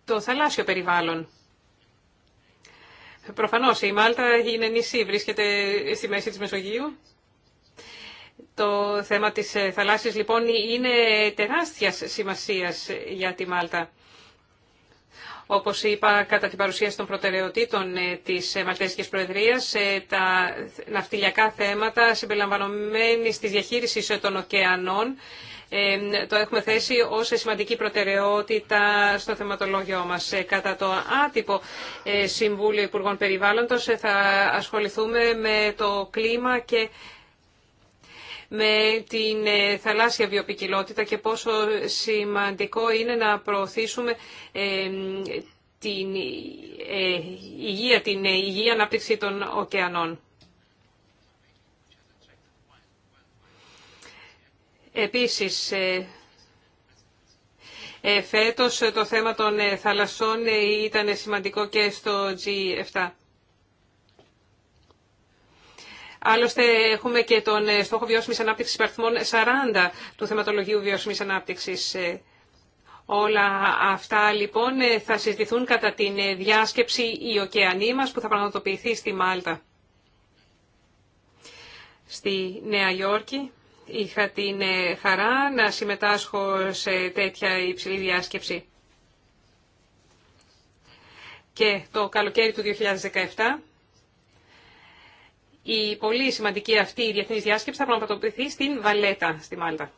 το θαλάσσιο περιβάλλον. Προφανώς η Μάλτα είναι νησί, βρίσκεται στη μέση της Μεσογείου. Το θέμα της ε, θαλάσσης λοιπόν είναι τεράστιας σημασίας για τη Μάλτα. Όπω είπα, κατά την παρουσίαση των προτεραιοτήτων ε, της ε, Μαλτέζικη Προεδρίας, ε, τα ναυτιλιακά θέματα συμπεριλαμβανομένη της διαχείριση των ωκεανών, το έχουμε θέσει ως σημαντική προτεραιότητα στο θεματολόγιο μας. Κατά το άτυπο Συμβούλιο Υπουργών Περιβάλλοντος θα ασχοληθούμε με το κλίμα και με την ε, θαλάσσια βιοπικιλότητα και πόσο σημαντικό είναι να προωθήσουμε ε, την ε, υγεία, την υγεία ανάπτυξη των ωκεανών. Επίσης, φέτος το θέμα των θαλασσών ήταν σημαντικό και στο G7. Άλλωστε έχουμε και τον ε, στόχο βιώσιμη ανάπτυξης υπαριθμών 40 του θεματολογίου βιώσιμη ανάπτυξης. Ε, όλα αυτά λοιπόν ε, θα συζητηθούν κατά την διάσκεψη «Η ωκεανή μας» που θα πραγματοποιηθεί στη Μάλτα. Στη Νέα Υόρκη είχα την χαρά να συμμετάσχω σε τέτοια υψηλή διάσκεψη. Και το καλοκαίρι του 2017 η πολύ σημαντική αυτή η διεθνής διάσκεψη θα πραγματοποιηθεί στην Βαλέτα, στη Μάλτα.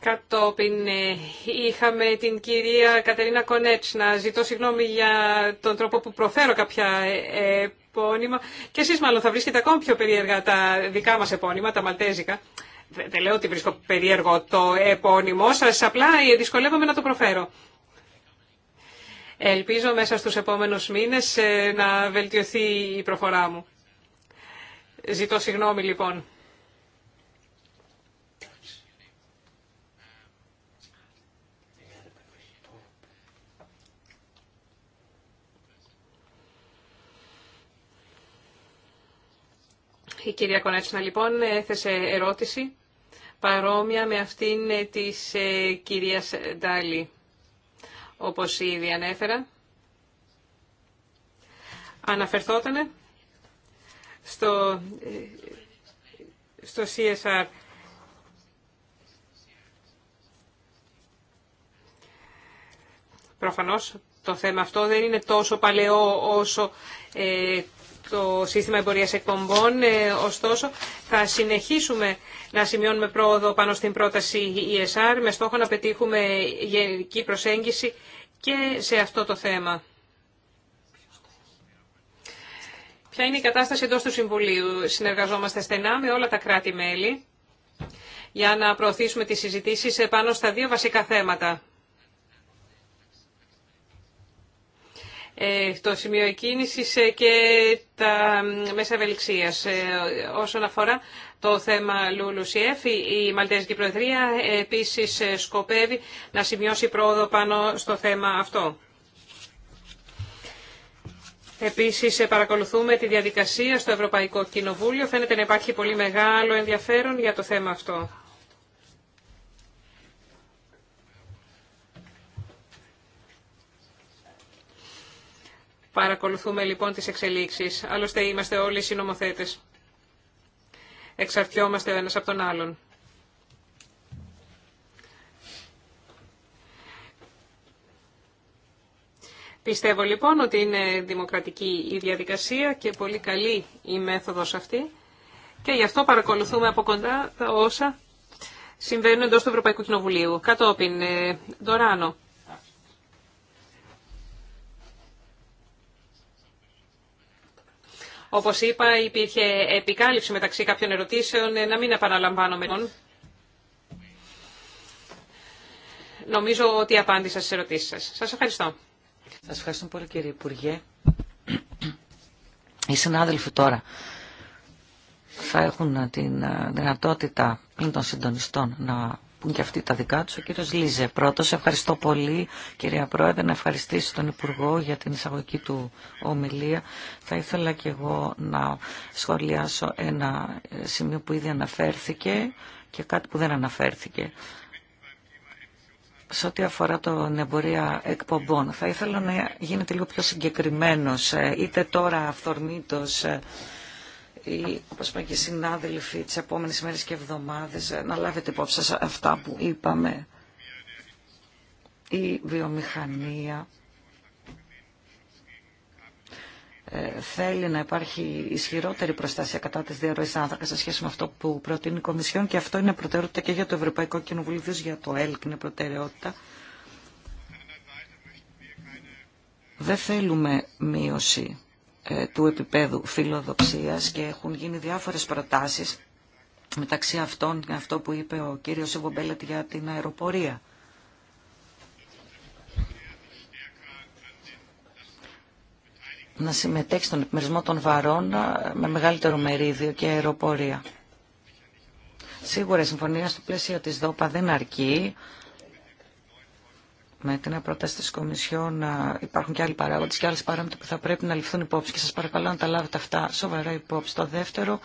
Κατόπιν ε, είχαμε την κυρία Κατερίνα να Ζητώ συγγνώμη για τον τρόπο που προφέρω κάποια ε, επώνυμα. Και εσείς μάλλον θα βρίσκετε ακόμη πιο περίεργα τα δικά μας επώνυμα, τα μαλτέζικα. Δεν λέω ότι βρίσκω περίεργο το επώνυμό σας, απλά ε, δυσκολεύομαι να το προφέρω. Ελπίζω μέσα στους επόμενους μήνες ε, να βελτιωθεί η προφορά μου. Ζητώ συγγνώμη λοιπόν. Η κυρία Κονέτσινα λοιπόν έθεσε ερώτηση παρόμοια με αυτήν της ε, κυρίας Ντάλη όπως ήδη ανέφερα, αναφερθότανε στο, στο CSR. Προφανώς το θέμα αυτό δεν είναι τόσο παλαιό όσο ε, το σύστημα εμπορία εκπομπών. Ε, ωστόσο, θα συνεχίσουμε να σημειώνουμε πρόοδο πάνω στην πρόταση ESR με στόχο να πετύχουμε γενική προσέγγιση και σε αυτό το θέμα. Ποια είναι η κατάσταση εντό του Συμβουλίου. Συνεργαζόμαστε στενά με όλα τα κράτη-μέλη για να προωθήσουμε τις συζητήσεις πάνω στα δύο βασικά θέματα. Ε, το σημείο εκίνηση ε, και τα μέσα ευελιξίας. Ε, όσον αφορά το θέμα Λουλουσιέφ, η Μαλτέζικη Προεδρία επίσης σκοπεύει να σημειώσει πρόοδο πάνω στο θέμα αυτό. Επίσης παρακολουθούμε τη διαδικασία στο Ευρωπαϊκό Κοινοβούλιο. Φαίνεται να υπάρχει πολύ μεγάλο ενδιαφέρον για το θέμα αυτό. Παρακολουθούμε λοιπόν τις εξελίξεις. Άλλωστε είμαστε όλοι συνομοθέτες. Εξαρτιόμαστε ο ένας από τον άλλον. Πιστεύω λοιπόν ότι είναι δημοκρατική η διαδικασία και πολύ καλή η μέθοδος αυτή και γι' αυτό παρακολουθούμε από κοντά τα όσα συμβαίνουν εντός του Ευρωπαϊκού Κοινοβουλίου. Κατόπιν, ε, Ντοράνο, Όπω είπα, υπήρχε επικάλυψη μεταξύ κάποιων ερωτήσεων, ε, να μην επαναλαμβάνομαι. Νομίζω ότι απάντησα στι ερωτήσει σας. Σα ευχαριστώ. Σας ευχαριστώ πολύ κύριε Υπουργέ. Οι συνάδελφοι τώρα θα έχουν την ε, δυνατότητα πλήν των συντονιστών να που είναι και αυτοί τα δικά του. Ο κύριο Λίζε, Πρώτο. ευχαριστώ πολύ κυρία Πρόεδρε, να ευχαριστήσω τον Υπουργό για την εισαγωγική του ομιλία. Θα ήθελα και εγώ να σχολιάσω ένα ε, σημείο που ήδη αναφέρθηκε και κάτι που δεν αναφέρθηκε σε ό,τι αφορά την εμπορία εκπομπών. Θα ήθελα να γίνεται λίγο πιο συγκεκριμένο ε, είτε τώρα αυθορμήτως ε, ή όπως είπαν και οι συνάδελφοι τις επόμενες μέρες και εβδομάδες ε, να λάβετε υπόψη σας αυτά που είπαμε η βιομηχανία ε, θέλει να υπάρχει ισχυρότερη προστασία κατά της διαρροής άνθρακα σε σχέση με αυτό που προτείνει η Κομισιόν και αυτό είναι προτεραιότητα και για το Ευρωπαϊκό Κοινοβούλιο, για το ΕΛΚ είναι προτεραιότητα. Δεν θέλουμε μείωση ε, του επίπεδου φιλοδοξίας και έχουν γίνει διάφορες προτάσεις μεταξύ αυτών και αυτό που είπε ο κύριος Εβομπέλετ για την αεροπορία. να συμμετέχει στον επιμερισμό των βαρών ε, με μεγαλύτερο μερίδιο και αεροπορία. Σίγουρα η συμφωνία στο πλαίσιο της ΔΟΠΑ δεν αρκεί με την πρόταση τη Κομισιόν υπάρχουν και άλλοι παράγοντε και άλλε παράμετροι που θα πρέπει να ληφθούν υπόψη και σας παρακαλώ να τα λάβετε αυτά σοβαρά υπόψη. Το δεύτερο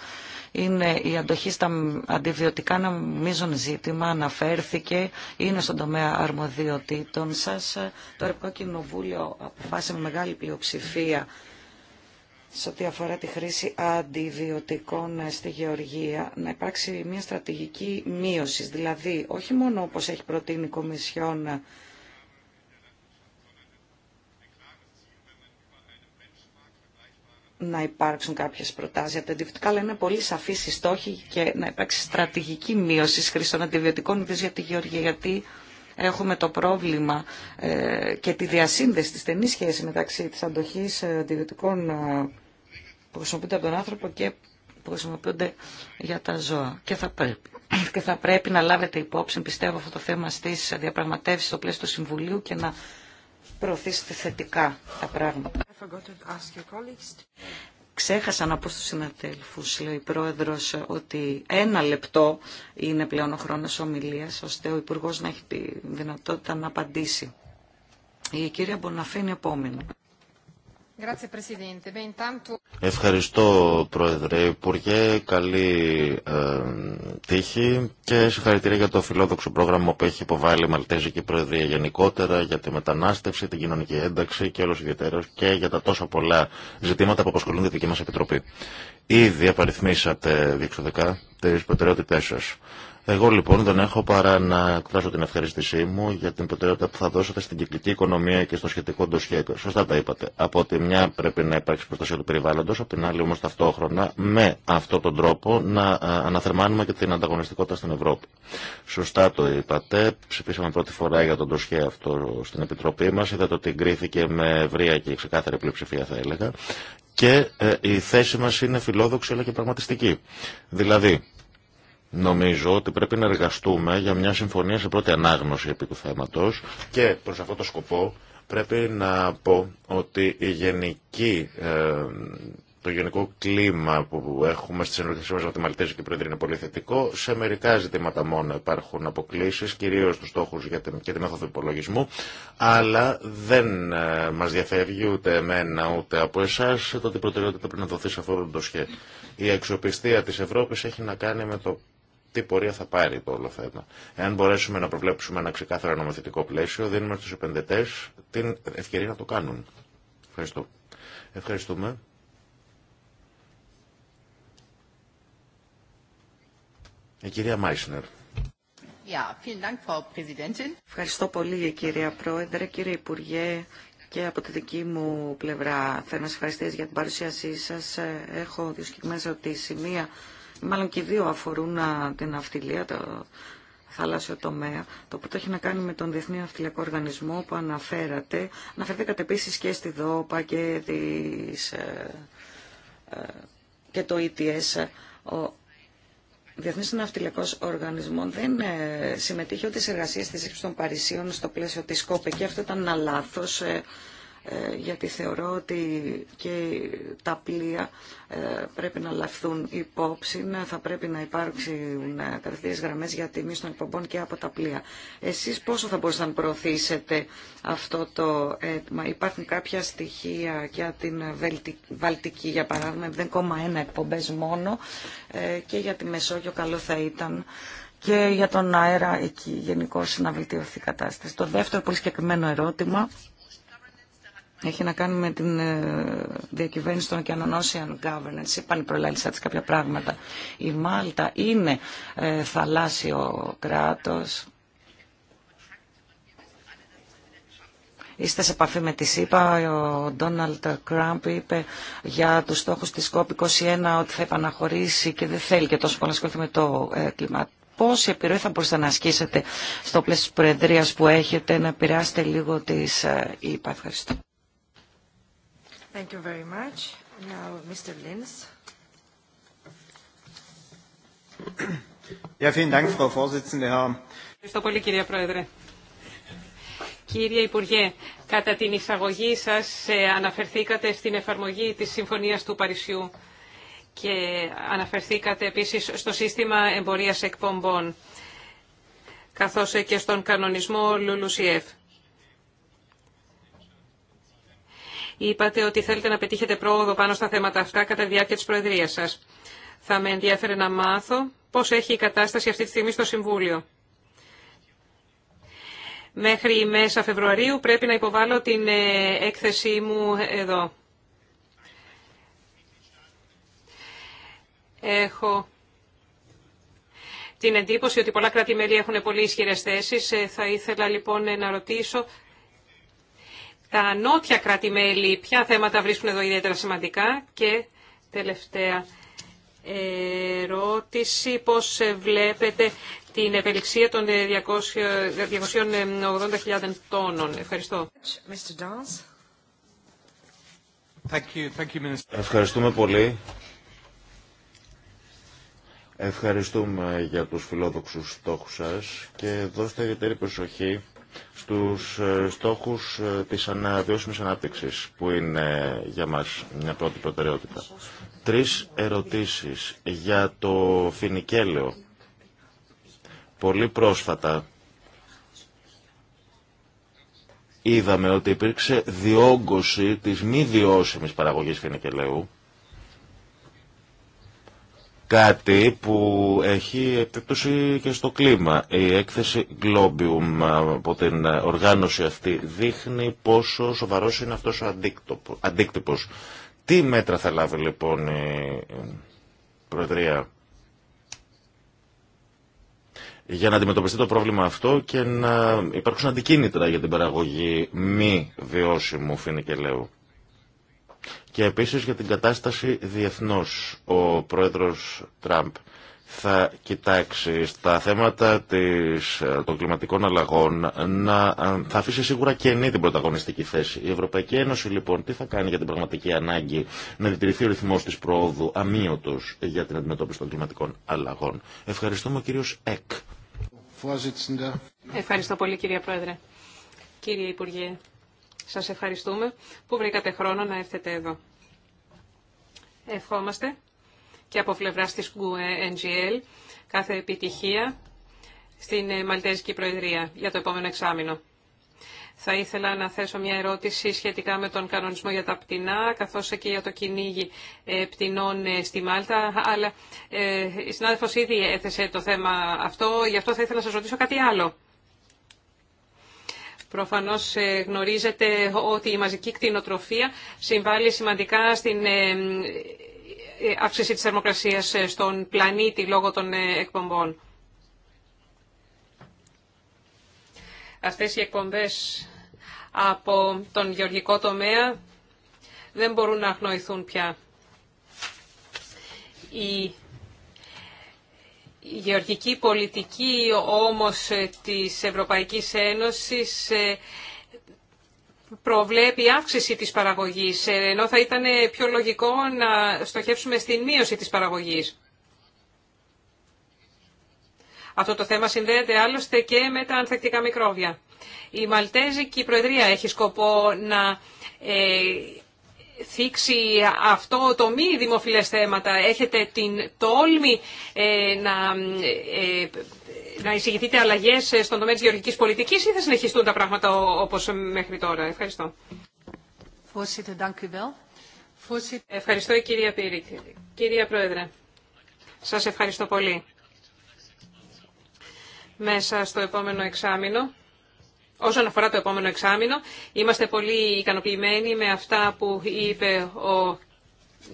είναι η αντοχή στα αντιβιωτικά ένα μείζον ζήτημα, αναφέρθηκε, είναι στον τομέα αρμοδιοτήτων Σα Το Ευρωπαϊκό Κοινοβούλιο αποφάσισε με μεγάλη πλειοψηφία σε ό,τι αφορά τη χρήση αντιβιωτικών στη γεωργία, να υπάρξει μια στρατηγική μείωση, δηλαδή όχι μόνο όπως έχει προτείνει η Κομισιόν να υπάρξουν κάποιε προτάσει από τα αντιβιωτικά, αλλά είναι πολύ σαφή η στόχη και να υπάρξει στρατηγική μείωση χρήση των αντιβιωτικών, ιδίω για τη Γεωργία, γιατί έχουμε το πρόβλημα ε, και τη διασύνδεση, τη στενή σχέση μεταξύ τη αντοχή ε, αντιβιωτικών ε, που χρησιμοποιούνται από τον άνθρωπο και που χρησιμοποιούνται για τα ζώα. Και θα πρέπει. Και θα πρέπει να λάβετε υπόψη, πιστεύω, αυτό το θέμα στι διαπραγματεύσει στο πλαίσιο του Συμβουλίου και να προωθήσετε θετικά τα πράγματα. Ξέχασα να πω στους συναδέλφους, λέει η Πρόεδρος, ότι ένα λεπτό είναι πλέον ο χρόνος ομιλίας, ώστε ο Υπουργός να έχει τη δυνατότητα να απαντήσει. Η κυρία Μποναφέ είναι επόμενη. Ευχαριστώ Πρόεδρε Υπουργέ, καλή ε, τύχη και συγχαρητήρια για το φιλόδοξο πρόγραμμα που έχει υποβάλει η Μαλτέζικη Προεδρία γενικότερα για τη μετανάστευση, την κοινωνική ένταξη και όλος ιδιαίτερος και για τα τόσο πολλά ζητήματα που απασχολούν τη δική μας Επιτροπή. Ήδη απαριθμίσατε διεξοδικά τις προτεραιότητές σας. Εγώ λοιπόν δεν έχω παρά να εκφράσω την ευχαρίστησή μου για την προτεραιότητα που θα δώσετε στην κυκλική οικονομία και στο σχετικό ντοσχέ. Σωστά τα είπατε. Από τη μια πρέπει να υπάρξει προστασία του περιβάλλοντο, από την άλλη όμω ταυτόχρονα με αυτόν τον τρόπο να ε, αναθερμάνουμε και την ανταγωνιστικότητα στην Ευρώπη. Σωστά το είπατε. Ψηφίσαμε πρώτη φορά για τον ντοσχέ αυτό στην Επιτροπή μα. Είδατε ότι εγκρίθηκε με ευρεία και ξεκάθαρη πλειοψηφία θα έλεγα. Και ε, η θέση μα είναι φιλόδοξη αλλά και πραγματιστική. Δηλαδή, Νομίζω ότι πρέπει να εργαστούμε για μια συμφωνία σε πρώτη ανάγνωση επί του θέματος και προς αυτό το σκοπό πρέπει να πω ότι η γενική, ε, το γενικό κλίμα που έχουμε στις συνεργασίες μας με τη Μαλτέζικη Πρόεδρε είναι πολύ θετικό. Σε μερικά ζητήματα μόνο υπάρχουν αποκλήσεις, κυρίως στους στόχους και τη μέθοδο υπολογισμού, αλλά δεν ε, μας διαφεύγει ούτε εμένα ούτε από εσάς το ότι προτεραιότητα πρέπει να δοθεί σε αυτό το ντοσχέ. Η αξιοπιστία της Ευρώπης έχει να κάνει με το τι πορεία θα πάρει το όλο θέμα. Εάν μπορέσουμε να προβλέψουμε ένα ξεκάθαρο νομοθετικό πλαίσιο, δίνουμε στους επενδυτές την ευκαιρία να το κάνουν. Ευχαριστώ. Ευχαριστούμε. Η κυρία Μάισνερ. Ευχαριστώ πολύ κυρία Πρόεδρε, κύριε Υπουργέ και από τη δική μου πλευρά θέλω να σας ευχαριστήσω για την παρουσίασή σας. Έχω δύο συγκεκριμένες ερωτήσεις. Μία μάλλον και οι δύο αφορούν την αυτιλία, το θαλάσσιο τομέα. Το πρώτο έχει να κάνει με τον Διεθνή Αυτιλιακό Οργανισμό που αναφέρατε. Αναφερθήκατε επίσης και στη ΔΟΠΑ και, τις, ε, ε, και το ETS. Ο Διεθνής Ναυτιλιακός Οργανισμό δεν ε, συμμετείχε ούτε σε εργασίες της των Παρισίων στο πλαίσιο της ΚΟΠΕ και αυτό ήταν ένα λάθος. Ε, γιατί θεωρώ ότι και τα πλοία ε, πρέπει να λαφθούν υπόψη, θα πρέπει να υπάρξουν ε, κατευθείαν γραμμές για τιμή των εκπομπών και από τα πλοία. Εσείς πόσο θα μπορούσατε να προωθήσετε αυτό το αίτημα. Υπάρχουν κάποια στοιχεία για την Βαλτική, για παράδειγμα, 0,1 εκπομπές μόνο και για τη Μεσόγειο καλό θα ήταν και για τον αέρα εκεί γενικώ να βελτιωθεί η κατάσταση. Το δεύτερο πολύ συγκεκριμένο ερώτημα έχει να κάνει με την ε, διακυβέρνηση των ωκεανών Ocean Governance. Είπαν οι κάποια πράγματα. Η Μάλτα είναι ε, θαλάσσιο κράτος. Είστε σε επαφή με τη ΣΥΠΑ, ο Ντόναλτ Κραμπ είπε για τους στόχους της COP21 ότι θα επαναχωρήσει και δεν θέλει και τόσο πολύ να ασχοληθεί με το ε, κλίμα. Πόση επιρροή θα μπορούσατε να ασκήσετε στο πλαίσιο της Προεδρίας που έχετε, να επηρεάσετε λίγο τις ΥΠΑ. Ευχαριστώ. Thank you very much. Now, Mr. Linz. Ευχαριστώ πολύ, κυρία Πρόεδρε. Κύριε Υπουργέ, κατά την εισαγωγή σας ε, αναφερθήκατε στην εφαρμογή της Συμφωνίας του Παρισιού και αναφερθήκατε επίσης στο σύστημα εμπορίας εκπομπών, καθώς και στον κανονισμό LULUCF. Είπατε ότι θέλετε να πετύχετε πρόοδο πάνω στα θέματα αυτά κατά τη διάρκεια τη Προεδρίας σας. Θα με ενδιαφέρε να μάθω πώς έχει η κατάσταση αυτή τη στιγμή στο Συμβούλιο. Μέχρι μέσα Φεβρουαρίου πρέπει να υποβάλω την ε, έκθεσή μου εδώ. Έχω την εντύπωση ότι πολλά κράτη-μέλη έχουν πολύ θέσεις. θέσει. Θα ήθελα λοιπόν να ρωτήσω τα νότια κράτη-μέλη, ποια θέματα βρίσκουν εδώ ιδιαίτερα σημαντικά. Και τελευταία ερώτηση, πώς βλέπετε την ευελιξία των 280.000 τόνων. Ευχαριστώ. Thank you, thank you, Ευχαριστούμε πολύ. Ευχαριστούμε για τους φιλόδοξους στόχους σας και δώστε ιδιαίτερη προσοχή στους ε, στόχους ε, της αναβιώσιμης ανάπτυξης, που είναι για μας μια πρώτη προτεραιότητα. Τρεις ερωτήσεις για το φινικέλαιο. Πολύ πρόσφατα είδαμε ότι υπήρξε διόγκωση της μη διώσιμης παραγωγής φινικελαίου Κάτι που έχει επίπτωση και στο κλίμα. Η έκθεση Globium από την οργάνωση αυτή δείχνει πόσο σοβαρός είναι αυτός ο αντίκτυπος. Τι μέτρα θα λάβει λοιπόν η Προεδρία για να αντιμετωπιστεί το πρόβλημα αυτό και να υπάρξουν αντικίνητρα για την παραγωγή μη βιώσιμου φινικελαίου και επίσης για την κατάσταση διεθνώς. Ο πρόεδρος Τραμπ θα κοιτάξει στα θέματα της, ε, των κλιματικών αλλαγών να, ε, θα αφήσει σίγουρα καινή την πρωταγωνιστική θέση. Η Ευρωπαϊκή Ένωση λοιπόν τι θα κάνει για την πραγματική ανάγκη να διτηρηθεί ο ρυθμός της προόδου αμύωτος για την αντιμετώπιση των κλιματικών αλλαγών. Ευχαριστούμε ο κύριος Εκ. Ευχαριστώ πολύ κύριε Πρόεδρε. Κύριε Υπουργέ, σας ευχαριστούμε που βρήκατε χρόνο να έρθετε εδώ. Ευχόμαστε και από πλευρά της NGL ε κάθε επιτυχία στην ε, Μαλτέζικη Προεδρία για το επόμενο εξάμεινο. Θα ήθελα να θέσω μια ερώτηση σχετικά με τον κανονισμό για τα πτηνά, καθώς και για το κυνήγι ε, πτηνών στη Μάλτα. Αλλά η συνάδελφος ήδη έθεσε το θέμα αυτό, γι' αυτό θα ήθελα να σας ρωτήσω κάτι άλλο. Προφανώς ε, γνωρίζετε ότι η μαζική κτηνοτροφία συμβάλλει σημαντικά στην ε, ε, αύξηση της θερμοκρασίας στον πλανήτη λόγω των εκπομπών. Αυτές οι εκπομπές από τον γεωργικό τομέα δεν μπορούν να αγνοηθούν πια. Η γεωργική πολιτική όμως της Ευρωπαϊκής Ένωσης ε, προβλέπει αύξηση της παραγωγής, ε, ενώ θα ήταν πιο λογικό να στοχεύσουμε στην μείωση της παραγωγής. Αυτό το θέμα συνδέεται άλλωστε και με τα ανθεκτικά μικρόβια. Η Μαλτέζικη Προεδρία έχει σκοπό να ε, θίξει αυτό το μη δημοφιλές θέματα. Έχετε την τόλμη ε, να, ε, να εισηγηθείτε αλλαγές στον τομέα της γεωργικής πολιτικής ή θα συνεχιστούν τα πράγματα όπως μέχρι τώρα. Ευχαριστώ. Ευχαριστώ κυρία Πύρη. Κυρία Πρόεδρε, σας ευχαριστώ πολύ. Μέσα στο επόμενο εξάμεινο Όσον αφορά το επόμενο εξάμεινο, είμαστε πολύ ικανοποιημένοι με αυτά που είπε ο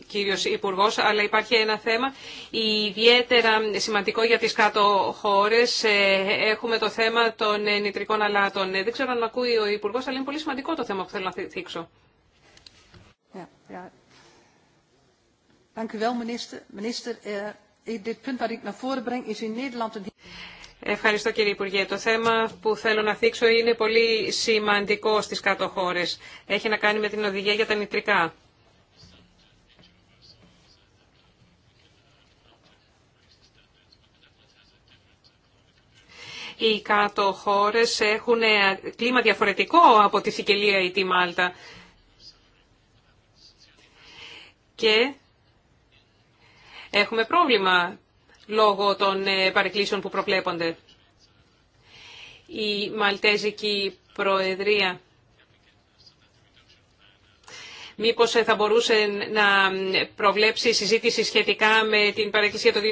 κύριος Υπουργό, αλλά υπάρχει ένα θέμα ιδιαίτερα σημαντικό για τις κάτω χώρες. Ε, έχουμε το θέμα των ε, νητρικών αλάτων. Ε, δεν ξέρω αν ακούει ο Υπουργό, αλλά είναι πολύ σημαντικό το θέμα που θέλω να θίξω. Ευχαριστώ κύριε Υπουργέ. Το θέμα που θέλω να θίξω είναι πολύ σημαντικό στις κάτω χώρες. Έχει να κάνει με την οδηγία για τα νητρικά. Οι κάτω χώρες έχουν ε, κλίμα διαφορετικό από τη Σικελία ή τη Μάλτα. Και έχουμε πρόβλημα λόγω των ε, παρεκκλήσεων που προβλέπονται. Η Μαλτέζικη Προεδρία μήπως ε, θα μπορούσε να προβλέψει συζήτηση σχετικά με την παρέκκληση για το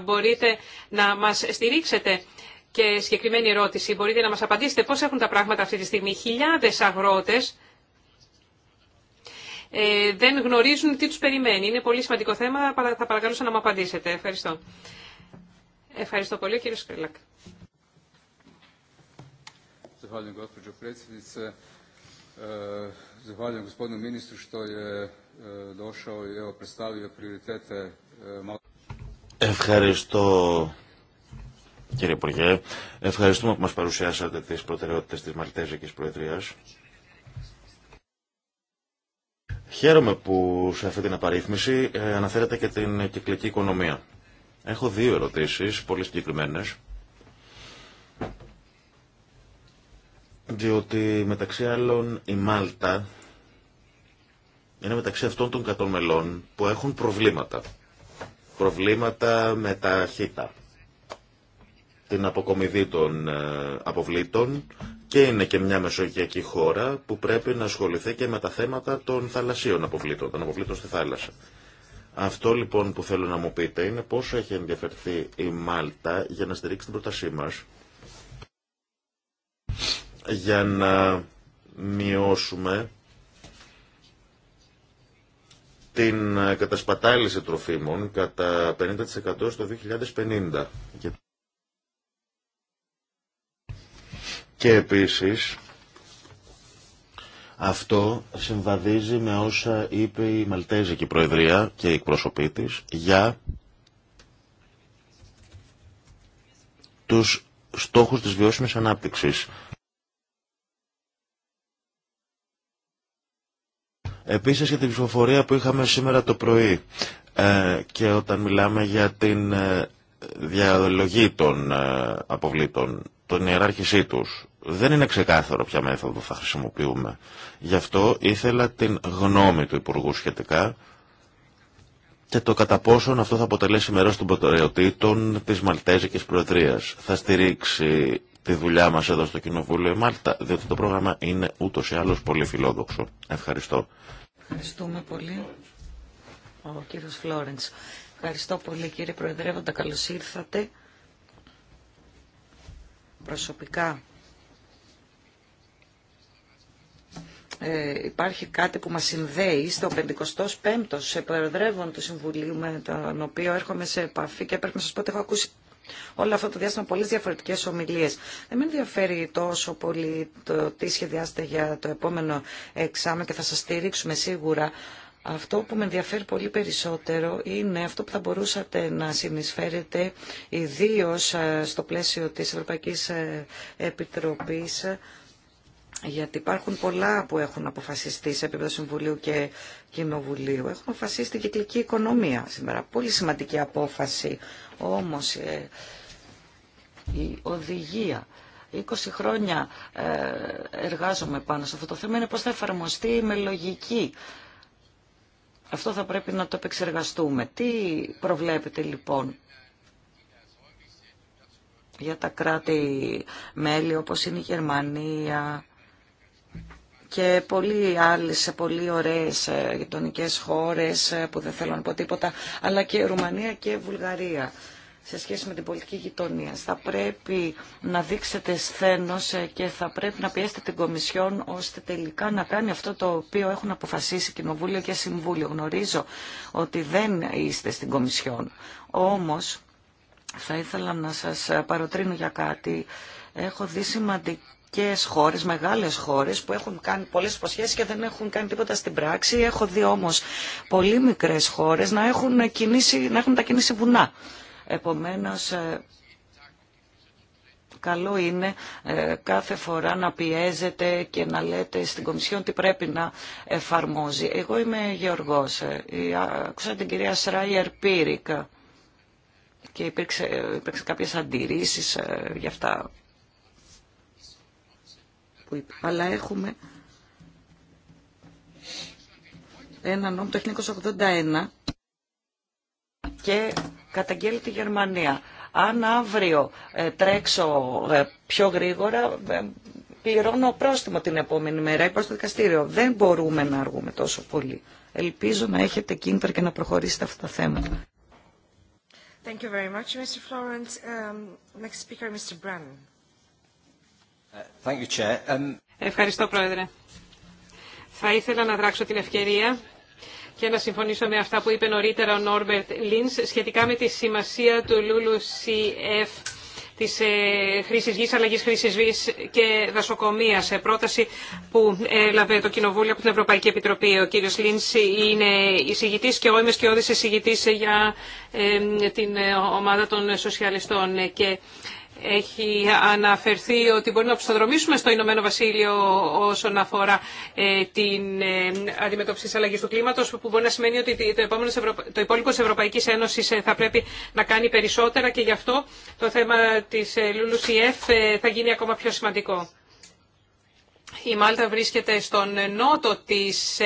2017. Μπορείτε να μας στηρίξετε και συγκεκριμένη ερώτηση. Μπορείτε να μας απαντήσετε πώς έχουν τα πράγματα αυτή τη στιγμή. Χιλιάδες αγρότες ε, δεν γνωρίζουν τι τους περιμένει. Είναι πολύ σημαντικό θέμα, θα παρακαλούσα να μου απαντήσετε. Ευχαριστώ. Ευχαριστώ πολύ, κύριε Σκριλάκ. E, e, e, Ευχαριστώ κύριε Υπουργέ. Ευχαριστούμε που μας παρουσιάσατε τις προτεραιότητες της Μαλτέζικης Προεδρίας. Χαίρομαι που σε αυτή την απαρίθμηση ε, αναφέρεται και την κυκλική οικονομία. Έχω δύο ερωτήσεις, πολύ συγκεκριμένε. Διότι μεταξύ άλλων η Μάλτα είναι μεταξύ αυτών των κατομελών που έχουν προβλήματα. Προβλήματα με τα χήτα. Την αποκομιδή των ε, αποβλήτων και είναι και μια μεσογειακή χώρα που πρέπει να ασχοληθεί και με τα θέματα των θαλασσίων αποβλήτων, των αποβλήτων στη θάλασσα. Αυτό λοιπόν που θέλω να μου πείτε είναι πόσο έχει ενδιαφερθεί η Μάλτα για να στηρίξει την πρότασή μας για να μειώσουμε την κατασπατάληση τροφίμων κατά 50% στο 2050. Και επίσης αυτό συμβαδίζει με όσα είπε η Μαλτέζικη Προεδρία και η εκπρόσωπή της για τους στόχους της βιώσιμης ανάπτυξης. Επίσης για την ψηφοφορία που είχαμε σήμερα το πρωί ε, και όταν μιλάμε για την ε, διαλογή των ε, αποβλήτων, τον ιεράρχησή τους, δεν είναι ξεκάθαρο ποια μέθοδο θα χρησιμοποιούμε. Γι' αυτό ήθελα την γνώμη του Υπουργού σχετικά και το κατά πόσον αυτό θα αποτελέσει μέρο των προτεραιοτήτων της Μαλτέζικης Προεδρίας. Θα στηρίξει τη δουλειά μας εδώ στο Κοινοβούλιο η Μάλτα, διότι το πρόγραμμα είναι ούτως ή άλλως πολύ φιλόδοξο. Ευχαριστώ. Ευχαριστούμε πολύ. Ο κύριος Φλόρεντς. Ευχαριστώ πολύ κύριε Προεδρεύοντα. Καλώς ήρθατε. Προσωπικά Ε, υπάρχει κάτι που μας συνδέει στο 55ο σε προεδρεύον του Συμβουλίου με τον οποίο έρχομαι σε επαφή και πρέπει να σας πω ότι έχω ακούσει όλο αυτό το διάστημα πολλές διαφορετικές ομιλίες. Δεν με ενδιαφέρει τόσο πολύ το τι σχεδιάζετε για το επόμενο εξάμεινο και θα σας στηρίξουμε σίγουρα. Αυτό που με ενδιαφέρει πολύ περισσότερο είναι αυτό που θα μπορούσατε να συνεισφέρετε ιδίως ε, στο πλαίσιο της Ευρωπαϊκής ε, Επιτροπής γιατί υπάρχουν πολλά που έχουν αποφασιστεί σε επίπεδο Συμβουλίου και Κοινοβουλίου. Έχουν αποφασίσει την κυκλική οικονομία σήμερα. Πολύ σημαντική απόφαση. Όμως ε, η οδηγία 20 χρόνια ε, εργάζομαι πάνω σε αυτό το θέμα είναι πώς θα εφαρμοστεί με λογική. Αυτό θα πρέπει να το επεξεργαστούμε. Τι προβλέπετε λοιπόν για τα κράτη-μέλη όπως είναι η Γερμανία, και πολλοί άλλοι σε πολύ ωραίες ε, γειτονικέ χώρες ε, που δεν θέλω να πω τίποτα, αλλά και Ρουμανία και Βουλγαρία σε σχέση με την πολιτική γειτονία. Θα πρέπει να δείξετε σθένος ε, και θα πρέπει να πιέσετε την Κομισιόν ώστε τελικά να κάνει αυτό το οποίο έχουν αποφασίσει Κοινοβούλιο και Συμβούλιο. Γνωρίζω ότι δεν είστε στην Κομισιόν. Όμως θα ήθελα να σας παροτρύνω για κάτι. Έχω δει και χώρε μεγάλες χώρες που έχουν κάνει πολλές υποσχέσει και δεν έχουν κάνει τίποτα στην πράξη. Έχω δει όμω πολύ μικρές χώρε να έχουν, κινήσει, να έχουν βουνά. Επομένως, ε, καλό είναι ε, κάθε φορά να πιέζετε και να λέτε στην Κομισιόν τι πρέπει να εφαρμόζει. Εγώ είμαι Γεωργός. Ε, άκουσα την κυρία Σράιερ Πύρικα και υπήρξε, κάποιες αντιρρήσεις για αυτά αλλά έχουμε ένα νόμο το 1981 και καταγγέλει τη Γερμανία. Αν αύριο ε, τρέξω ε, πιο γρήγορα, ε, πληρώνω πρόστιμο την επόμενη μέρα Είπα στο το δικαστήριο. Δεν μπορούμε να αργούμε τόσο πολύ. Ελπίζω να έχετε κίνητρα και να προχωρήσετε αυτά τα θέματα. Thank you very much, Mr. Florence. Um, next speaker, Mr. Um, Ευχαριστώ, Πρόεδρε. Θα ήθελα να δράξω την ευκαιρία και να συμφωνήσω με αυτά που είπε νωρίτερα ο Νόρμπερτ Λίνς σχετικά με τη σημασία του Λούλου CF της ε, χρήσης γης, αλλαγής χρήσης γης και Σε Πρόταση που ε, έλαβε το Κοινοβούλιο από την Ευρωπαϊκή Επιτροπή. Ο κύριος Λίνς είναι εισηγητής και εγώ είμαι σκιώδη εισηγητής για ε, την ομάδα των σοσιαλιστών. Και έχει αναφερθεί ότι μπορεί να ψηφοδρομήσουμε στο Ηνωμένο Βασίλειο όσον αφορά ε, την ε, αντιμετώπιση τη αλλαγή του κλίματο, που μπορεί να σημαίνει ότι το υπόλοιπο τη Ευρωπαϊκή Ένωση ε, θα πρέπει να κάνει περισσότερα και γι' αυτό το θέμα τη Λουλουσιεφ θα γίνει ακόμα πιο σημαντικό. Η Μάλτα βρίσκεται στον νότο της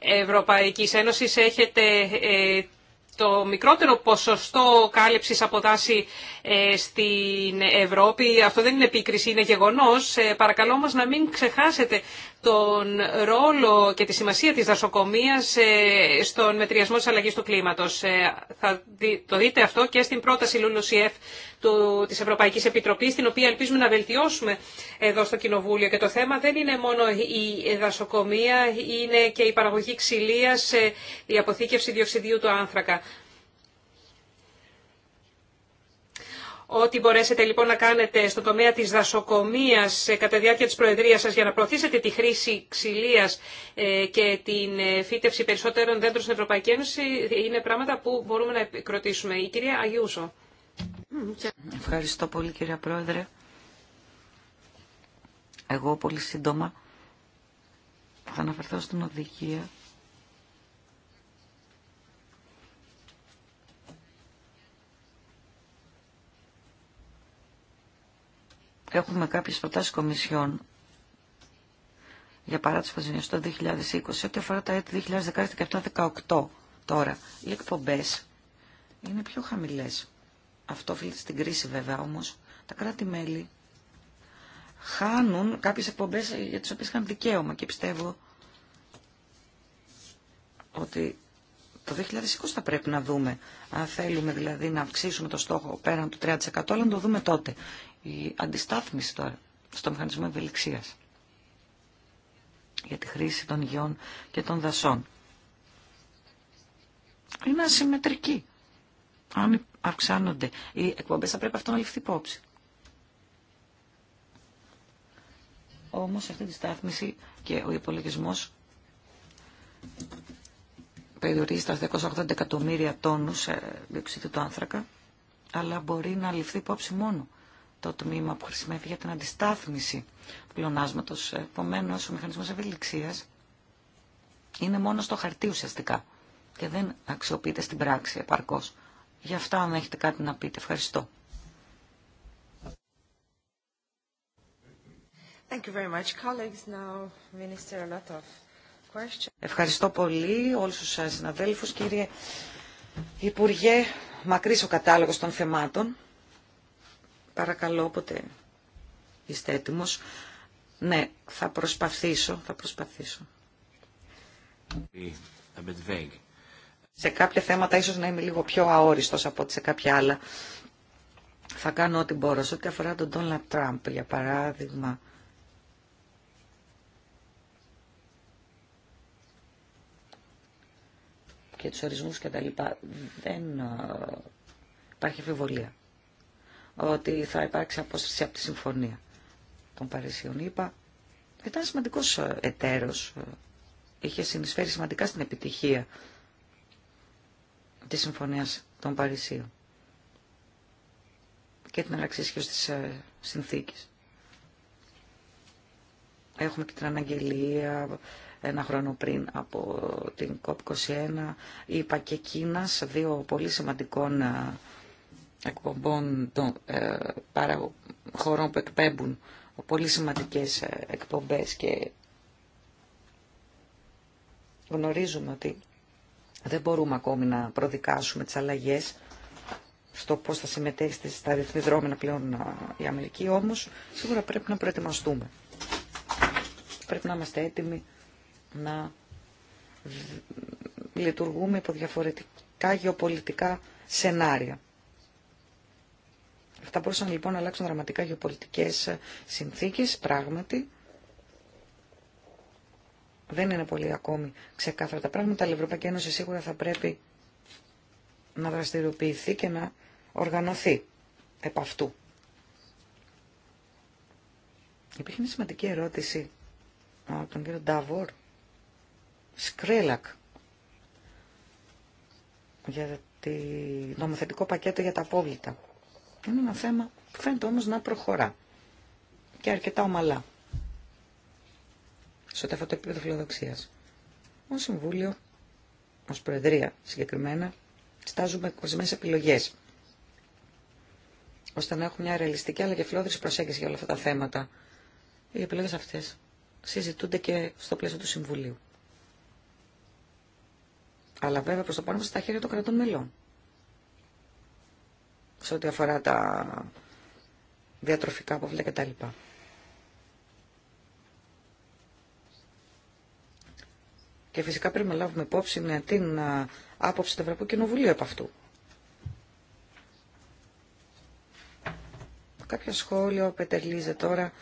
Ευρωπαϊκής Ένωσης. Έχετε το μικρότερο ποσοστό κάλυψης από τάση ε, στην Ευρώπη. Αυτό δεν είναι επίκριση, είναι γεγονός. Ε, παρακαλώ όμω να μην ξεχάσετε τον ρόλο και τη σημασία της δασοκομείας ε, στον μετριασμό της αλλαγής του κλίματος. Ε, θα το δείτε αυτό και στην πρόταση LULUCF της Ευρωπαϊκής Επιτροπής, την οποία ελπίζουμε να βελτιώσουμε εδώ στο Κοινοβούλιο. Και το θέμα δεν είναι μόνο η δασοκομεία, είναι και η παραγωγή ξυλίας, ε, η αποθήκευση διοξιδίου του άνθρακα. Ό,τι μπορέσετε λοιπόν να κάνετε στο τομέα της δασοκομείας ε, κατά τη διάρκεια της Προεδρίας σας για να προωθήσετε τη χρήση ξυλίας ε, και την ε, φύτευση περισσότερων δέντρων στην Ευρωπαϊκή Ένωση είναι πράγματα που μπορούμε να επικροτήσουμε. Η κυρία Αγιούσο. Ευχαριστώ πολύ κυρία Πρόεδρε. Εγώ πολύ σύντομα θα αναφερθώ στην οδηγία έχουμε κάποιες προτάσεις κομισιών για παράτηση παζινίας το 2020, ό,τι αφορά τα έτη 2017-2018 τώρα. Οι εκπομπές είναι πιο χαμηλές. Αυτό οφείλεται στην κρίση βέβαια όμως. Τα κράτη-μέλη χάνουν κάποιες εκπομπές για τις οποίες είχαν δικαίωμα και πιστεύω ότι το 2020 θα πρέπει να δούμε αν θέλουμε δηλαδή να αυξήσουμε το στόχο πέραν του 30% αλλά να το δούμε τότε η αντιστάθμιση τώρα στο μηχανισμό ευελιξία για τη χρήση των γιών και των δασών. Είναι ασυμμετρική. Αν αυξάνονται οι εκπομπέ θα πρέπει αυτό να ληφθεί υπόψη. Όμως αυτή τη στάθμιση και ο υπολογισμό περιορίζει τα 280 εκατομμύρια τόνους ε, διοξιδίου του άνθρακα, αλλά μπορεί να ληφθεί υπόψη μόνο το τμήμα που χρησιμεύει για την αντιστάθμιση πλονάσματο. Επομένω, ο μηχανισμό ευελιξία είναι μόνο στο χαρτί ουσιαστικά και δεν αξιοποιείται στην πράξη επαρκώς. Γι' αυτό αν έχετε κάτι να πείτε, ευχαριστώ. Thank you very much. Colleagues now, Minister, a lot of questions. Ευχαριστώ πολύ όλους τους ε, συναδέλφους. Κύριε Υπουργέ, μακρύς ο κατάλογος των θεμάτων. Παρακαλώ, όποτε είστε έτοιμος. Ναι, θα προσπαθήσω, θα προσπαθήσω. Σε κάποια θέματα ίσως να είμαι λίγο πιο αόριστος από ό,τι σε κάποια άλλα. Θα κάνω ό,τι μπορώ. Σε ό,τι αφορά τον Ντόναλτ Τραμπ, για παράδειγμα, και τους ορισμούς και τα λοιπά, δεν υπάρχει αφιβολία ότι θα υπάρξει απόσταση από τη Συμφωνία των Παρισιών. Είπα, ήταν σημαντικό ε, εταίρο. Ε, είχε συνεισφέρει σημαντικά στην επιτυχία της Συμφωνίας των Παρισίων και την αλλαξή σχέση της ε, συνθήκης. Έχουμε και την αναγγελία ένα χρόνο πριν από την COP21, είπα και Κίνας, δύο πολύ σημαντικών εκπομπών των ε, χωρών που εκπέμπουν πολύ σημαντικές ε, εκπομπές και γνωρίζουμε ότι δεν μπορούμε ακόμη να προδικάσουμε τις αλλαγές στο πώς θα συμμετέχει στα διεθνή δρόμενα πλέον ε, η Αμερική, όμως σίγουρα πρέπει να προετοιμαστούμε. Πρέπει να είμαστε έτοιμοι να λειτουργούμε υπό διαφορετικά γεωπολιτικά σενάρια αυτά μπορούσαν λοιπόν να αλλάξουν δραματικά γεωπολιτικέ συνθήκες, πράγματι. Δεν είναι πολύ ακόμη ξεκάθαρα τα πράγματα, αλλά η Ευρωπαϊκή Ένωση σίγουρα θα πρέπει να δραστηριοποιηθεί και να οργανωθεί επ' αυτού. Υπήρχε μια σημαντική ερώτηση από τον κύριο Ντάβορ Σκρέλακ για το νομοθετικό πακέτο για τα απόβλητα. Είναι ένα θέμα που φαίνεται όμως να προχωρά και αρκετά ομαλά σε ό,τι το επίπεδο φιλοδοξία. Ω Συμβούλιο, ω Προεδρία συγκεκριμένα, στάζουμε ορισμένε επιλογέ ώστε να έχουμε μια ρεαλιστική αλλά και φιλόδοξη προσέγγιση για όλα αυτά τα θέματα. Οι επιλογέ αυτέ συζητούνται και στο πλαίσιο του Συμβουλίου. Αλλά βέβαια προ το πάνω στα χέρια των κρατών μελών σε ό,τι αφορά τα διατροφικά τα κτλ. Και φυσικά πρέπει να λάβουμε υπόψη ε, την ε, άποψη του Ευρωπαϊκού Κοινοβουλίου από αυτού. Κάποιο σχόλιο, ο Πέτερ Λίζε τώρα,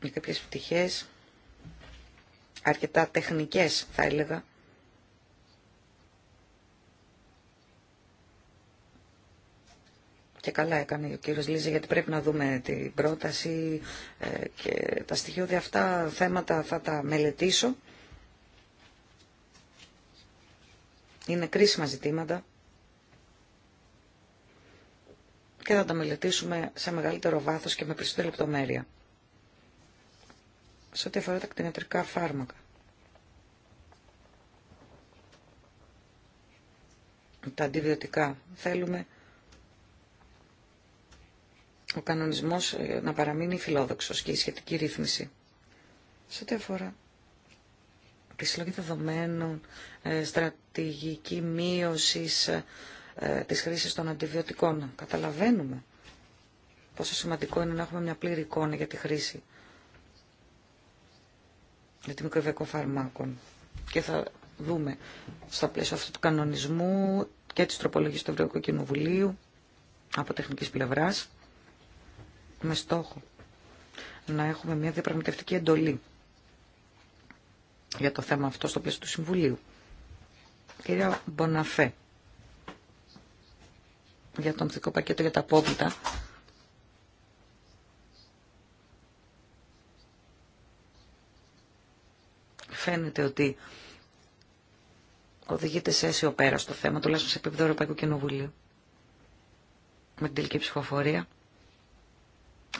με κάποιες πτυχές, αρκετά τεχνικές θα έλεγα, Και καλά έκανε ο κύριος Λίζη γιατί πρέπει να δούμε την πρόταση ε, και τα στοιχειώδη αυτά θέματα θα τα μελετήσω. Είναι κρίσιμα ζητήματα και θα τα μελετήσουμε σε μεγαλύτερο βάθος και με περισσότερη λεπτομέρεια. Σε ό,τι αφορά τα κτηνιατρικά φάρμακα. Τα αντιβιωτικά θέλουμε ο κανονισμός ε, να παραμείνει φιλόδοξος και η σχετική ρύθμιση. Σε ό,τι αφορά τη συλλογή δεδομένων, ε, στρατηγική μείωση ε, της χρήσης των αντιβιωτικών. Καταλαβαίνουμε πόσο σημαντικό είναι να έχουμε μια πλήρη εικόνα για τη χρήση για τη μικροβιακών φαρμάκων. Και θα δούμε στα πλαίσια αυτού του κανονισμού και της τροπολογής του Ευρωπαϊκού Κοινοβουλίου από τεχνικής πλευράς με στόχο να έχουμε μια διαπραγματευτική εντολή για το θέμα αυτό στο πλαίσιο του Συμβουλίου. Κυρία Μποναφέ, για το μυθικό πακέτο για τα απόβλητα, φαίνεται ότι οδηγείται σε αίσιο πέρα στο θέμα, τουλάχιστον σε επίπεδο Ευρωπαϊκού Κοινοβουλίου, με την τελική ψηφοφορία.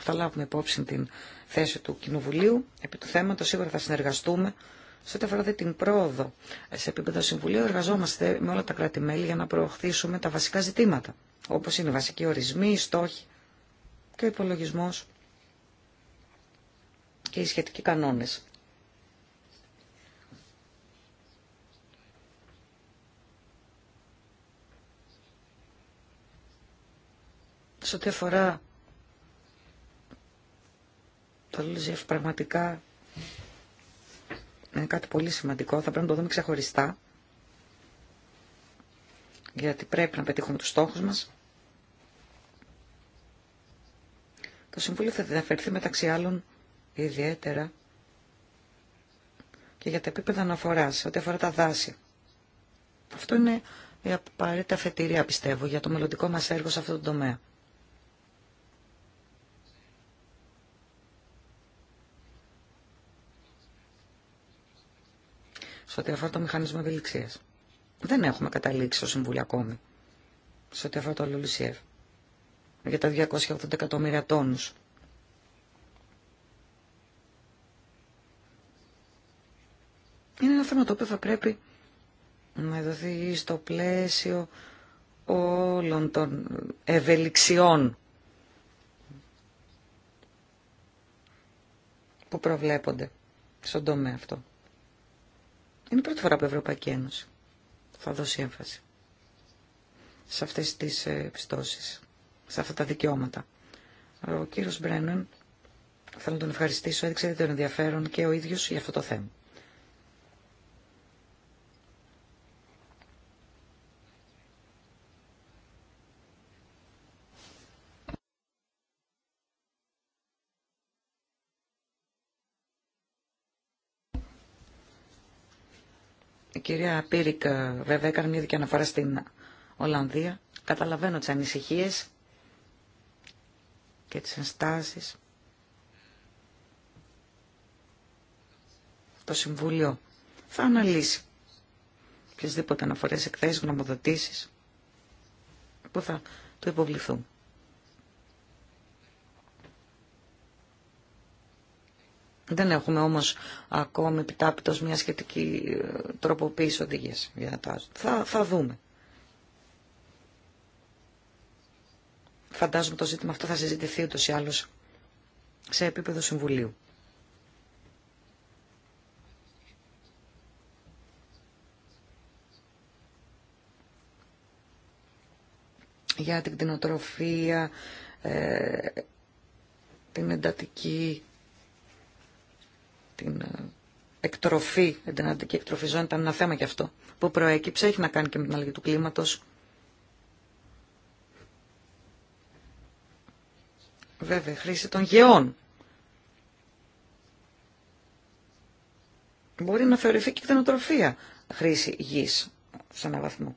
Θα λάβουμε υπόψη την θέση του Κοινοβουλίου. Επί του θέματος σίγουρα θα συνεργαστούμε. Σε ό,τι αφορά την πρόοδο σε επίπεδο Συμβουλίου, εργαζόμαστε με όλα τα κράτη-μέλη για να προωθήσουμε τα βασικά ζητήματα, όπως είναι οι βασικοί ορισμοί, οι στόχοι και ο υπολογισμό. και οι σχετικοί κανόνες. Σε ό,τι αφορά το ΛΖΕΦ πραγματικά είναι κάτι πολύ σημαντικό. Θα πρέπει να το δούμε ξεχωριστά. Γιατί πρέπει να πετύχουμε τους στόχους μας. Το Συμβούλιο θα διαφερθεί μεταξύ άλλων ιδιαίτερα και για τα επίπεδα αναφορά, ό,τι αφορά τα δάση. Αυτό είναι η απαραίτητα αφετηρία, πιστεύω, για το μελλοντικό μας έργο σε αυτό το τομέα. σε ό,τι αφορά το μηχανισμό ευελιξία. Δεν έχουμε καταλήξει στο Συμβούλιο ακόμη σε ό,τι αφορά το Λουλουσιεύ για τα 280 εκατομμύρια τόνους. Είναι ένα θέμα το οποίο θα πρέπει να δοθεί στο πλαίσιο όλων των ευελιξιών που προβλέπονται στον τομέα αυτό. Είναι η πρώτη φορά που η Ευρωπαϊκή Ένωση θα δώσει έμφαση σε αυτές τις ε, πιστώσεις, σε αυτά τα δικαιώματα. Ο κύριος Μπρένεν, θέλω να τον ευχαριστήσω, έδειξε τον ενδιαφέρον και ο ίδιος για αυτό το θέμα. κυρία Πύρικ ε, βέβαια έκανε μια δική αναφορά στην Ολλανδία. Καταλαβαίνω τις ανησυχίες και τις ενστάσεις. Το Συμβούλιο θα αναλύσει οποιασδήποτε αναφορές εκθέσεις, γνωμοδοτήσεις που θα του υποβληθούν. Δεν έχουμε όμως ακόμη επιτάπητος μια σχετική ε, τροποποίηση οδηγίας για τα... Θα, θα δούμε. Φαντάζομαι το ζήτημα αυτό θα συζητηθεί ούτως ή άλλως σε επίπεδο συμβουλίου. Για την κτηνοτροφία, ε, την εντατική την ε, εκτροφή, την εκτροφή ζώνη ήταν ένα θέμα και αυτό που προέκυψε, έχει να κάνει και με την αλλαγή του κλίματος. Βέβαια, χρήση των γεών. Μπορεί να θεωρηθεί και κτηνοτροφία χρήση γης σε έναν βαθμό.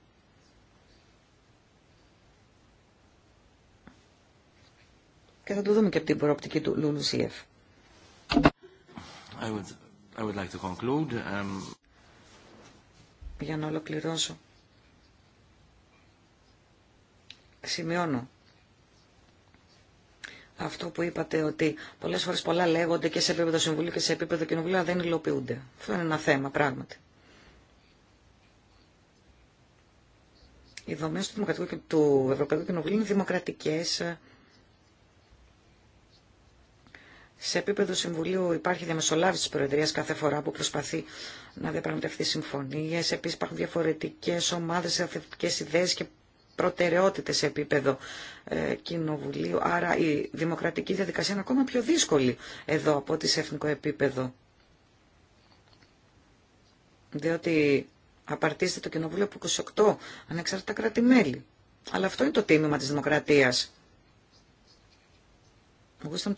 Και θα το δούμε και από την προοπτική του Λουλουσίεφ. I would, um, Για να ολοκληρώσω. Σημειώνω αυτό που είπατε ότι πολλέ φορέ πολλά λέγονται και σε επίπεδο συμβουλίου και σε επίπεδο κοινοβουλίου, αλλά δεν υλοποιούνται. Αυτό είναι ένα θέμα, πράγματι. Οι δομέ του, του Ευρωπαϊκού Κοινοβουλίου είναι δημοκρατικέ Σε επίπεδο Συμβουλίου υπάρχει διαμεσολάβηση τη Προεδρία κάθε φορά που προσπαθεί να διαπραγματευτεί συμφωνίε. Επίση υπάρχουν διαφορετικέ ομάδε, διαφορετικέ ιδέε και προτεραιότητε σε επίπεδο ε, κοινοβουλίου. Άρα η δημοκρατική διαδικασία είναι ακόμα πιο δύσκολη εδώ από ό,τι σε εθνικό επίπεδο. Διότι απαρτίζεται το κοινοβούλιο από 28 ανεξάρτητα κράτη-μέλη. Αλλά αυτό είναι το τίμημα τη δημοκρατία. Ο Γούσταν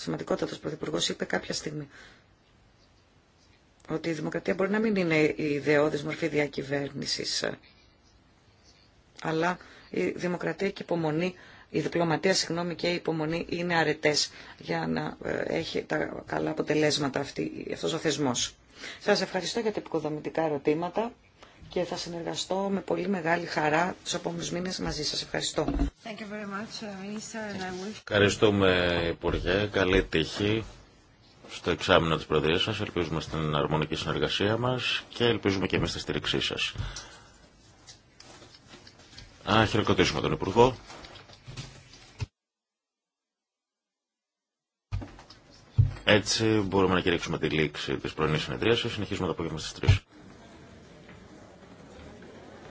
σημαντικότατο πρωθυπουργό, είπε κάποια στιγμή ότι η δημοκρατία μπορεί να μην είναι η ιδεώδης μορφή διακυβέρνησης, αλλά η δημοκρατία και η υπομονή, η διπλωματία συγγνώμη, και η υπομονή είναι αρετές για να ε, έχει τα καλά αποτελέσματα αυτή, αυτός ο θεσμός. Σας ευχαριστώ για τα επικοδομητικά ερωτήματα και θα συνεργαστώ με πολύ μεγάλη χαρά τους επόμενους μήνες μαζί σας. Ευχαριστώ. Thank you very much, uh, Minister, and I wish... Ευχαριστούμε Υπουργέ. Καλή τύχη στο εξάμεινο της Προεδρίας σας. Ελπίζουμε στην αρμονική συνεργασία μας και ελπίζουμε και εμείς στη στήριξή σας. Α, χειροκροτήσουμε τον Υπουργό. Έτσι μπορούμε να κηρύξουμε τη λήξη της πρωινής συνεδρίασης. Συνεχίζουμε το απόγευμα στις 3.